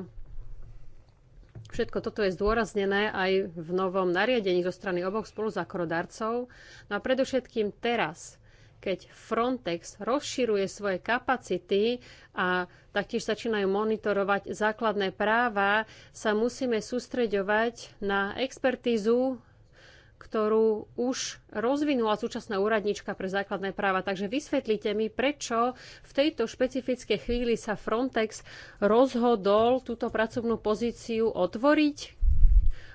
Všetko toto je zdôraznené aj v novom nariadení zo strany oboch spoluzákonodarcov. No a predovšetkým teraz, keď Frontex rozširuje svoje kapacity a taktiež začínajú monitorovať základné práva, sa musíme sústreďovať na expertízu ktorú už rozvinula súčasná úradnička pre základné práva. Takže vysvetlite mi, prečo v tejto špecifickej chvíli sa Frontex rozhodol túto pracovnú pozíciu otvoriť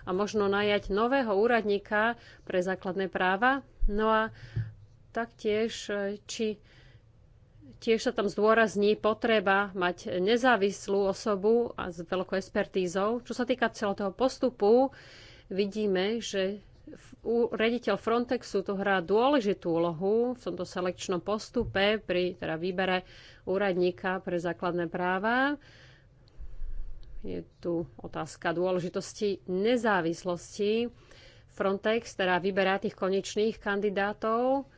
a možno najať nového úradníka pre základné práva. No a taktiež, či tiež sa tam zdôrazní potreba mať nezávislú osobu a s veľkou expertízou. Čo sa týka celého toho postupu, vidíme, že rediteľ Frontexu tu hrá dôležitú úlohu v tomto selekčnom postupe pri teda výbere úradníka pre základné práva. Je tu otázka dôležitosti nezávislosti. Frontex teda vyberá tých konečných kandidátov.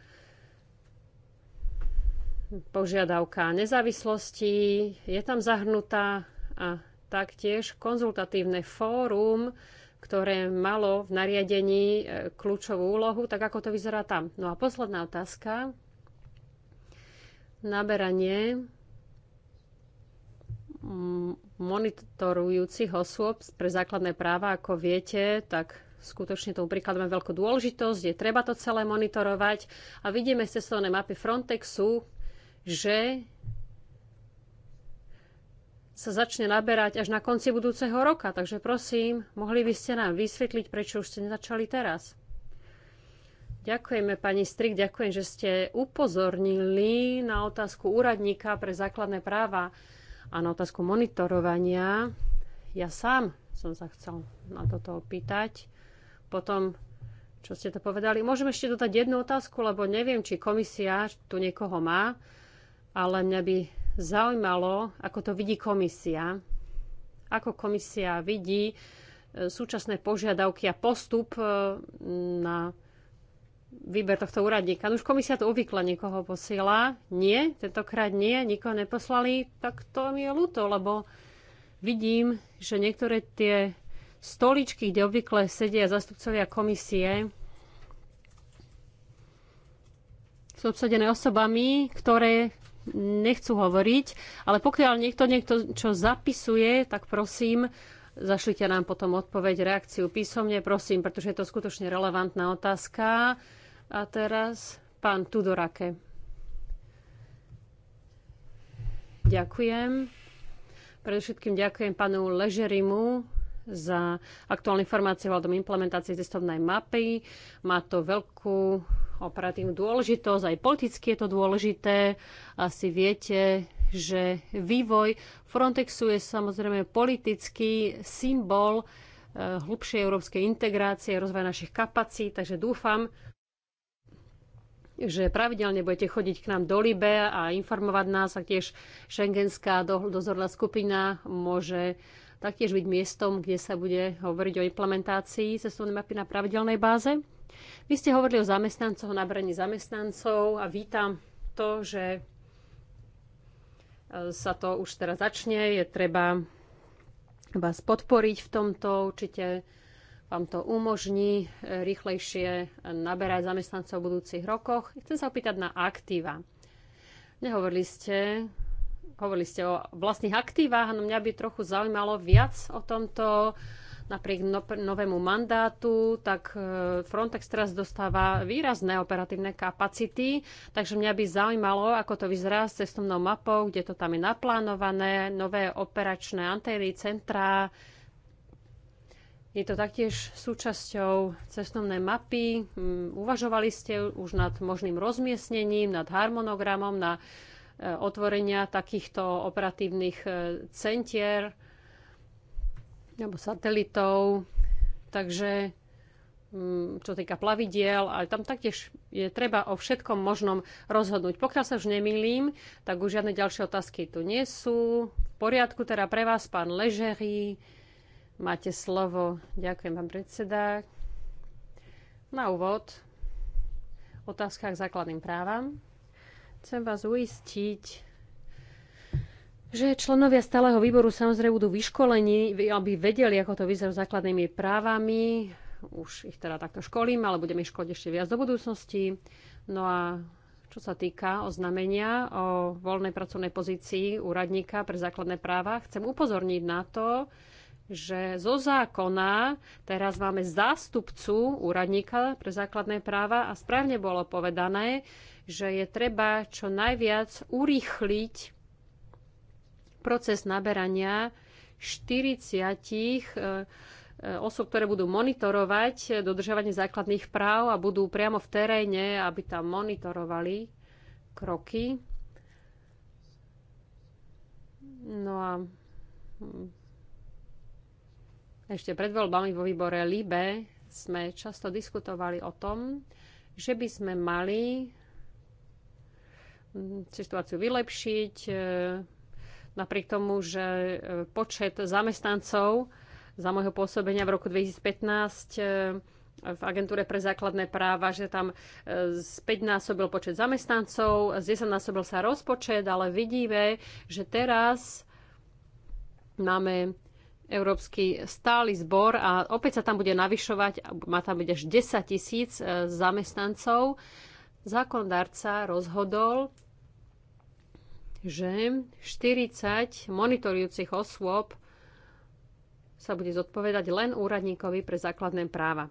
Požiadavka nezávislosti je tam zahrnutá a taktiež konzultatívne fórum, ktoré malo v nariadení e, kľúčovú úlohu, tak ako to vyzerá tam. No a posledná otázka. Naberanie monitorujúcich osôb pre základné práva, ako viete, tak skutočne tomu prikladáme veľkú dôležitosť, je treba to celé monitorovať a vidíme z cestovnej mapy Frontexu, že sa začne naberať až na konci budúceho roka. Takže prosím, mohli by ste nám vysvetliť, prečo už ste nezačali teraz. Ďakujeme, pani Strik, ďakujem, že ste upozornili na otázku úradníka pre základné práva a na otázku monitorovania. Ja sám som sa chcel na toto opýtať. Potom, čo ste to povedali, môžem ešte dodať jednu otázku, lebo neviem, či komisia tu niekoho má, ale mňa by zaujímalo, ako to vidí komisia, ako komisia vidí e, súčasné požiadavky a postup e, na výber tohto úradníka. No už komisia to obvykle niekoho posiela. Nie, tentokrát nie, nikoho neposlali. Tak to mi je ľúto, lebo vidím, že niektoré tie stoličky, kde obvykle sedia zastupcovia komisie, sú obsadené osobami, ktoré nechcú hovoriť, ale pokiaľ niekto niekto čo zapisuje, tak prosím, zašlite nám potom odpoveď, reakciu písomne, prosím, pretože je to skutočne relevantná otázka. A teraz pán Tudorake. Ďakujem. Predovšetkým ďakujem panu Ležerimu za aktuálne informácie o implementácii cestovnej mapy. Má to veľkú operatívnu dôležitosť, aj politicky je to dôležité. Asi viete, že vývoj Frontexu je samozrejme politický symbol eh, hlubšej európskej integrácie, rozvoja našich kapacít, takže dúfam, že pravidelne budete chodiť k nám do Libe a informovať nás a tiež šengenská dozorná skupina môže taktiež byť miestom, kde sa bude hovoriť o implementácii cestovnej mapy na pravidelnej báze. Vy ste hovorili o zamestnancoch, o nabraní zamestnancov a vítam to, že e, sa to už teraz začne. Je treba vás podporiť v tomto. Určite vám to umožní e, rýchlejšie naberať zamestnancov v budúcich rokoch. Chcem sa opýtať na aktíva. Nehovorili ste, hovorili ste o vlastných aktívach, no mňa by trochu zaujímalo viac o tomto napriek no, novému mandátu, tak e, Frontex teraz dostáva výrazné operatívne kapacity, takže mňa by zaujímalo, ako to vyzerá s cestovnou mapou, kde to tam je naplánované, nové operačné antény, centrá. Je to taktiež súčasťou cestovnej mapy. Mm, uvažovali ste už nad možným rozmiestnením, nad harmonogramom, na e, otvorenia takýchto operatívnych e, centier alebo satelitov. Takže mm, čo týka plavidiel, ale tam taktiež je treba o všetkom možnom rozhodnúť. Pokiaľ sa už nemýlim, tak už žiadne ďalšie otázky tu nie sú. V poriadku teda pre vás, pán Ležery, máte slovo. Ďakujem, pán predseda. Na úvod otázkach základným právam. Chcem vás uistiť, že členovia stáleho výboru samozrejme budú vyškolení, aby vedeli, ako to vyzerá s základnými právami. Už ich teda takto školím, ale budeme ich školiť ešte viac do budúcnosti. No a čo sa týka oznamenia o voľnej pracovnej pozícii úradníka pre základné práva, chcem upozorniť na to, že zo zákona teraz máme zástupcu úradníka pre základné práva a správne bolo povedané, že je treba čo najviac urýchliť proces naberania 40 e, e, osob, ktoré budú monitorovať dodržovanie základných práv a budú priamo v teréne, aby tam monitorovali kroky. No a hm, ešte pred voľbami vo výbore LIBE sme často diskutovali o tom, že by sme mali hm, situáciu vylepšiť, e, napriek tomu, že e, počet zamestnancov za môjho pôsobenia v roku 2015 e, v agentúre pre základné práva, že tam z e, 5 násobil počet zamestnancov, z 10 násobil sa rozpočet, ale vidíme, že teraz máme Európsky stály zbor a opäť sa tam bude navyšovať, má tam byť až 10 tisíc zamestnancov. Zákondárca rozhodol, že 40 monitorujúcich osôb sa bude zodpovedať len úradníkovi pre základné práva.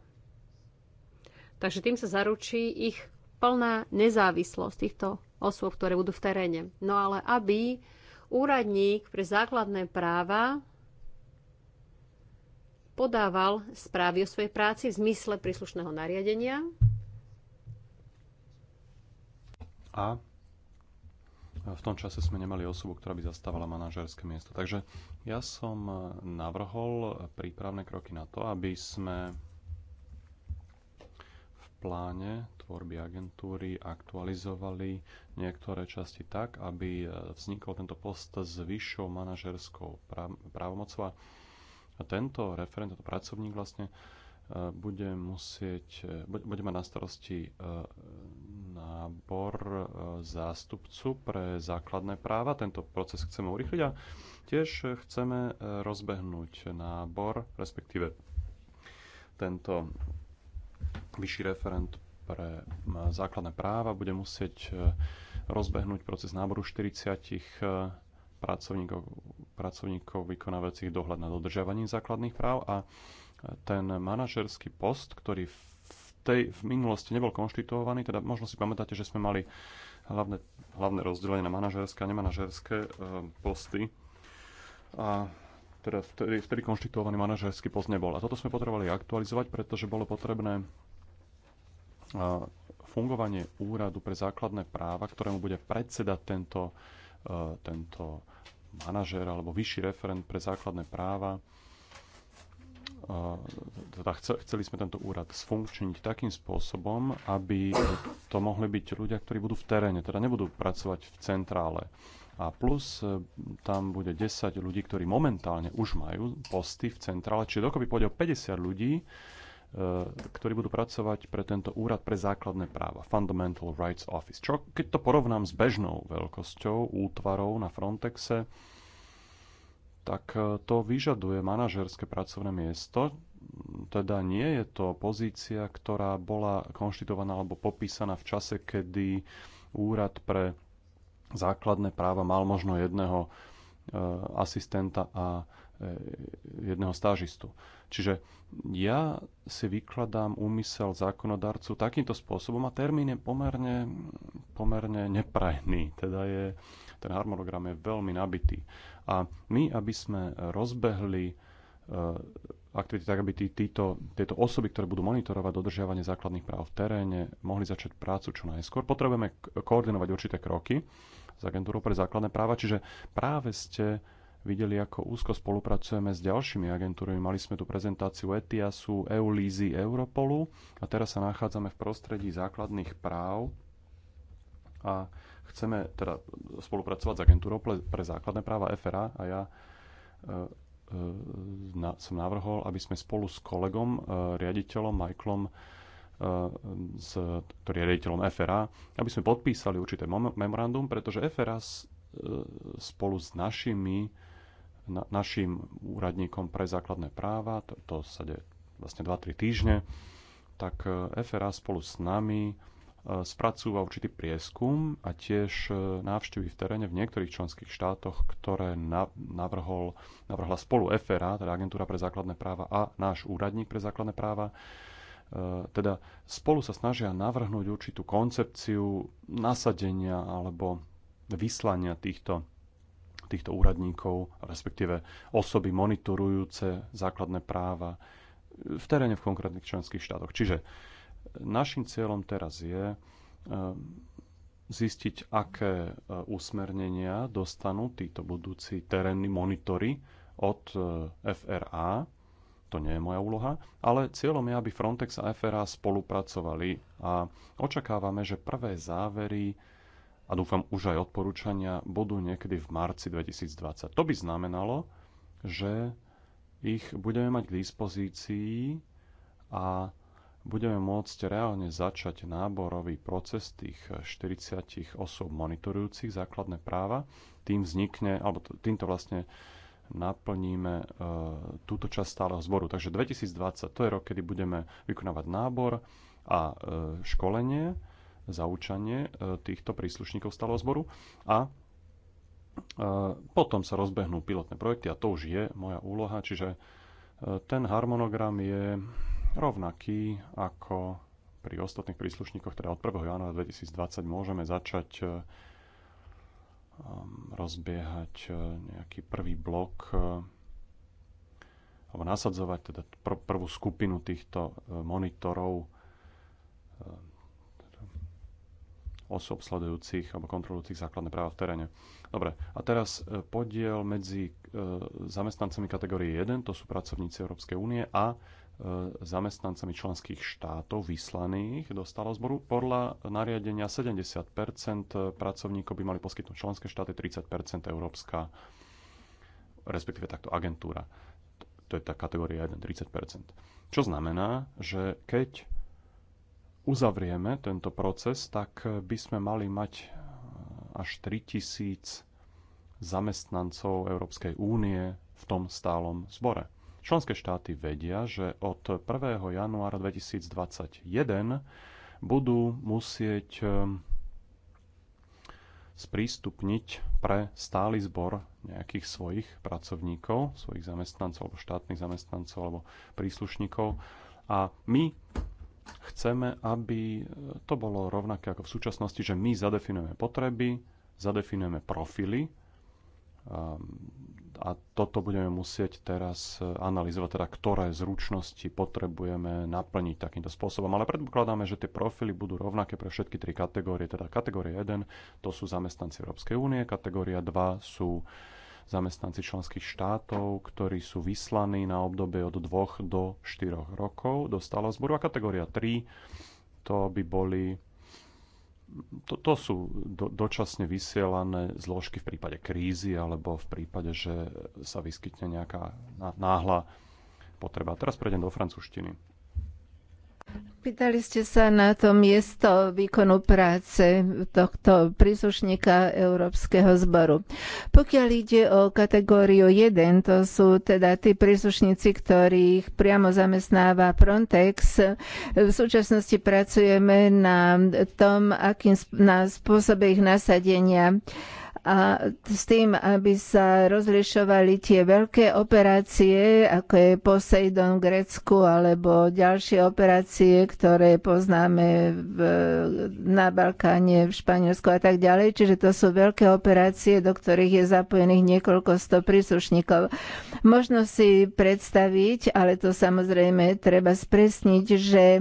Takže tým sa zaručí ich plná nezávislosť týchto osôb, ktoré budú v teréne. No ale aby úradník pre základné práva podával správy o svojej práci v zmysle príslušného nariadenia. A v tom čase sme nemali osobu, ktorá by zastávala manažerské miesto. Takže ja som navrhol prípravné kroky na to, aby sme v pláne tvorby agentúry aktualizovali niektoré časti tak, aby vznikol tento post s vyššou manažerskou právomocou. A tento referent, tento pracovník vlastne bude musieť, e, bude mať na starosti e, nábor e, zástupcu pre základné práva. Tento proces chceme urychliť a tiež chceme rozbehnúť nábor, respektíve tento vyšší referent pre základné práva bude musieť rozbehnúť proces náboru 40 pracovníkov, pracovníkov vykonávajúcich dohľad na dodržiavaním základných práv a ten manažerský post, ktorý v, tej, v minulosti nebol konštituovaný, teda možno si pamätáte, že sme mali hlavné, hlavné rozdelenie na manažerské a nemanažerské e, posty. A teda vtedy, vtedy konštituovaný manažerský post nebol. A toto sme potrebovali aktualizovať, pretože bolo potrebné e, fungovanie úradu pre základné práva, ktorému bude predsedať tento, e, tento manažer alebo vyšší referent pre základné práva, teda chceli sme tento úrad sfunkčniť takým spôsobom, aby to mohli byť ľudia, ktorí budú v teréne, teda nebudú pracovať v centrále. A plus e, tam bude 10 ľudí, ktorí momentálne už majú posty v centrále, čiže dokopy pôjde o 50 ľudí, e, ktorí budú pracovať pre tento úrad pre základné práva, Fundamental Rights Office. Čo, keď to porovnám s bežnou veľkosťou útvarov na Frontexe, tak e, to vyžaduje manažerské pracovné miesto, teda nie je to pozícia, ktorá bola konštitovaná alebo popísaná v čase, kedy úrad pre základné práva mal možno jedného e, asistenta a Eh, jedného stážistu. Čiže ja si vykladám úmysel zákonodarcu takýmto spôsobom a termín je pomerne, pomerne neprajný. Teda je, ten harmonogram je veľmi nabitý. A my, aby sme rozbehli eh, aktivity tak, aby tí, títo, tieto osoby, ktoré budú monitorovať dodržiavanie základných práv v teréne, mohli začať prácu čo najskôr. Potrebujeme koordinovať určité kroky s agentúrou pre základné práva, čiže práve ste videli, ako úzko spolupracujeme s ďalšími agentúrami. Mali sme tu prezentáciu ETIASu, EULIZY, Europolu a teraz sa nachádzame v prostredí základných práv a chceme teda spolupracovať s agentúrou pre základné práva FRA a ja e, e, na, som navrhol, aby sme spolu s kolegom, e, riaditeľom Michaelom, s, ktorý je riaditeľom FRA, aby sme podpísali určité memorandum, pretože FRA spolu s našimi na, našim úradníkom pre základné práva, to, to sa deje vlastne 2-3 týždne, tak e, FRA spolu s nami e, spracúva určitý prieskum a tiež e, návštevy v teréne v niektorých členských štátoch, ktoré navrhol, navrhla spolu FRA, teda Agentúra pre základné práva a náš úradník pre základné práva. Teda spolu sa snažia navrhnúť určitú koncepciu nasadenia alebo vyslania týchto týchto úradníkov, respektíve osoby monitorujúce základné práva v teréne v konkrétnych členských štátoch. Čiže e, našim cieľom teraz je e, zistiť, aké e, usmernenia dostanú títo budúci terénni monitory od FRA. To nie je moja úloha, ale cieľom je, aby Frontex a FRA spolupracovali a očakávame, že prvé závery a dúfam už aj odporúčania budú niekedy v marci 2020. To by znamenalo, že ich budeme mať k dispozícii a budeme môcť reálne začať náborový proces tých 40 osôb monitorujúcich základné práva. Tým vznikne, alebo týmto vlastne naplníme e, túto časť stáleho zboru. Takže 2020 to je rok, kedy budeme vykonávať nábor a e, školenie zaučanie e, týchto príslušníkov stáleho zboru a e, potom sa rozbehnú pilotné projekty a to už je moja úloha, čiže e, ten harmonogram je rovnaký ako pri ostatných príslušníkoch, teda od 1. januára 2020 môžeme začať um, rozbiehať nejaký prvý blok alebo nasadzovať teda pr- prvú skupinu týchto monitorov osob sledujúcich alebo kontrolujúcich základné práva v teréne. Dobre, a teraz e, podiel medzi e, zamestnancami kategórie 1, to sú pracovníci Európskej únie, a e, zamestnancami členských štátov vyslaných do zboru. Podľa nariadenia 70 pracovníkov by mali poskytnúť členské štáty, 30 európska, respektíve takto agentúra. To je tá kategória 1, 30 Čo znamená, že keď uzavrieme tento proces, tak by sme mali mať e, až 3000 zamestnancov Európskej únie v tom stálom zbore. Členské štáty vedia, že od 1. januára 2021 budú musieť e, sprístupniť pre stály zbor nejakých svojich pracovníkov, svojich zamestnancov alebo štátnych zamestnancov alebo príslušníkov. A my chceme, aby to bolo rovnaké ako v súčasnosti, že my zadefinujeme potreby, zadefinujeme profily um, a toto budeme musieť teraz eh, analyzovať, teda ktoré zručnosti potrebujeme naplniť takýmto spôsobom. Ale predpokladáme, že tie profily budú rovnaké pre všetky tri kategórie. Teda kategória 1 to sú zamestnanci Európskej únie, kategória 2 sú zamestnanci členských štátov, ktorí sú vyslaní na obdobie od 2 do 4 rokov do stáleho zboru. A kategória 3, to by boli to, to sú do, dočasne vysielané zložky v prípade krízy alebo v prípade, že sa vyskytne nejaká náhla potreba. Teraz prejdem do francúzštiny. Pýtali ste sa na to miesto výkonu práce tohto príslušníka Európskeho zboru. Pokiaľ ide o kategóriu 1, to sú teda tí príslušníci, ktorých priamo zamestnáva Frontex. V súčasnosti pracujeme na tom, akým, na spôsobe ich nasadenia a s tým, aby sa rozlišovali tie veľké operácie, ako je Poseidon v Grécku alebo ďalšie operácie, ktoré poznáme v, na Balkáne, v Španielsku a tak ďalej. Čiže to sú veľké operácie, do ktorých je zapojených niekoľko sto príslušníkov. Možno si predstaviť, ale to samozrejme treba spresniť, že e,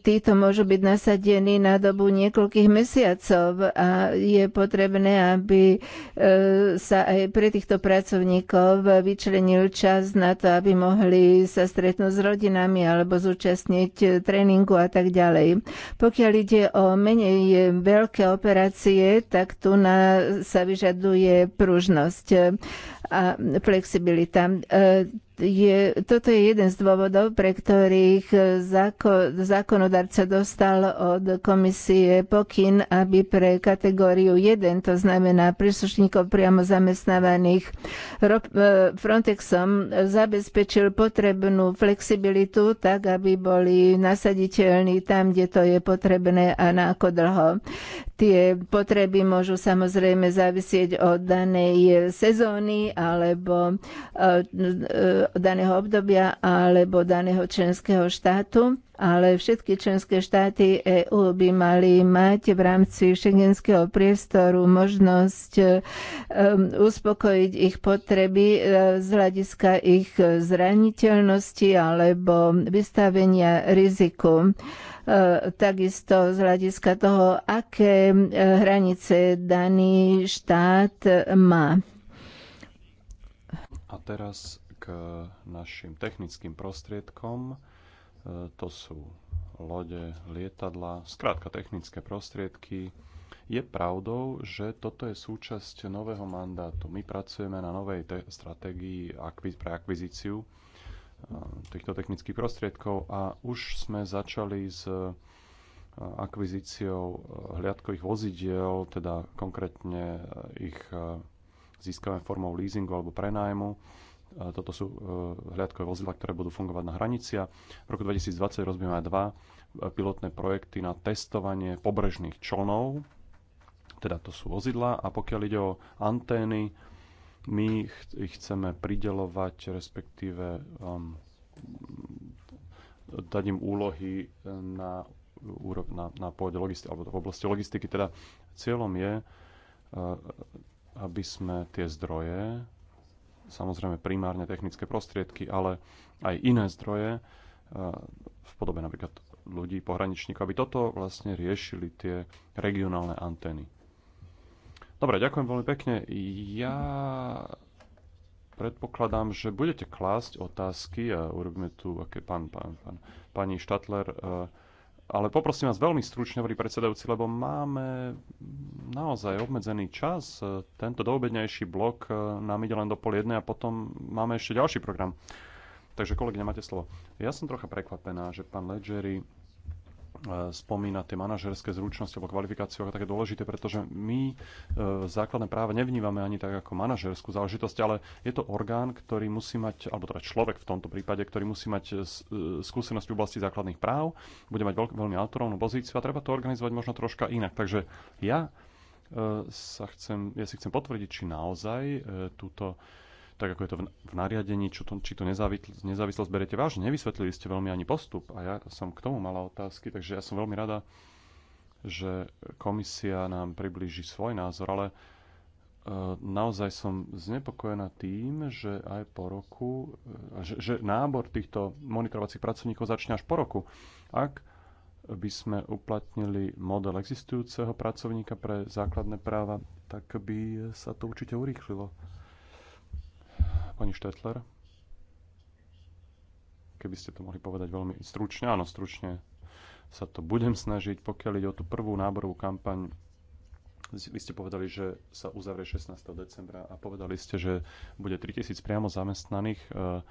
títo môžu byť nasadení na dobu niekoľkých mesiacov a je potrebné potrebné, aby e, sa aj pre týchto pracovníkov vyčlenil čas na to, aby mohli sa stretnúť s rodinami alebo zúčastniť tréningu a tak ďalej. Pokiaľ ide o menej veľké operácie, tak tu na, sa vyžaduje pružnosť a flexibilita e, je, toto je jeden z dôvodov, pre ktorých eh, zákon, zákonodarca dostal od komisie pokyn, aby pre kategóriu 1, to znamená príslušníkov priamo zamestnávaných eh, Frontexom, zabezpečil potrebnú flexibilitu, tak aby boli nasaditeľní tam, kde to je potrebné a na ako dlho. Tie potreby môžu samozrejme závisieť od danej sezóny alebo eh, daného obdobia alebo daného členského štátu, ale všetky členské štáty EÚ by mali mať v rámci šengenského priestoru možnosť um, uspokojiť ich potreby uh, z hľadiska ich zraniteľnosti alebo vystavenia riziku uh, takisto z hľadiska toho, aké uh, hranice daný štát má. A teraz k našim technickým prostriedkom. E, to sú lode, lietadla, skrátka technické prostriedky. Je pravdou, že toto je súčasť nového mandátu. My pracujeme na novej stratégii akviz- pre akvizíciu e, týchto technických prostriedkov a už sme začali s e, akvizíciou hliadkových vozidiel, teda konkrétne ich získame formou leasingu alebo prenájmu. Toto sú e, hľadkové vozidla, ktoré budú fungovať na hranici a v roku 2020 rozbíme aj dva e, pilotné projekty na testovanie pobrežných člnov, teda to sú vozidla a pokiaľ ide o antény, my ch- ich chceme pridelovať, respektíve um, dať im úlohy na, na, na pôde logistiky, alebo v oblasti logistiky. Teda cieľom je, e, aby sme tie zdroje samozrejme primárne technické prostriedky, ale aj iné zdroje e, v podobe napríklad ľudí, pohraničníkov, aby toto vlastne riešili tie regionálne antény. Dobre, ďakujem veľmi pekne. Ja predpokladám, že budete klásť otázky a urobíme tu, aké pán, pán, pán, pani Štatler e, ale poprosím vás veľmi stručne, hovorí predsedajúci, lebo máme naozaj obmedzený čas. Tento doobednejší blok eh, nám ide len do pol jednej a potom máme ešte ďalší program. Takže kolegyne, máte slovo. Ja som trocha prekvapená, že pán Ledgeri spomínať tie manažerské zručnosti alebo kvalifikáciu ako také dôležité, pretože my e, základné práva nevnímame ani tak ako manažerskú záležitosť, ale je to orgán, ktorý musí mať, alebo teda človek v tomto prípade, ktorý musí mať e, e, skúsenosť v oblasti základných práv, bude mať veľk, veľmi autorovnú pozíciu a treba to organizovať možno troška inak. Takže ja sa chcem, ja si chcem potvrdiť, či naozaj túto tak ako je to v nariadení, čo to, či to nezávislosť, nezávislosť beriete vážne. Nevysvetlili ste veľmi ani postup a ja som k tomu mala otázky, takže ja som veľmi rada, že komisia nám priblíži svoj názor, ale e, naozaj som znepokojená tým, že aj po roku, e, že, že nábor týchto monitorovacích pracovníkov začne až po roku. Ak by sme uplatnili model existujúceho pracovníka pre základné práva, tak by sa to určite urýchlilo. Pani Štetler, keby ste to mohli povedať veľmi stručne, áno, stručne sa to budem snažiť, pokiaľ ide o tú prvú náborovú kampaň vy ste povedali, že sa uzavrie 16. decembra a povedali ste, že bude 3000 priamo zamestnaných e,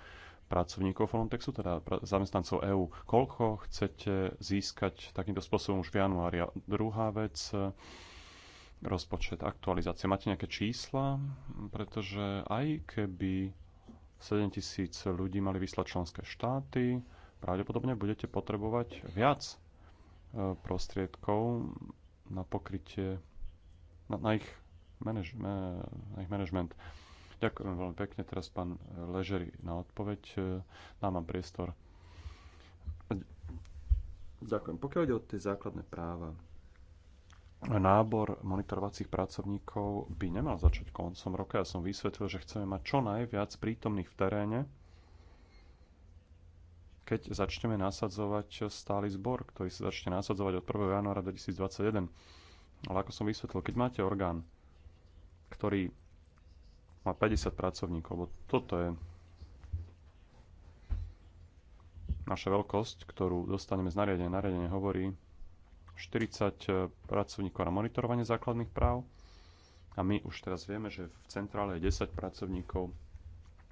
pracovníkov Frontexu, teda zamestnancov EÚ. Koľko chcete získať takýmto spôsobom už v januári? A druhá vec, e, rozpočet aktualizácie. Máte nejaké čísla? Pretože aj keby 7 tisíc ľudí mali vyslať členské štáty, pravdepodobne budete potrebovať viac e, prostriedkov na pokrytie, na, na, ich, manaž, na ich management. Ďakujem veľmi pekne. Teraz pán Ležeri na odpoveď. E, dám vám priestor. Ďakujem. Pokiaľ ide o tie základné práva, nábor monitorovacích pracovníkov by nemal začať koncom roka. Ja som vysvetlil, že chceme mať čo najviac prítomných v teréne, keď začneme nasadzovať stály zbor, ktorý sa začne nasadzovať od 1. januára 2021. Ale ako som vysvetlil, keď máte orgán, ktorý má 50 pracovníkov, bo toto je naša veľkosť, ktorú dostaneme z nariadenia. Nariadenie hovorí, 40 e, pracovníkov na monitorovanie základných práv a my už teraz vieme, že v centrále je 10 pracovníkov,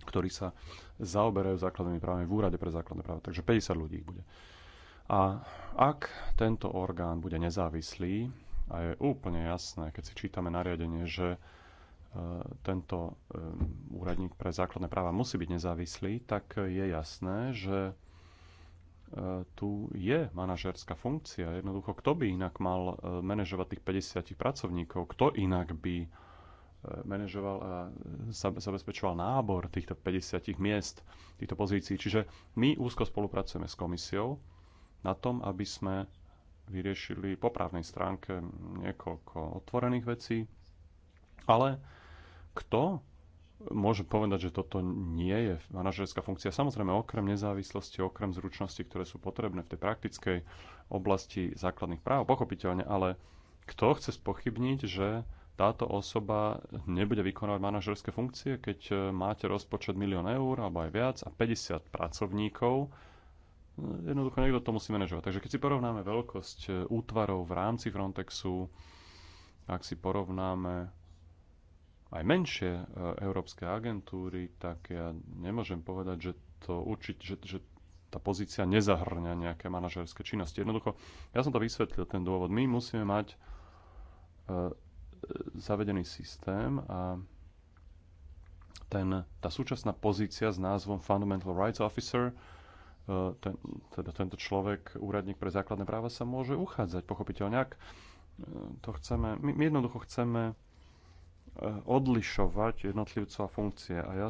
ktorí sa zaoberajú základnými právami v úrade pre základné práva, takže 50 ľudí ich bude. A ak tento orgán bude nezávislý, a je úplne jasné, keď si čítame nariadenie, že e, tento e, úradník pre základné práva musí byť nezávislý, tak je jasné, že E, tu je manažerská funkcia. Jednoducho, kto by inak mal e, manažovať tých 50 pracovníkov? Kto inak by e, manažoval a zabezpečoval nábor týchto 50 miest, týchto pozícií. Čiže my úzko spolupracujeme s komisiou na tom, aby sme vyriešili po právnej stránke niekoľko otvorených vecí, ale kto môžem povedať, že toto nie je manažerská funkcia. Samozrejme, okrem nezávislosti, okrem zručnosti, ktoré sú potrebné v tej praktickej oblasti základných práv, pochopiteľne, ale kto chce spochybniť, že táto osoba nebude vykonávať manažerské funkcie, keď e, máte rozpočet milión eur alebo aj viac a 50 pracovníkov, jednoducho niekto to musí manažovať. Takže keď si porovnáme veľkosť e, útvarov v rámci Frontexu, ak si porovnáme aj menšie e, európske agentúry, tak ja nemôžem povedať, že to určite, že, že tá pozícia nezahrňa nejaké manažerské činnosti. Jednoducho, ja som to vysvetlil, ten dôvod. My musíme mať e, e zavedený systém a ten, tá súčasná pozícia s názvom Fundamental Rights Officer, e, ten, teda tento človek, úradník pre základné práva, sa môže uchádzať, pochopiteľne. Ak e, to chceme, my, my jednoducho chceme Eh, odlišovať jednotlivcov a funkcie. A ja,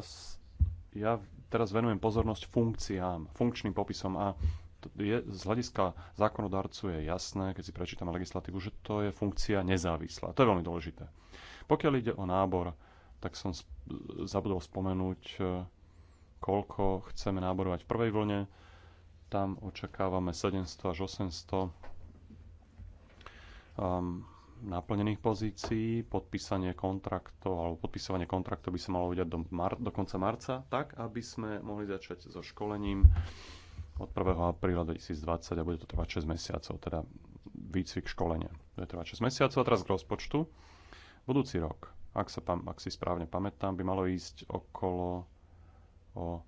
ja teraz venujem pozornosť funkciám, funkčným popisom a je, z hľadiska zákonodarcu je jasné, keď si prečítame legislatívu, že to je funkcia nezávislá. To je veľmi dôležité. Pokiaľ ide o nábor, tak som sp- zabudol spomenúť, eh, koľko chceme náborovať v prvej vlne. Tam očakávame 700 až 800 um, ehm, naplnených pozícií, podpísanie kontraktov alebo podpisovanie kontraktov by sa malo udiať do, mar- do konca marca, tak aby sme mohli začať so školením od 1. apríla 2020 a bude to trvať 6 mesiacov, teda výcvik školenia. Bude trvať 6 mesiacov a teraz k rozpočtu. Budúci rok, ak, sa, ak si správne pamätám, by malo ísť okolo o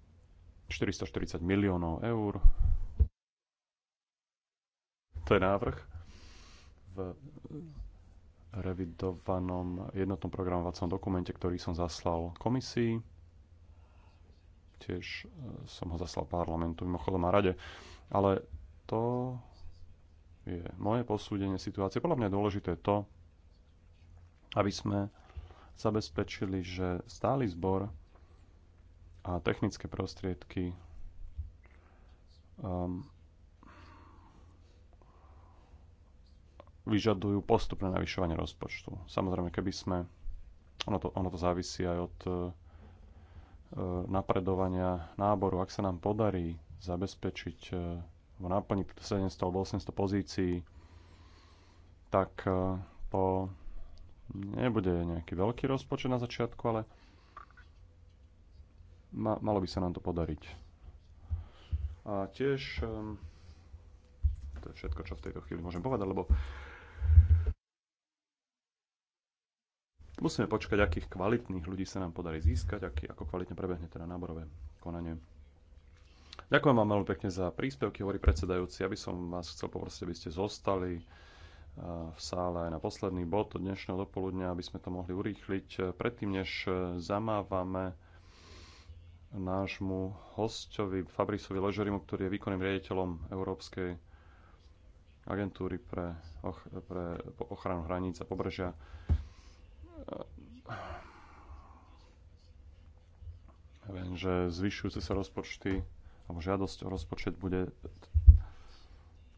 440 miliónov eur. To je návrh v revidovanom jednotnom programovacom dokumente, ktorý som zaslal komisii. Tiež e, som ho zaslal parlamentu, mimochodom a rade. Ale to je moje posúdenie situácie. Podľa mňa je dôležité to, aby sme zabezpečili, že stály zbor a technické prostriedky um, vyžadujú postupné navyšovanie rozpočtu. Samozrejme, keby sme, ono to, ono to závisí aj od e, napredovania náboru. Ak sa nám podarí zabezpečiť e, naplniť 700 alebo 800 pozícií, tak e, to nebude nejaký veľký rozpočet na začiatku, ale ma, malo by sa nám to podariť. A tiež e, to je všetko, čo v tejto chvíli môžem povedať, lebo Musíme počkať, akých kvalitných ľudí sa nám podarí získať, aký, ako kvalitne prebehne teda náborové konanie. Ďakujem vám veľmi pekne za príspevky, hovorí predsedajúci. Ja by som vás chcel poprosiť, aby ste zostali eh, v sále aj na posledný bod od dnešného dopoludňa, aby sme to mohli urýchliť. Predtým, než eh, zamávame nášmu hostovi Fabrisovi Ležerimu, ktorý je výkonným riaditeľom Európskej agentúry pre, och- pre ochranu hraníc a pobrežia viem, že zvyšujúce sa rozpočty alebo žiadosť o rozpočet bude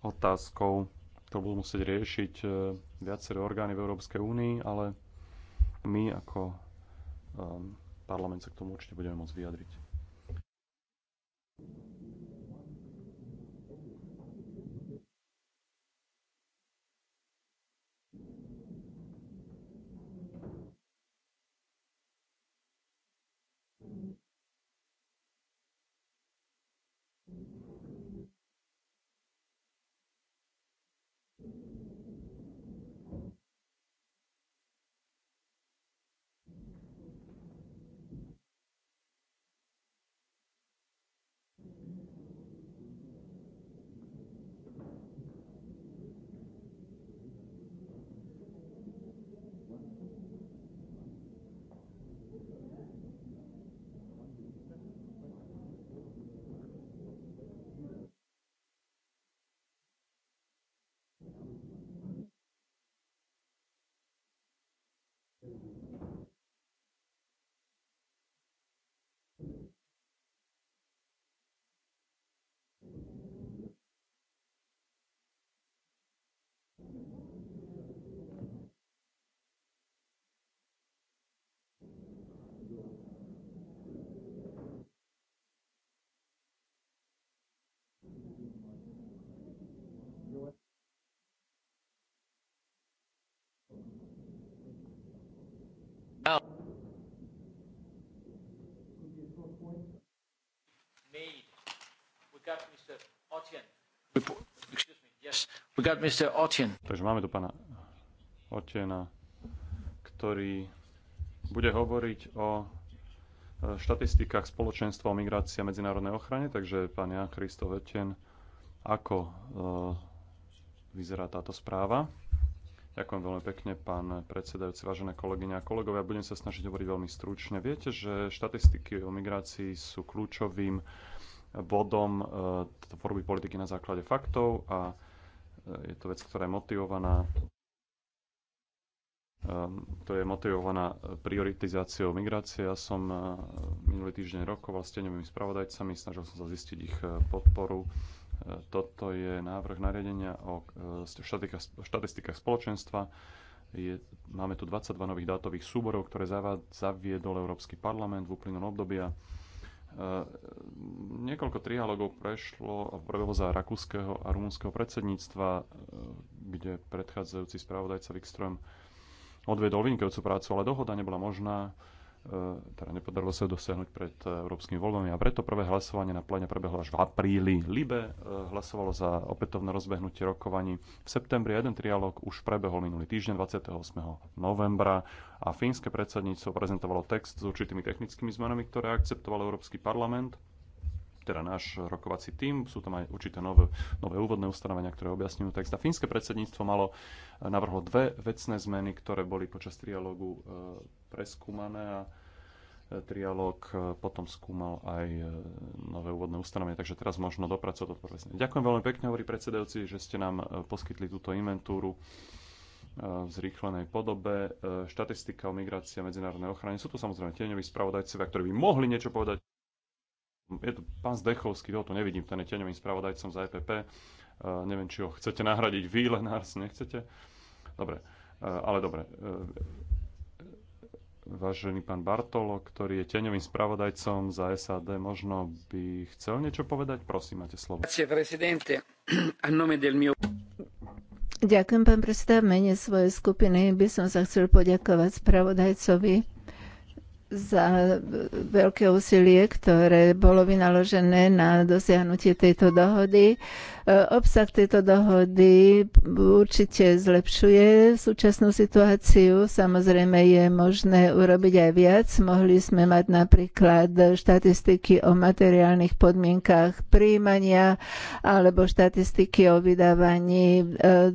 otázkou, ktorú budú musieť riešiť e, viaceré orgány v Európskej únii, ale my ako e, parlament sa k tomu určite budeme môcť vyjadriť. Takže máme tu pána Otiena, ktorý bude hovoriť o e, štatistikách spoločenstva o migrácii a medzinárodnej ochrane. Takže pán Jan Kristof Otien, ako e, vyzerá táto správa? Ďakujem veľmi pekne, pán predsedajúci, vážené kolegyne a kolegovia. Budem sa snažiť hovoriť veľmi stručne. Viete, že štatistiky o migrácii sú kľúčovým bodom e, tvorby politiky na základe faktov a e, je to vec, ktorá je motivovaná e, to je motivovaná prioritizáciou migrácie. Ja som minulý týždeň rokoval s teňovými spravodajcami, snažil som sa zistiť ich podporu toto je návrh nariadenia o e, štatistikách spoločenstva. Je, máme tu 22 nových dátových súborov, ktoré zaviedol Európsky parlament v uplynulom období e, Niekoľko trialogov prešlo, prebehlo za rakúskeho a rumúnskeho predsedníctva, e, kde predchádzajúci spravodajca, Wikström odvedol vynikajúcu prácu, ale dohoda nebola možná E, teda nepodarilo sa dosiahnuť pred európskymi voľbami a preto prvé hlasovanie na plene prebehlo až v apríli. Libe e, hlasovalo za opätovné rozbehnutie rokovaní v septembri. Jeden trialog už prebehol minulý týždeň 28. novembra a fínske predsedníctvo prezentovalo text s určitými technickými zmenami, ktoré akceptoval Európsky parlament teda náš rokovací tím. Sú tam aj určité nové, nové úvodné ustanovenia, ktoré objasňujú text. A fínske predsedníctvo malo, e, navrhlo dve vecné zmeny, ktoré boli počas trialógu e, preskúmané a e, trialóg potom skúmal aj nové úvodné ustanovenie, takže teraz možno dopracovať to presne. Ďakujem veľmi pekne, hovorí predsedajúci, že ste nám poskytli túto inventúru v zrýchlenej podobe. Štatistika o migrácii a medzinárodnej ochrane. Sú tu samozrejme tieňoví spravodajcovia, ktorí by mohli niečo povedať je tu pán Zdechovský, toho tu nevidím, ten je tieňovým spravodajcom za EPP. E, neviem, či ho chcete nahradiť vy, Lenárs, nechcete? Dobre, e, ale dobre. E, vážený pán Bartolo, ktorý je tieňovým spravodajcom za SAD, možno by chcel niečo povedať? Prosím, máte slovo. Ďakujem, pán predseda. Mene svojej skupiny by som sa chcel poďakovať spravodajcovi za veľké úsilie, ktoré bolo vynaložené na dosiahnutie tejto dohody. E, obsah tejto dohody určite zlepšuje súčasnú situáciu. Samozrejme je možné urobiť aj viac. Mohli sme mať napríklad štatistiky o materiálnych podmienkách príjmania alebo štatistiky o vydávaní e,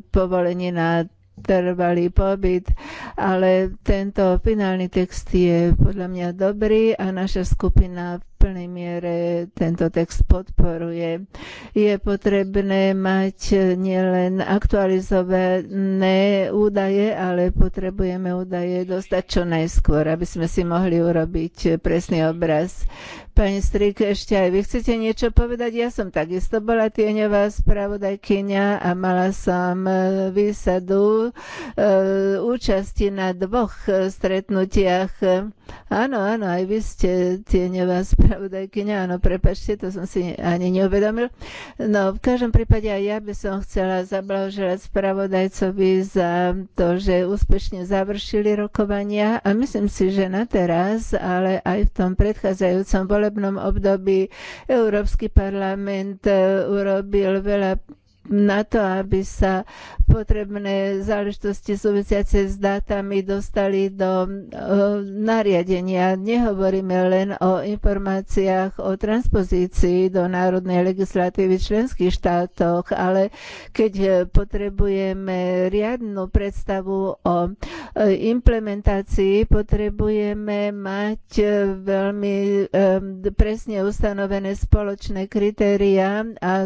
povolení na trvalý pobyt, ale tento finálny text je podľa mňa dobrý a naša skupina v plnej miere tento text podporuje. Je potrebné mať nielen aktualizované údaje, ale potrebujeme údaje dostať čo najskôr, aby sme si mohli urobiť presný obraz. Pani Strik, ešte aj vy chcete niečo povedať? Ja som takisto bola tieňová spravodajkynia a mala som e, výsadu e, účasti na dvoch stretnutiach. Áno, áno, aj vy ste tieňová spravodajkynia, áno, prepačte, to som si ani neuvedomil. No, v každom prípade aj ja by som chcela zablahoželať spravodajcovi za to, že úspešne završili rokovania a myslím si, že na teraz, ale aj v tom predchádzajúcom bolo volebnom období Európsky parlament eh, urobil veľa na to, aby sa potrebné záležitosti súvisiace s dátami dostali do eh, nariadenia. Nehovoríme len o informáciách o transpozícii do národnej legislatívy v členských štátoch, ale keď eh, potrebujeme riadnu predstavu o eh, implementácii, potrebujeme mať veľmi presne ustanovené spoločné kritériá a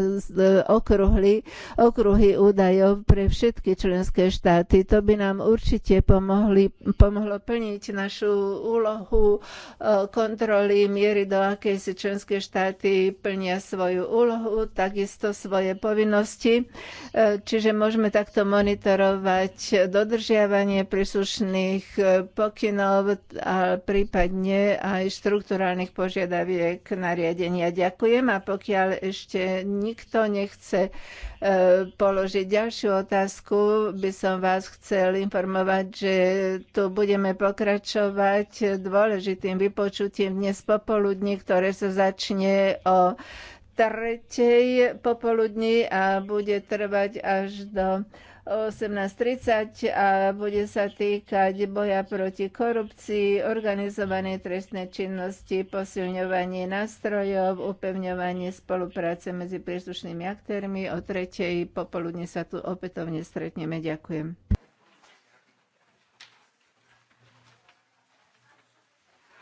okruhly okruhy údajov pre všetky členské štáty. To by nám určite pomohli, pomohlo plniť našu úlohu e, kontroly miery, do akej si členské štáty plnia svoju úlohu, takisto svoje povinnosti. E, čiže môžeme takto monitorovať dodržiavanie príslušných e, pokynov a prípadne aj štruktúrálnych požiadaviek nariadenia. Ďakujem a pokiaľ ešte nikto nechce E, položiť ďalšiu otázku, by som vás chcel informovať, že tu budeme pokračovať dôležitým vypočutím dnes popoludní, ktoré sa začne o tretej popoludní a bude trvať až do 18.30 a bude sa týkať boja proti korupcii, organizovanej trestnej činnosti, posilňovanie nástrojov, upevňovanie spolupráce medzi príslušnými aktérmi. O tretej popoludne sa tu opätovne stretneme. Ďakujem.